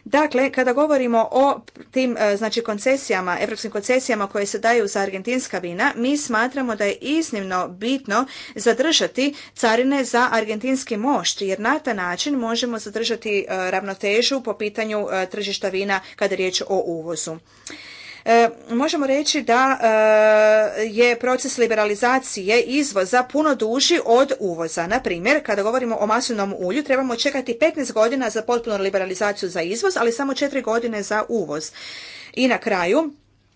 S2: Dakle, kada govorimo o tim e, znači koncesijama, europskim koncesijama koje se daju za argentinska vina, mi smatramo da je iznimno bitno zadržati carine za argentinski mošt, jer na taj način možemo zadržati ravnotežu po pitanju tržišta vina kada je riječ o o uvozu. E, možemo reći da e, je proces liberalizacije izvoza puno duži od uvoza. Na primjer, kada govorimo o maslinovom ulju, trebamo čekati 15 godina za potpunu liberalizaciju za izvoz, ali samo 4 godine za uvoz. I na kraju,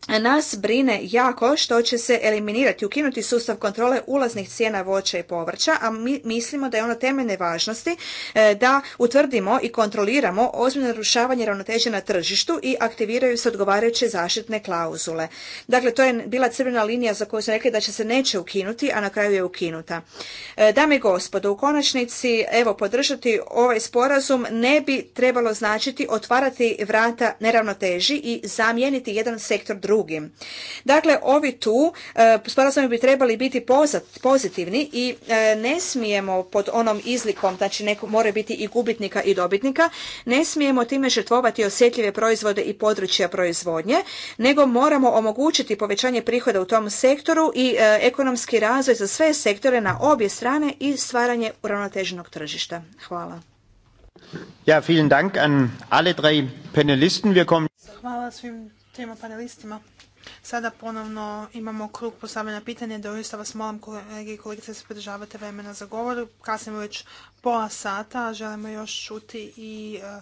S2: nas brine jako što će se eliminirati, ukinuti sustav kontrole ulaznih cijena voća i povrća, a mi mislimo da je ono temeljne važnosti e, da utvrdimo i kontroliramo ozbiljno narušavanje ravnoteže na tržištu i aktiviraju se odgovarajuće zaštitne klauzule. Dakle, to je bila crvena linija za koju su rekli da će se neće ukinuti, a na kraju je ukinuta. E, dame i gospodo, u konačnici, evo, podržati ovaj sporazum ne bi trebalo značiti otvarati vrata neravnoteži i zamijeniti jedan sektor drugog drugim. Dakle, ovi tu e, sporazumi bi trebali biti pozitivni i e, ne smijemo pod onom izlikom, znači neko mora biti i gubitnika i dobitnika, ne smijemo time žrtvovati osjetljive proizvode i područja proizvodnje, nego moramo omogućiti povećanje prihoda u tom sektoru i e, ekonomski razvoj za sve sektore na obje strane i stvaranje uravnoteženog tržišta. Hvala.
S1: Ja, vielen Dank an alle drei Panelisten. Wir kommen
S2: Hvala svim trima
S1: Sada ponovno imamo krug postavljanja pitanja. Doista vas molim kolege i kolegice se pridržavate vremena za govor. Kasnimo već pola sata. Želimo još čuti i e,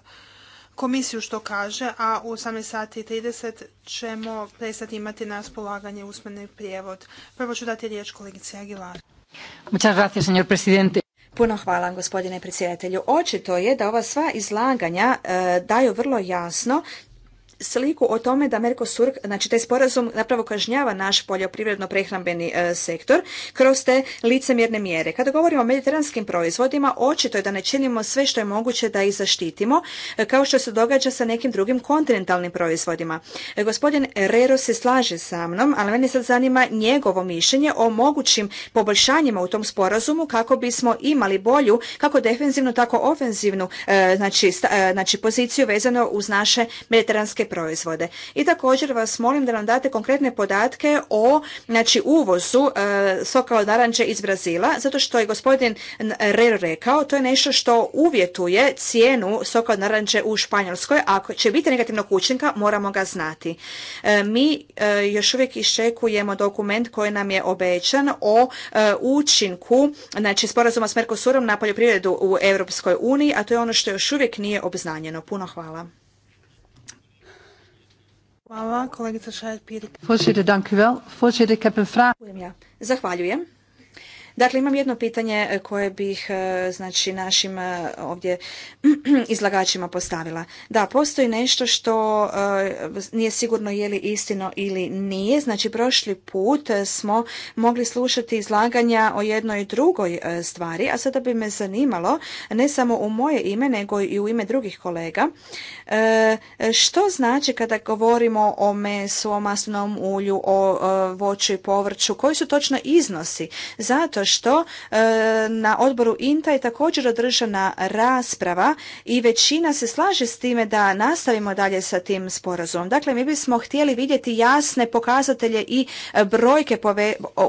S1: komisiju što kaže, a u 18 sati 30 ćemo prestati imati na raspolaganje usmeni prijevod. Prvo ću dati riječ kolegici Aguilar.
S3: Muchas gracias, señor presidente.
S2: Puno hvala gospodine predsjedatelju. Očito je da ova sva izlaganja e, daju vrlo jasno sliku o tome da Mercosur, znači taj sporazum napravo kažnjava naš poljoprivredno prehrambeni e, sektor kroz te licemjerne mjere. Kada govorimo o mediteranskim proizvodima, očito je da ne činimo sve što je moguće da ih zaštitimo, e, kao što se događa sa nekim drugim kontinentalnim proizvodima. E, gospodin Rero se slaže sa mnom, ali meni sad zanima njegovo mišljenje o mogućim poboljšanjima u tom sporazumu kako bismo imali bolju, kako defenzivnu, tako ofenzivnu znači, znači poziciju vezano uz naše mediteranske proizvode. I također vas molim da nam date konkretne podatke o znači, uvozu e, soka od naranđe iz Brazila, zato što je gospodin rer rekao, to je nešto što uvjetuje cijenu soka od naranđe u Španjolskoj. Ako će biti negativnog učinka, moramo ga znati. E, mi e, još uvijek iščekujemo dokument koji nam je obećan o e, učinku znači, sporazuma s Mercosurom na poljoprivredu u Europskoj uniji, a to je ono što još uvijek nije obznanjeno. Puno hvala. Hvala, kolegica Šajer Pirik.
S3: Voorzitter, dank u wel. Voorzitter, ik heb een vraag.
S2: Zahvaljujem. Dakle, imam jedno pitanje e, koje bih e, znači, našim e, ovdje [clears throat] izlagačima postavila. Da, postoji nešto što nije sigurno je li istino ili nije. Znači, prošli put smo mogli slušati izlaganja o jednoj drugoj stvari, a sada bi me zanimalo, ne samo u moje ime, nego i u ime drugih kolega, što znači kada govorimo o mesu, o masnom ulju, o voću i povrću, koji su točno iznosi? Zato što e, na odboru INTA je također održana rasprava i većina se slaže s time da nastavimo dalje sa tim sporazumom. Dakle, mi bismo htjeli vidjeti jasne pokazatelje i e, brojke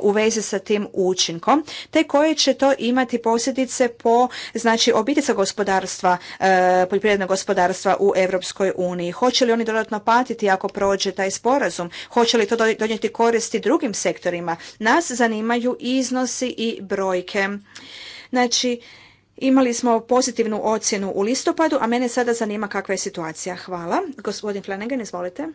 S2: u vezi sa tim učinkom, te koje će to imati posljedice po znači obiteljska gospodarstva, e, poljoprivrednog gospodarstva u Europskoj uniji. Hoće li oni dodatno patiti ako prođe taj sporazum? Hoće li to donijeti koristi drugim sektorima? Nas zanimaju iznosi i brojke. Znači, imali smo pozitivnu ocjenu u listopadu, a mene sada zanima kakva je situacija. Hvala. Gospodin Flanagan, izvolite.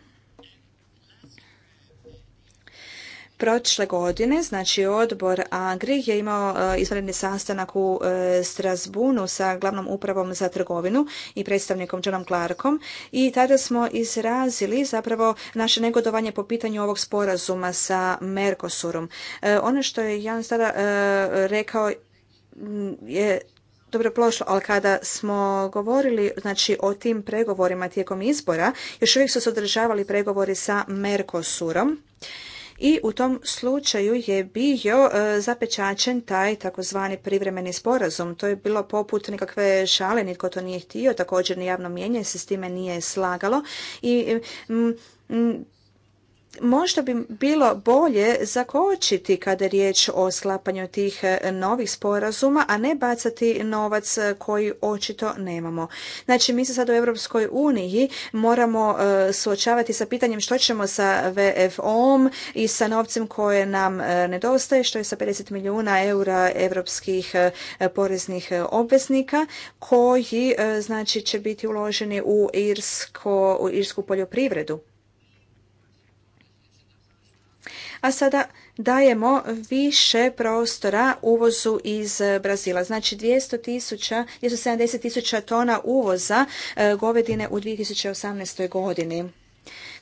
S2: Prošle godine, znači odbor Agri je imao e, izvanredni sastanak u e, Strasbunu sa glavnom upravom za trgovinu i predstavnikom Johnom Clarkom i tada smo izrazili zapravo naše negodovanje po pitanju ovog sporazuma sa Mercosurom. E, ono što je Jan sada rekao je dobro prošlo, ali kada smo govorili znači, o tim pregovorima tijekom izbora, još uvijek su se održavali pregovori sa Mercosurom i u tom slučaju je bio e, zapečačen taj takozvani privremeni sporazum. To je bilo poput nekakve šale, nitko to nije htio, također ni javno mijenje se s time nije slagalo i mm, možda bi bilo bolje zakočiti kada je riječ o sklapanju tih e, novih sporazuma, a ne bacati novac e, koji očito nemamo. Znači, mi se sad u Europskoj uniji moramo e, suočavati sa pitanjem što ćemo sa VFO-om i sa novcem koje nam nedostaje, što je sa 50 milijuna eura europskih poreznih obveznika koji znači će biti uloženi u, u irsku poljoprivredu. a sada dajemo više prostora uvozu iz Brazila. Znači 200 tisuća, tisuća tona uvoza e, govedine u 2018. godini.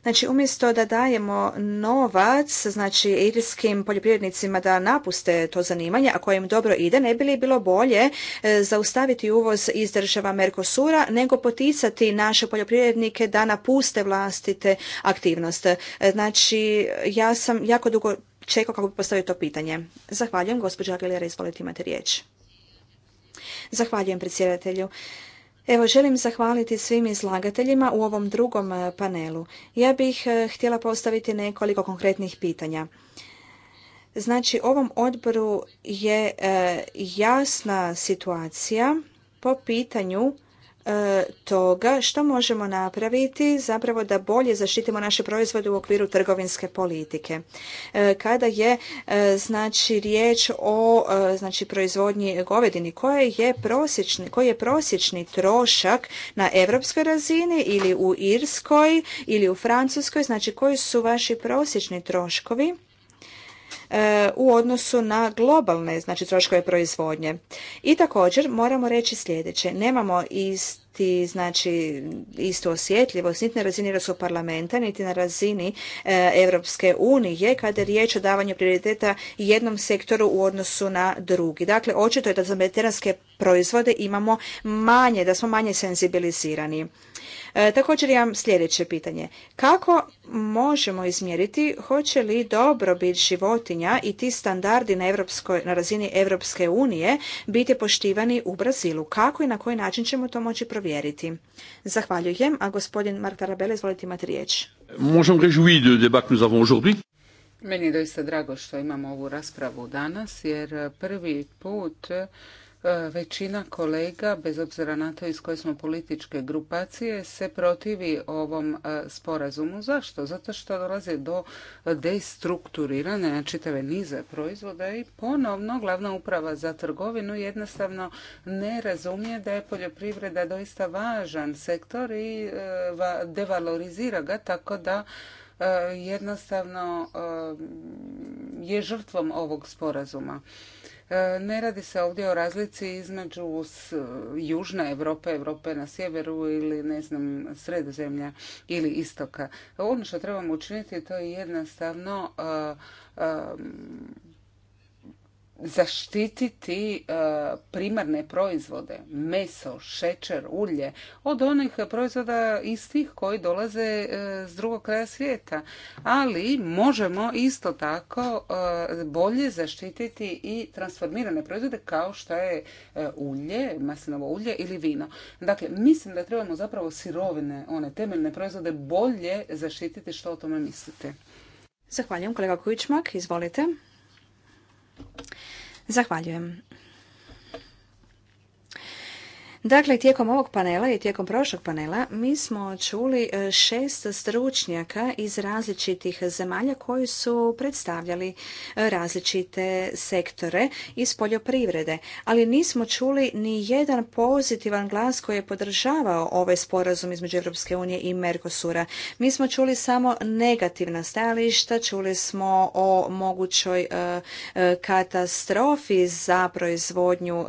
S2: Znači, umjesto da dajemo novac, znači, irskim poljoprivrednicima da napuste to zanimanje, koje im dobro ide, ne bi li bilo bolje e, zaustaviti uvoz iz država Mercosura, nego poticati naše poljoprivrednike da napuste vlastite aktivnosti. E, znači, ja sam jako dugo čekao kako bi postavio to pitanje. Zahvaljujem, gospođa Aguilera, izvolite imate riječ. Zahvaljujem predsjedatelju. Evo, želim zahvaliti svim izlagateljima u ovom drugom e, panelu. Ja bih e, htjela postaviti nekoliko konkretnih pitanja. Znači, ovom odboru je e, jasna situacija po pitanju E, toga što možemo napraviti zapravo da bolje zaštitimo naše proizvode u okviru trgovinske politike. E, kada je e, znači riječ o znači proizvodnji govedini koji je prosječni koji je prosječni trošak na europskoj razini ili u Irskoj ili u Francuskoj znači koji su vaši prosječni troškovi E, u odnosu na globalne znači troškove proizvodnje. I također moramo reći sljedeće, nemamo isti znači istu osjetljivost niti na razini Europskog parlamenta niti na razini e, Europske unije kada je riječ o davanju prioriteta jednom sektoru u odnosu na drugi. Dakle, očito je da za mediteranske proizvode imamo manje, da smo manje senzibilizirani. E, također imam sljedeće pitanje. Kako možemo izmjeriti hoće li dobrobit životinja i ti standardi na, Evropskoj, na razini Europske unije biti poštivani u Brazilu? Kako i na koji način ćemo to moći provjeriti?
S3: Zahvaljujem, a gospodin Mark Tarabele, izvolite imati riječ. Meni je doista drago što imamo ovu raspravu danas, jer prvi put E, većina kolega, bez obzira na to iz koje smo političke grupacije, se protivi ovom e, sporazumu. Zašto? Zato što dolazi do destrukturirane čitave nize proizvoda i ponovno glavna uprava za trgovinu jednostavno ne razumije da je poljoprivreda doista važan sektor i e, devalorizira ga tako da jednostavno je žrtvom ovog sporazuma. Ne radi se ovdje o razlici između južna Europe, Europe na sjeveru ili ne znam sredozemlja ili istoka. Ono što trebamo učiniti to je jednostavno zaštititi e, primarne proizvode, meso, šećer, ulje, od onih proizvoda istih koji dolaze e, s drugog kraja svijeta. Ali možemo isto tako e, bolje zaštititi i transformirane proizvode kao što je ulje, maslinovo ulje ili vino. Dakle, mislim da trebamo zapravo sirovine, one temeljne proizvode bolje zaštititi. Što o tome mislite? Zahvaljujem kolega Kujičmak, izvolite.
S2: Zahvaljujem. Dakle, tijekom ovog panela i tijekom prošlog panela mi smo čuli e, šest stručnjaka iz različitih zemalja koji su predstavljali e, različite sektore iz poljoprivrede, ali nismo čuli ni jedan pozitivan glas koji je podržavao ovaj sporazum između Europske unije i Mercosura. Mi smo čuli samo negativna stajališta, čuli smo o mogućoj e, katastrofi za proizvodnju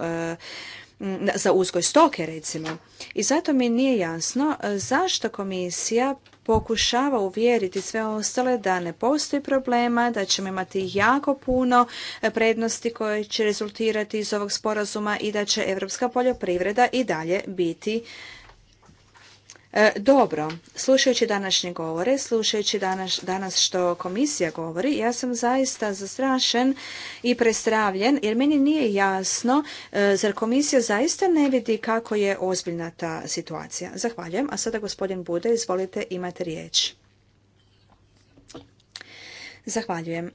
S2: za uzgoj stoke recimo. I zato mi nije jasno e, zašto komisija pokušava uvjeriti sve ostale da ne postoji problema, da ćemo imati jako puno e, prednosti koje će rezultirati iz ovog sporazuma i da će europska poljoprivreda i dalje biti E, dobro, slušajući današnje govore, slušajući danas, danas što komisija govori, ja sam zaista zastrašen i prestravljen jer meni nije jasno e, zar komisija zaista ne vidi kako je ozbiljna ta situacija. Zahvaljujem, a sada gospodin Bude, izvolite, imate riječ. Zahvaljujem.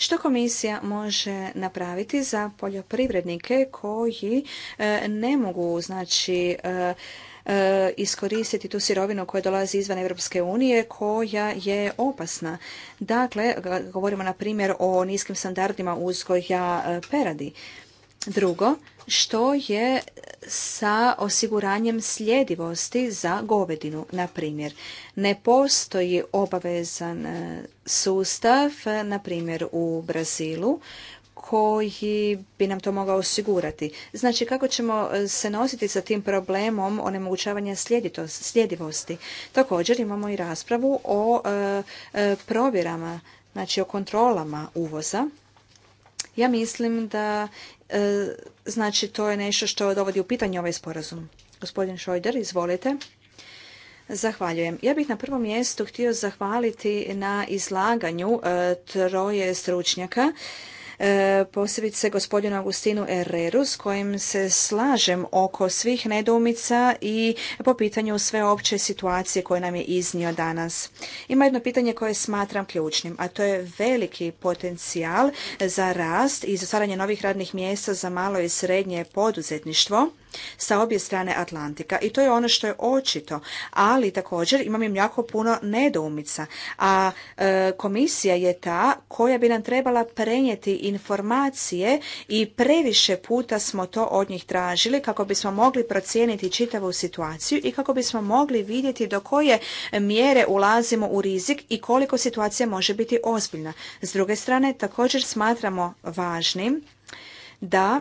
S2: Što komisija može napraviti za poljoprivrednike koji e, ne mogu znači e, e, iskoristiti tu sirovinu koja dolazi izvan Europske unije koja je opasna. Dakle, govorimo na primjer o niskim standardima uzgoja peradi. Drugo, što je sa osiguranjem sljedivosti za govedinu, na primjer. Ne postoji obavezan e, sustav, e, na primjer u Brazilu, koji bi nam to mogao osigurati. Znači, kako ćemo e, se nositi sa tim problemom onemogućavanja sljedivosti? Također imamo i raspravu o provjerama, znači o kontrolama uvoza. Ja mislim da Znači, to je nešto što dovodi u pitanje ovaj sporazum. Gospodin Šojder, izvolite. Zahvaljujem. Ja bih na prvom mjestu htio zahvaliti na izlaganju e, troje stručnjaka E, posebice gospodinu Agustinu Herreru s kojim se slažem oko svih nedoumica i po pitanju sveopće situacije koje nam je iznio danas. Ima jedno pitanje koje smatram ključnim, a to je veliki potencijal za rast i za stvaranje novih radnih mjesta za malo i srednje poduzetništvo sa obje strane Atlantika i to je ono što je očito, ali također imam im jako puno nedoumica, a e, komisija je ta koja bi nam trebala prenijeti informacije i previše puta smo to od njih tražili kako bismo mogli procijeniti čitavu situaciju i kako bismo mogli vidjeti do koje mjere ulazimo u rizik i koliko situacija može biti ozbiljna. S druge strane, također smatramo važnim da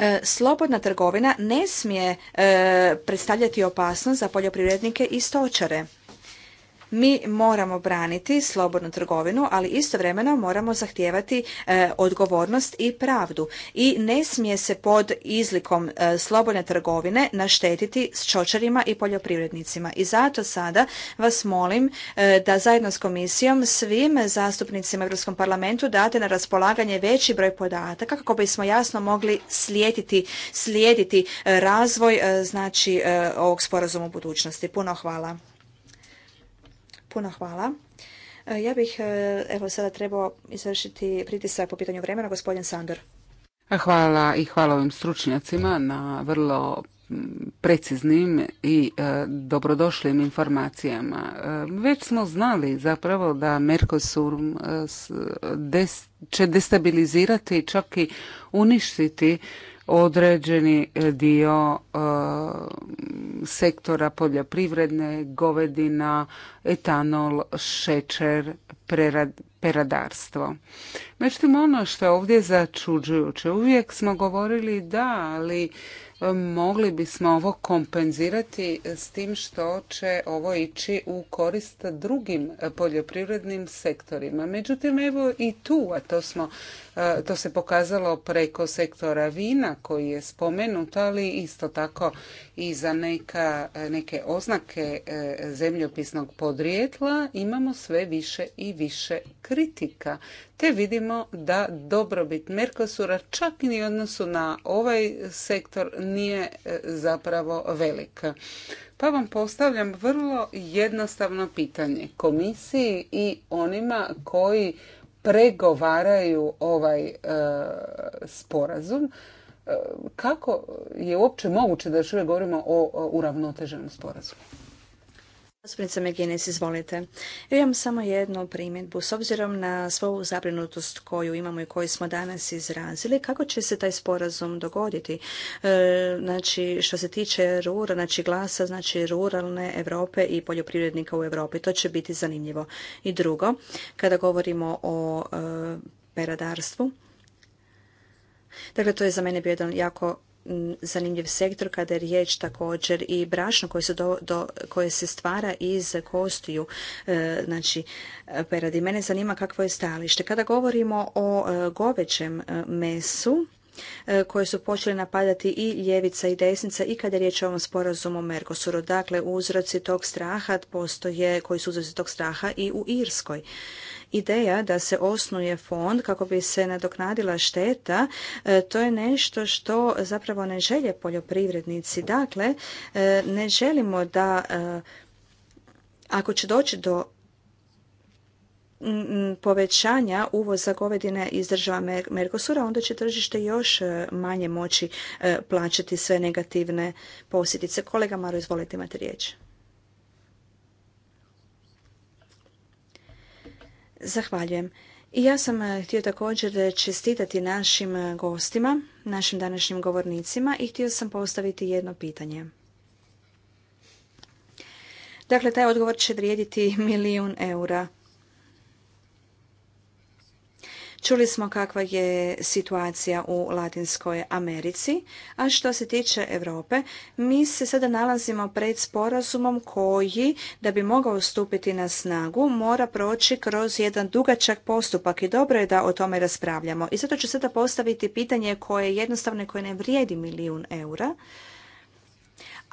S2: E, slobodna trgovina ne smije e, predstavljati opasnost za poljoprivrednike i stočare. Mi moramo braniti slobodnu trgovinu, ali istovremeno moramo zahtijevati e, odgovornost i pravdu. I ne smije se pod izlikom e, slobodne trgovine naštetiti s čočarima i poljoprivrednicima. I zato sada vas molim e, da zajedno s komisijom svim zastupnicima u Europskom parlamentu date na raspolaganje veći broj podataka kako bismo jasno mogli slijediti, slijediti razvoj znači ovog sporazuma u budućnosti. Puno hvala. Puno hvala. E, ja bih e, evo sada trebao izvršiti pritisak po pitanju vremena, gospodin Sandor.
S3: Hvala i hvala ovim stručnjacima na vrlo preciznim i e, dobrodošlim informacijama. Već smo znali zapravo da Mercosur će destabilizirati čak i uništiti određeni e, dio e, sektora poljoprivredne, govedina, etanol, šećer, prerad, peradarstvo. Međutim, ono što je ovdje začuđujuće, uvijek smo govorili da, ali um, mogli bismo ovo kompenzirati s tim što će ovo ići u korist drugim uh, poljoprivrednim sektorima. Međutim, evo i tu, a to, smo, uh, to se pokazalo preko sektora vina koji je spomenut, ali isto tako i za neka, uh, neke oznake zemljopisnog podrijetla imamo sve više i više kritika, te vidimo da dobrobit Merkosura čak i u odnosu na ovaj sektor nije e, zapravo velika. Pa vam postavljam vrlo jednostavno pitanje komisiji i onima koji pregovaraju ovaj e, sporazum e, kako je uopće moguće da još uvijek govorimo o uravnoteženom sporazumu? Gospodinica Meginis,
S2: izvolite. Ja imam samo jednu primjedbu. S obzirom na svoju zabrinutost koju imamo i koju smo danas izrazili, kako će se taj sporazum dogoditi? E, znači, što se tiče rura, znači glasa, znači ruralne Europe i poljoprivrednika u Europi. To će biti zanimljivo. I drugo, kada govorimo o e, peradarstvu, Dakle, to je za mene bio jedan jako zanimljiv sektor kada je riječ također i brašno koje se, do, koje se stvara iz kostiju e, znači peradi. Mene zanima kakvo je stajalište. Kada govorimo o e, govećem e, mesu, koje su počeli napadati i ljevica i desnica i kada je riječ o ovom sporazumu o Mercosuru. Dakle, uzroci tog straha postoje, koji su uzroci tog straha i u Irskoj ideja da se osnuje fond kako bi se nadoknadila šteta, e, to je nešto što zapravo ne želje poljoprivrednici. Dakle, e, ne želimo da e, ako će doći do povećanja uvoza govedine iz država Mercosura, onda će tržište još manje moći plaćati sve negativne posljedice. Kolega Maro, izvolite, imate riječ. Zahvaljujem. I ja sam eh, htio također eh, čestitati našim eh, gostima, našim današnjim govornicima i htio sam postaviti jedno pitanje. Dakle, taj odgovor će vrijediti milijun eura. Čuli smo kakva je situacija u Latinskoj Americi, a što se tiče Europe, mi se sada nalazimo pred sporazumom koji, da bi mogao stupiti na snagu, mora proći kroz jedan dugačak postupak i dobro je da o tome raspravljamo. I zato ću sada postaviti pitanje koje je jednostavno koje ne vrijedi milijun eura,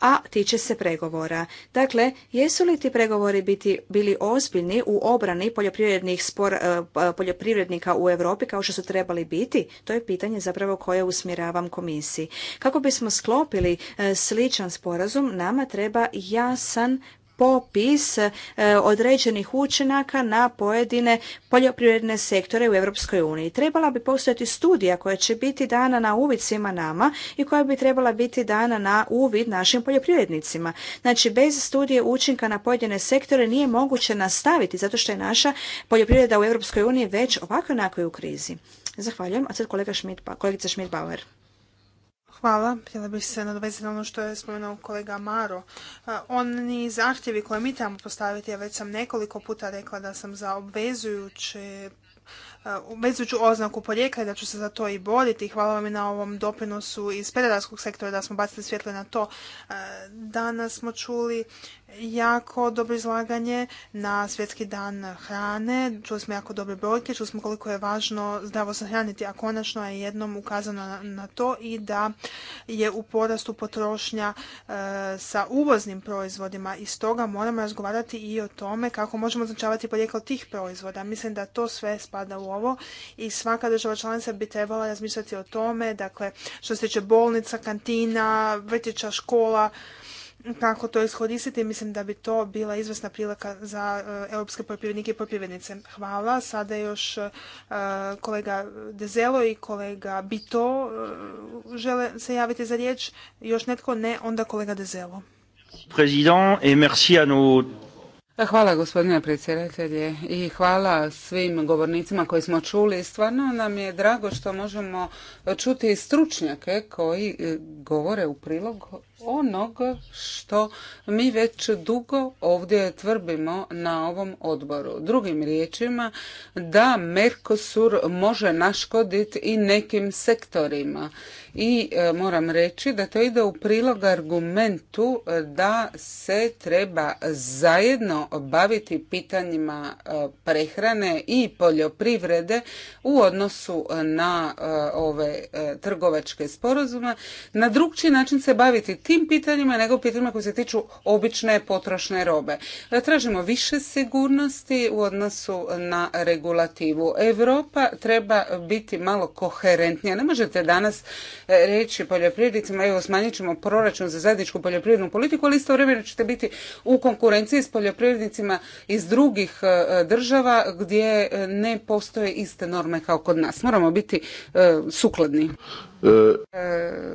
S2: a tiče se pregovora. Dakle, jesu li ti pregovori biti, bili ozbiljni u obrani poljoprivrednih spor, e, poljoprivrednika u Europi kao što su trebali biti? To je pitanje zapravo koje usmjeravam komisiji. Kako bismo sklopili e, sličan sporazum, nama treba jasan popis e, određenih učinaka na pojedine poljoprivredne sektore u Europskoj uniji. Trebala bi postojati studija koja će biti dana na uvid svima nama i koja bi trebala biti dana na uvid našim poljoprivrednicima. Znači, bez studije učinka na pojedine sektore nije moguće nastaviti, zato što je naša poljoprivreda u Europskoj uniji već ovako onako je u krizi. Zahvaljujem. A sad kolega kolegica Schmidt-Bauer.
S1: Hvala. Htjela bih se nadovezati na ono što je spomenuo kolega Maro. Oni zahtjevi koje mi trebamo postaviti, ja već sam nekoliko puta rekla da sam za obvezujuće obvezujuću oznaku porijekla i da ću se za to i boriti. Hvala vam i na ovom doprinosu iz pedagarskog sektora da smo bacili svjetlo na to. Danas smo čuli jako dobro izlaganje na svjetski dan hrane. Čuli smo jako dobre brojke, čuli smo koliko je važno zdravo sahraniti, a konačno je jednom ukazano na to i da je u porastu potrošnja e, sa uvoznim proizvodima i stoga moramo razgovarati i o tome kako možemo označavati porijeklo tih proizvoda. Mislim da to sve spada u ovo i svaka država članica bi trebala razmišljati o tome, dakle što se tiče bolnica, kantina, vrtića, škola, kako to iskoristiti. Mislim da bi to bila izvrsna prilika za e, europske poljoprivrednike i poljoprivrednice. Hvala. Sada još e, kolega Dezelo i kolega Bito e, žele se javiti za riječ. Još netko
S3: ne, onda kolega Dezelo.
S1: Président, et merci à nos
S3: Hvala gospodine predsjedatelje i hvala svim govornicima koji smo čuli. Stvarno nam je drago što možemo čuti stručnjake koji e, govore u prilog onog što mi već dugo ovdje tvrbimo na ovom odboru. Drugim riječima da Mercosur može naškoditi i nekim sektorima. I e, moram reći da to ide u prilog argumentu da se treba zajedno baviti pitanjima e, prehrane i poljoprivrede u odnosu na e, ove e, trgovačke sporazume, na drugčiji način se baviti tim pitanjima nego pitanjima koji se tiču obične potrošne robe. Tražimo više sigurnosti u odnosu na regulativu. Europa treba biti malo koherentnija. Ne možete danas reći poljoprivrednicima evo smanjit ćemo proračun za zajedničku poljoprivrednu politiku, ali istovremeno ćete biti u konkurenciji s poljoprivrednicima poljoprivrednicima iz drugih e, država gdje e, ne postoje iste norme kao kod nas. Moramo biti e, sukladni.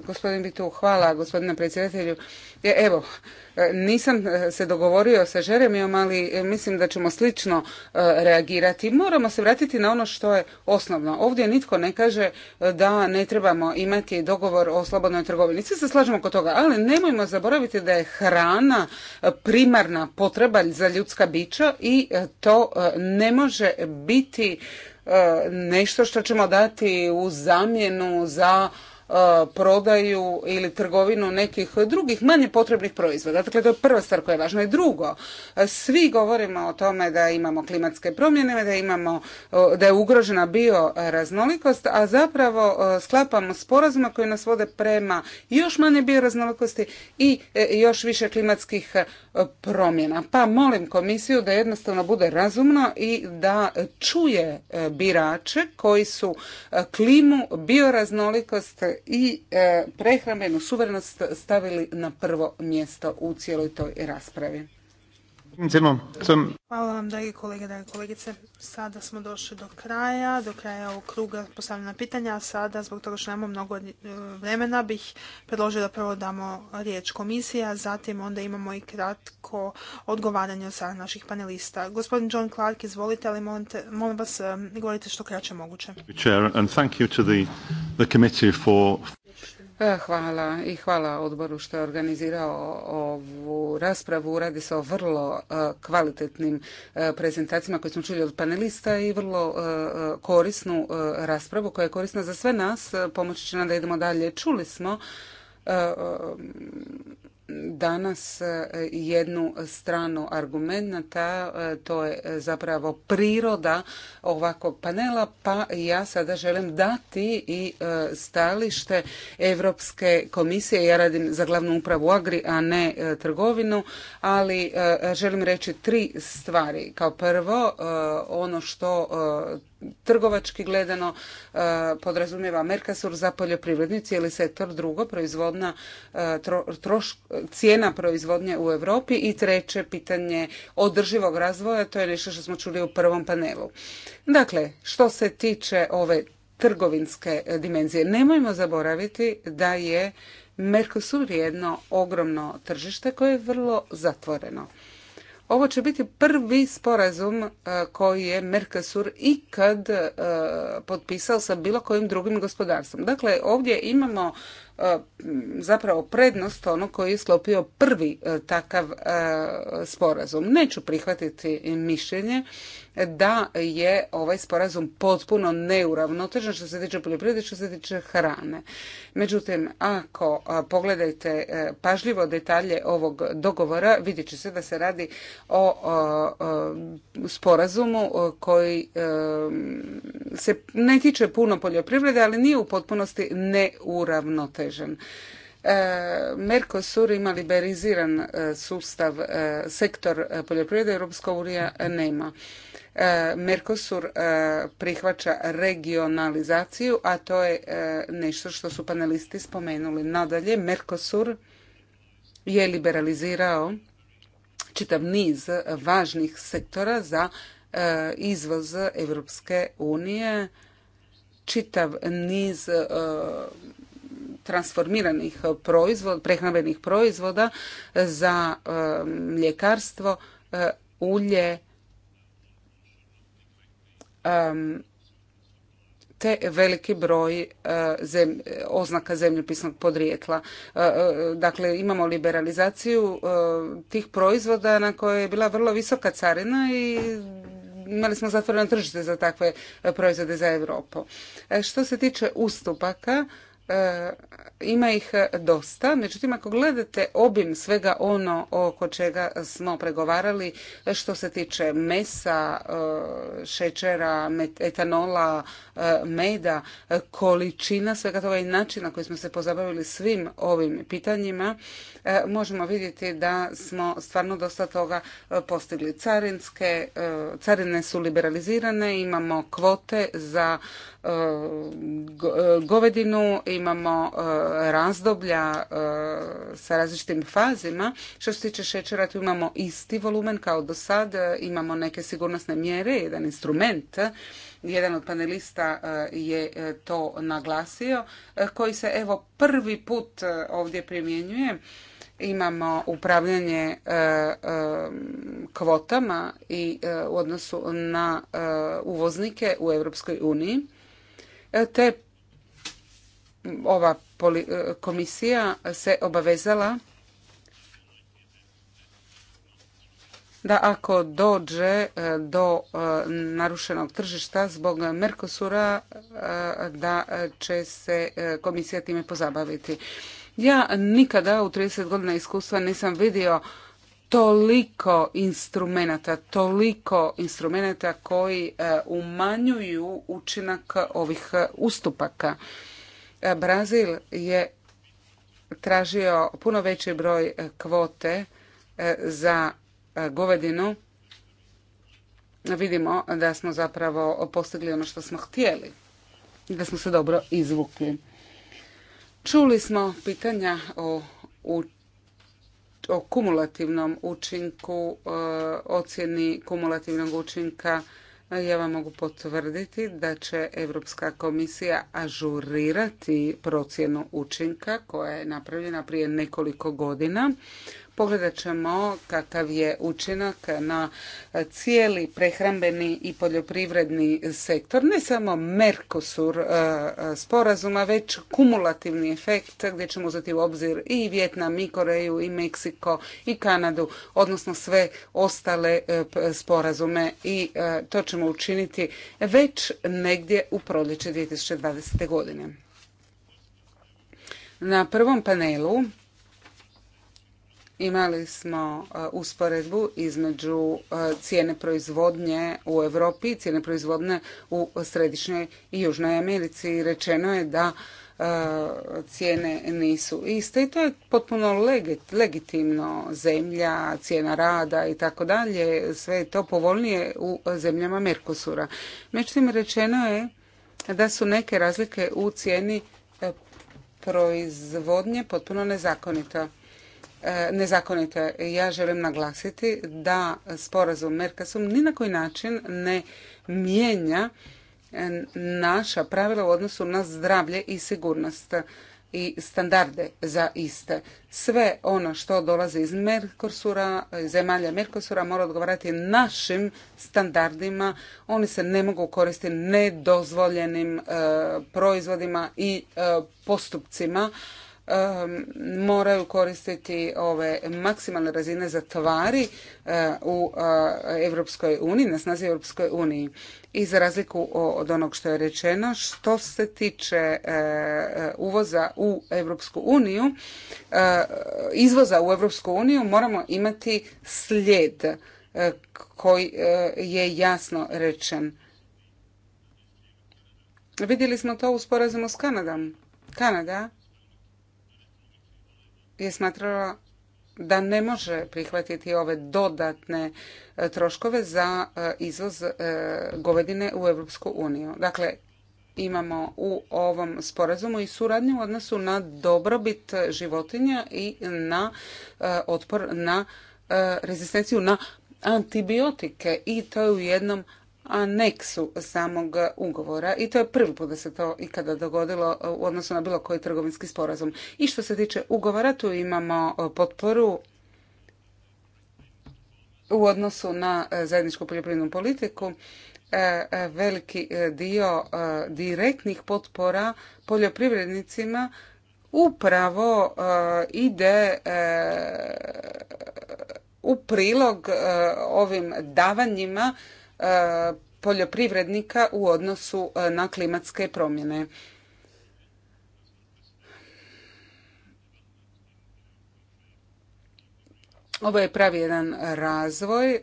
S3: Gospodin Bitu, hvala gospodine predsjedatelju. Evo, E, nisam e, se dogovorio sa Žeremijom, ali e, mislim da ćemo slično reagirati. Moramo se vratiti na ono što je osnovno. Ovdje nitko ne kaže da ne trebamo imati dogovor o slobodnoj trgovini. Svi se slažemo oko toga, ali nemojmo zaboraviti da je hrana primarna potreba za ljudska bića i to ne može biti nešto što ćemo dati u zamjenu za E, prodaju ili trgovinu nekih drugih manje potrebnih proizvoda. Dakle, to je prva stvar koja je važna. I drugo, e, svi govorimo o tome da imamo klimatske promjene, da imamo, e, da je ugrožena bioraznolikost, a zapravo sklapamo sporazuma koji nas vode prema još manje bioraznolikosti i još više klimatskih promjena. Pa molim komisiju da jednostavno bude razumno i da čuje birače koji su klimu, bioraznolikost i e, prehrambenu suverenost stavili na prvo mjesto u cijeloj toj raspravi.
S1: Hvala vam, dragi kolege, dragi kolegice. Sada smo došli do kraja, do kraja ovog kruga postavljena pitanja. sada, zbog toga što nemamo mnogo eh, vremena, bih predložio da prvo damo riječ komisija, zatim onda imamo i kratko odgovaranje od naših panelista. Gospodin John Clark, izvolite, ali molim, te, molim vas, eh, govorite što kraće moguće.
S3: E, hvala i hvala odboru što je organizirao ovu raspravu. Radi se o vrlo e, kvalitetnim e, prezentacijama koje smo čuli od panelista i vrlo korisnu raspravu koja je korisna za sve nas. Pomoći će nam da idemo dalje. Čuli smo danas e, jednu stranu argumenta, e, to je e, zapravo priroda ovakvog panela, pa ja sada želim dati i stalište Europske komisije. Ja radim za glavnu upravu Agri, a ne trgovinu, ali želim reći tri stvari. Kao prvo, ono što trgovački gledano e, podrazumijeva Mercosur za poljoprivredni cijeli sektor, drugo proizvodna e, cijena proizvodnje u Europi i treće pitanje održivog razvoja, to je nešto što smo čuli u prvom panelu. Dakle, što se tiče ove trgovinske e, dimenzije, nemojmo zaboraviti da je Mercosur jedno ogromno tržište koje je vrlo zatvoreno. Ovo će biti prvi sporazum e, koji je Mercosur ikad e, potpisao sa bilo kojim drugim gospodarstvom. Dakle, ovdje imamo E, zapravo prednost ono koji je slopio prvi e, takav e, sporazum. Neću prihvatiti mišljenje da je ovaj sporazum potpuno neuravnotežen što se tiče poljoprivrede, što se tiče hrane. Međutim, ako pogledajte pažljivo detalje ovog dogovora, vidjet će se da se radi o sporazumu koji se ne tiče puno poljoprivrede, ali nije u potpunosti neuravnotežen uravnotežen. E, Mercosur ima liberiziran e, sustav, e, sektor poljoprivrede, Europska unija nema. Mercosur prihvaća regionalizaciju, a to je nešto što su panelisti spomenuli. Nadalje, Mercosur je liberalizirao čitav niz važnih sektora za izvoz Europske unije, čitav niz transformiranih eh, proizvoda, prehrambenih proizvoda za eh, mljekarstvo, eh, ulje, te veliki broj oznaka zemljopisnog podrijetla. Dakle, imamo liberalizaciju tih proizvoda na koje je bila vrlo visoka carina i imali smo zatvoreno tržište za takve proizvode za Europu. Što se tiče ustupaka, ima ih e, dosta, međutim ako gledate obim svega ono oko čega smo pregovarali e, što se tiče mesa, e, šećera, etanola, meda, količina svega toga i način koji smo se pozabavili svim ovim pitanjima, možemo vidjeti da smo stvarno dosta toga postigli. Carinske, carine su liberalizirane, imamo kvote za E, govedinu, imamo e, razdoblja e, sa različitim fazima. Što se tiče šećera, tu imamo isti volumen kao do sad, imamo neke sigurnosne mjere, jedan instrument, jedan od panelista je to naglasio, koji se evo prvi put ovdje primjenjuje imamo upravljanje kvotama i u odnosu na uvoznike u Europskoj uniji. E, te ova e, komisija se obavezala da ako dođe e, do narušenog tržišta zbog Merkosura, da će se komisija time pozabaviti. Ja nikada u 30 godina iskustva nisam vidio toliko instrumenata, toliko instrumenata koji e, umanjuju učinak ovih e, ustupaka. E, Brazil je tražio puno veći broj kvote za govedinu. Vidimo da smo zapravo postigli ono što smo htjeli, da smo se dobro izvukli. Čuli smo pitanja o o kumulativnom učinku, e, ocjeni kumulativnog učinka ja vam mogu potvrditi da će Europska komisija ažurirati procjenu učinka koja je napravljena prije nekoliko godina Pogledat ćemo kakav je učinak na cijeli prehrambeni i poljoprivredni sektor, ne samo Mercosur e, sporazuma, već kumulativni efekt gdje ćemo uzeti u obzir i Vjetnam, i Koreju, i Meksiko, i Kanadu, odnosno sve ostale e, sporazume i e, to ćemo učiniti već negdje u proljeće 2020. godine. Na prvom panelu imali smo e, usporedbu između e, cijene proizvodnje u Europi i cijene proizvodnje u Središnjoj i Južnoj Americi i rečeno je da e, cijene nisu iste i to je potpuno legitimno zemlja, cijena rada i tako dalje, sve je to povoljnije u zemljama Merkosura. Međutim, rečeno je da su neke razlike u cijeni proizvodnje potpuno nezakonita. E, nezakonite. Ja želim naglasiti da sporazum Merkasum ni na koji način ne mijenja e, naša pravila u odnosu na zdravlje i sigurnost i standarde za iste. Sve ono što dolazi iz Merkosura, zemalja Merkosura mora odgovarati našim standardima. Oni se ne mogu koristiti nedozvoljenim e, proizvodima i postupcima Um, moraju koristiti ove maksimalne razine za tvari uh, u uh, Europskoj uniji, na snazi Europskoj uniji. I za razliku od onog što je rečeno, što se tiče uh, uvoza u Europsku uniju, izvoza u Europsku uniju moramo imati slijed koji je jasno rečen. Vidjeli smo to u sporazumu s Kanadom. Kanada je smatrala da ne može prihvatiti ove dodatne e, troškove za e, izvoz e, govedine u Europsku uniju. Dakle, imamo u ovom sporazumu i suradnju u odnosu na dobrobit životinja i na otpor na rezistenciju na antibiotike i to je u jednom aneksu samog ugovora i to je prvi put da se to ikada dogodilo e, u odnosu na bilo koji trgovinski sporazum. I što se tiče ugovora, tu imamo e, potporu u odnosu na e, zajedničku poljoprivrednu politiku veliki dio direktnih potpora poljoprivrednicima upravo ide u prilog ovim davanjima poljoprivrednika u odnosu e, na klimatske promjene. Ovo je pravi jedan razvoj e,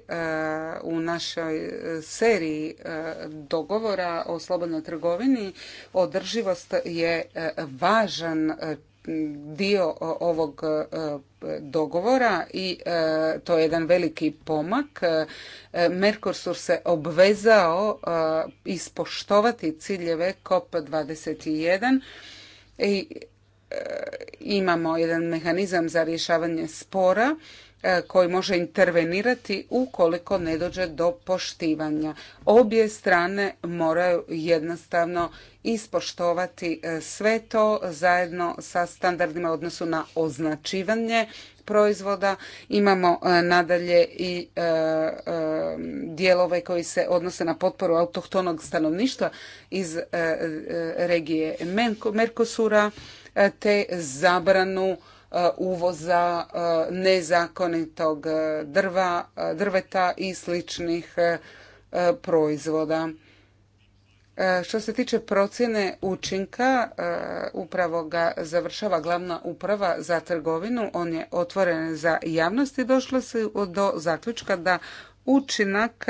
S3: u našoj seriji e, dogovora o slobodnoj trgovini. Održivost je važan dio ovog e, dogovora i e, to je jedan veliki pomak. E, Merkursur se obvezao ispoštovati ciljeve COP21 i imamo jedan mehanizam za rješavanje spora E, koji može intervenirati ukoliko ne dođe do poštivanja. Obje strane moraju jednostavno ispoštovati e, sve to zajedno sa standardima odnosu na označivanje proizvoda. Imamo e, nadalje i dijelove koji se odnose na potporu autohtonog stanovništva iz regije Merkosura te zabranu E, uvoza e, nezakonitog e, drva, drveta i sličnih proizvoda. Što se tiče procjene učinka, upravo ga završava glavna uprava za trgovinu. On je otvoren za javnost i došlo se do zaključka da učinak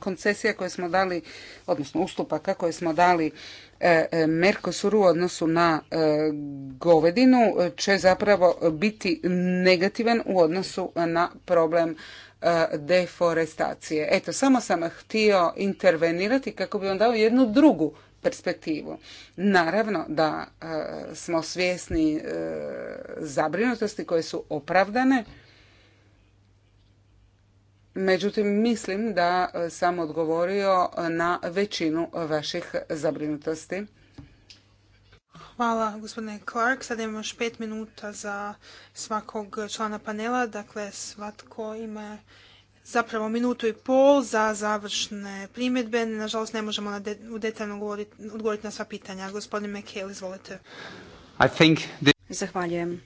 S3: koncesija koje smo dali, odnosno ustupaka koje smo dali E, e, Mercosur u odnosu na e, govedinu će zapravo biti negativan u odnosu na problem deforestacije. Eto, samo sam htio intervenirati kako bi vam dao jednu drugu perspektivu. Naravno da smo svjesni zabrinutosti koje su opravdane Međutim, mislim da e, sam odgovorio na većinu vaših zabrinutosti.
S1: Hvala gospodine Clark. Sada imamo još pet minuta za svakog člana panela. Dakle, svatko ima zapravo minutu i pol za završne primjedbe. Nažalost, ne možemo u detaljno
S2: odgovoriti na sva pitanja. Gospodin McHale, izvolite. Zahvaljujem.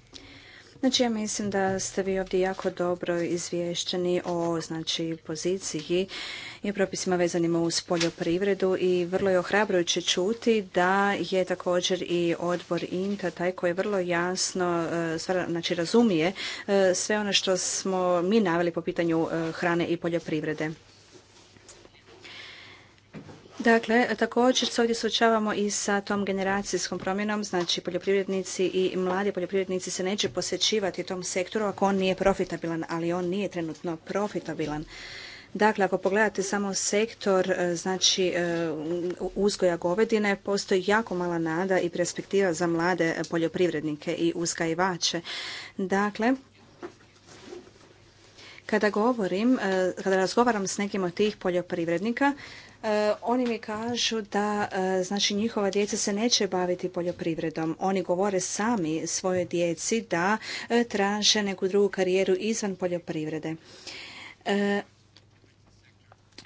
S2: Znači, ja mislim da ste vi ovdje jako dobro izvješćeni o znači, poziciji i propisima vezanima uz poljoprivredu i vrlo je ohrabrujuće čuti da je također i odbor INTA taj koji je vrlo jasno e, znači razumije e, sve ono što smo mi naveli po pitanju e, hrane i poljoprivrede. Dakle, također se ovdje suočavamo i sa tom generacijskom promjenom, znači poljoprivrednici i mladi poljoprivrednici se neće posjećivati tom sektoru ako on nije profitabilan, ali on nije trenutno profitabilan. Dakle, ako pogledate samo sektor e, znači, e, uzgoja govedine, postoji jako mala nada i perspektiva za mlade poljoprivrednike i uzgajivače. Dakle, kada govorim, e, kada razgovaram s nekim od tih poljoprivrednika, E, oni mi kažu da e, znači njihova djeca se neće baviti poljoprivredom. Oni govore sami svojoj djeci da e, traže neku drugu karijeru izvan poljoprivrede.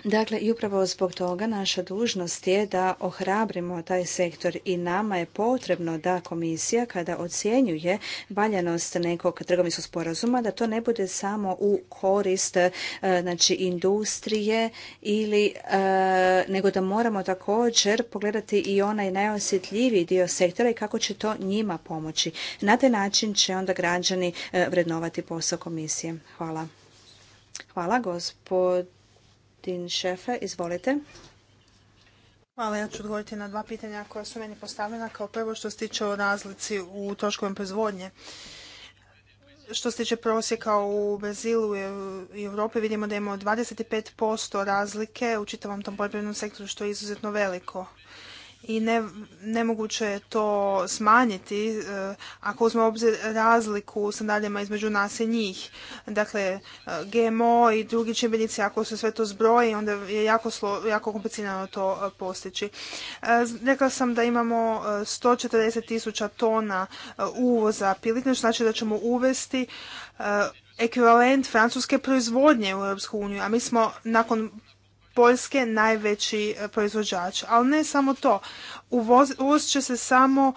S2: Dakle, i upravo zbog toga naša dužnost je da ohrabrimo taj sektor i nama je potrebno da komisija kada ocjenjuje valjanost nekog trgovinskog sporazuma, da to ne bude samo u korist e, znači, industrije ili e, nego da moramo također pogledati i onaj najosjetljiviji dio sektora i kako će to njima pomoći. Na taj način će onda građani e, vrednovati posao komisije. Hvala. Hvala, gospod Šefe, izvolite.
S1: Hvala, ja ću odgovoriti na dva pitanja koja su meni postavljena. Kao prvo što se tiče o razlici u troškovima proizvodnje. Što se tiče prosjeka u Brazilu i Europi vidimo da imamo 25% razlike u čitavom tom poljoprivrednom sektoru što je izuzetno veliko i ne, nemoguće je to smanjiti e, ako uzme obzir razliku u standardima između nas i njih. Dakle, e, GMO i drugi čimbenici, ako se sve to zbroji, onda je jako, slo, jako komplicirano to e, postići. rekla sam da imamo 140 tisuća tona uvoza pilitne, što znači da ćemo uvesti ekvivalent francuske proizvodnje u Europsku uniju, a mi smo nakon Poljske najveći e, proizvođač. Ali ne samo to. Uvoz, će se samo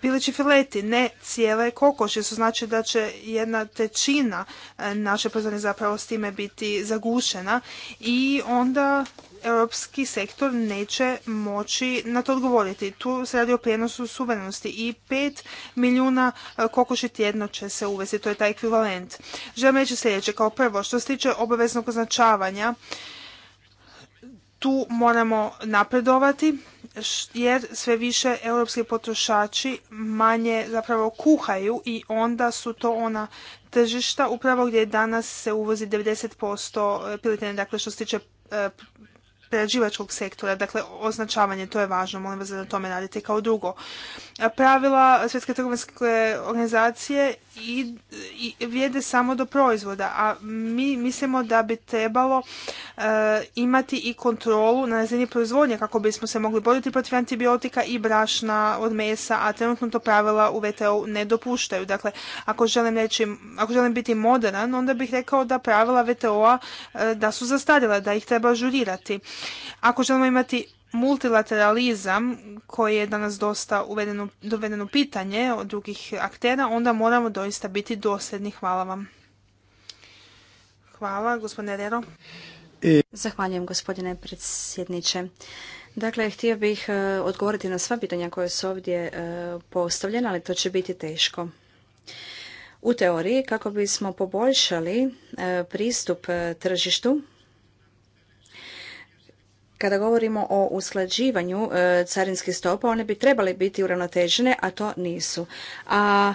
S1: pileći fileti, ne cijele kokoši, što znači da će jedna tečina e, naše proizvodnje zapravo s time biti zagušena i onda europski sektor neće moći na to odgovoriti. Tu se radi o prijenosu suverenosti i 5 milijuna e, kokoši tjedno će se uvesti, to je taj ekvivalent. Želim reći sljedeće, kao prvo, što se tiče obaveznog označavanja, tu moramo napredovati jer sve više europski potrošači manje zapravo kuhaju i onda su to ona tržišta upravo gdje danas se uvozi 90% e, piletine, dakle što se tiče e, prerađivačkog sektora. Dakle, označavanje, to je važno, molim vas da na tome radite kao drugo. Pravila Svjetske trgovinske organizacije i, i samo do proizvoda, a mi mislimo da bi trebalo e, imati i kontrolu na razini proizvodnje kako bismo se mogli boriti protiv antibiotika i brašna od mesa, a trenutno to pravila u VTO ne dopuštaju. Dakle, ako želim, reći, ako želim biti modern onda bih rekao da pravila VTO-a e, da su zastarila, da ih treba ažurirati. Ako želimo imati multilateralizam koji je danas dosta uvedeno, dovedeno pitanje od drugih aktera, onda moramo doista
S2: biti dosljedni. Hvala vam. Hvala, gospodine Rero. E- Zahvaljujem, gospodine predsjedniče. Dakle, htio bih e, odgovoriti na sva pitanja koja su ovdje e, postavljena, ali to će biti teško. U teoriji, kako bismo poboljšali pristup tržištu, kada govorimo o usklađivanju e, carinskih stopa, one bi trebale biti uravnotežene, a to nisu. A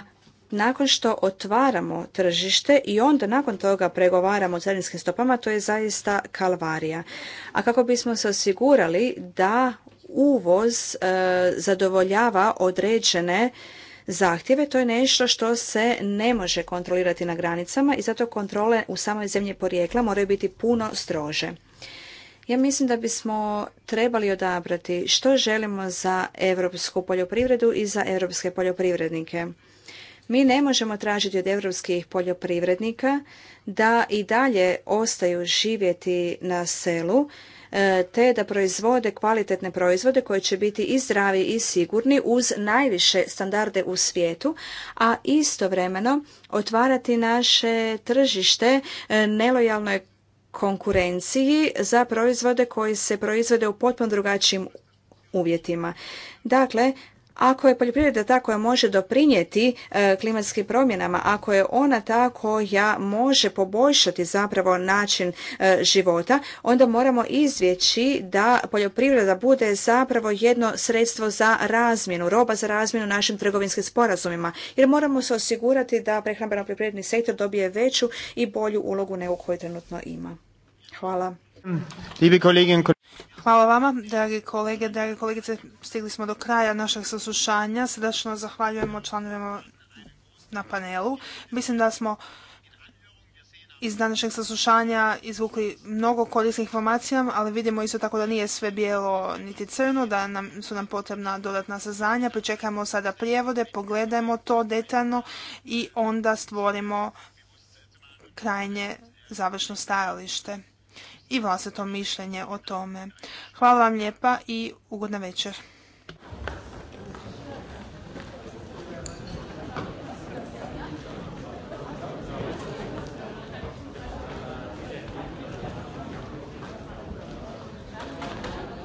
S2: nakon što otvaramo tržište i onda nakon toga pregovaramo o carinskim stopama, to je zaista kalvarija. A kako bismo se osigurali da uvoz e, zadovoljava određene zahtjeve, to je nešto što se ne može kontrolirati na granicama i zato kontrole u samoj zemlji porijekla moraju biti puno strože. Ja mislim da bismo trebali odabrati što želimo za europsku poljoprivredu i za europske poljoprivrednike. Mi ne možemo tražiti od europskih poljoprivrednika da i dalje ostaju živjeti na selu, e, te da proizvode kvalitetne proizvode koje će biti i zdravi i sigurni uz najviše standarde u svijetu, a istovremeno otvarati naše tržište e, nelojalnoj konkurenciji za proizvode koji se proizvode u potpuno drugačijim uvjetima. Dakle, ako je poljoprivreda ta koja može doprinijeti e, klimatskim promjenama, ako je ona ta koja može poboljšati zapravo način e, života, onda moramo izvjeći da poljoprivreda bude zapravo jedno sredstvo za razmjenu, roba za razmjenu našim trgovinskim sporazumima. Jer moramo se osigurati da prehrambeno poljoprivredni sektor dobije veću i bolju ulogu nego koju trenutno ima. Hvala. Hvala vama, dragi kolege, dragi kolegice. Stigli smo do
S1: kraja našeg saslušanja. Srdačno zahvaljujemo članovima na panelu. Mislim da smo iz današnjeg saslušanja izvukli mnogo korisnih informacija, ali vidimo isto tako da nije sve bijelo niti crno, da nam, su nam potrebna dodatna saznanja. Pričekajmo sada prijevode, pogledajmo to detaljno i onda stvorimo krajnje završno stajalište i vlastito mišljenje o tome. Hvala vam lijepa i ugodna večer.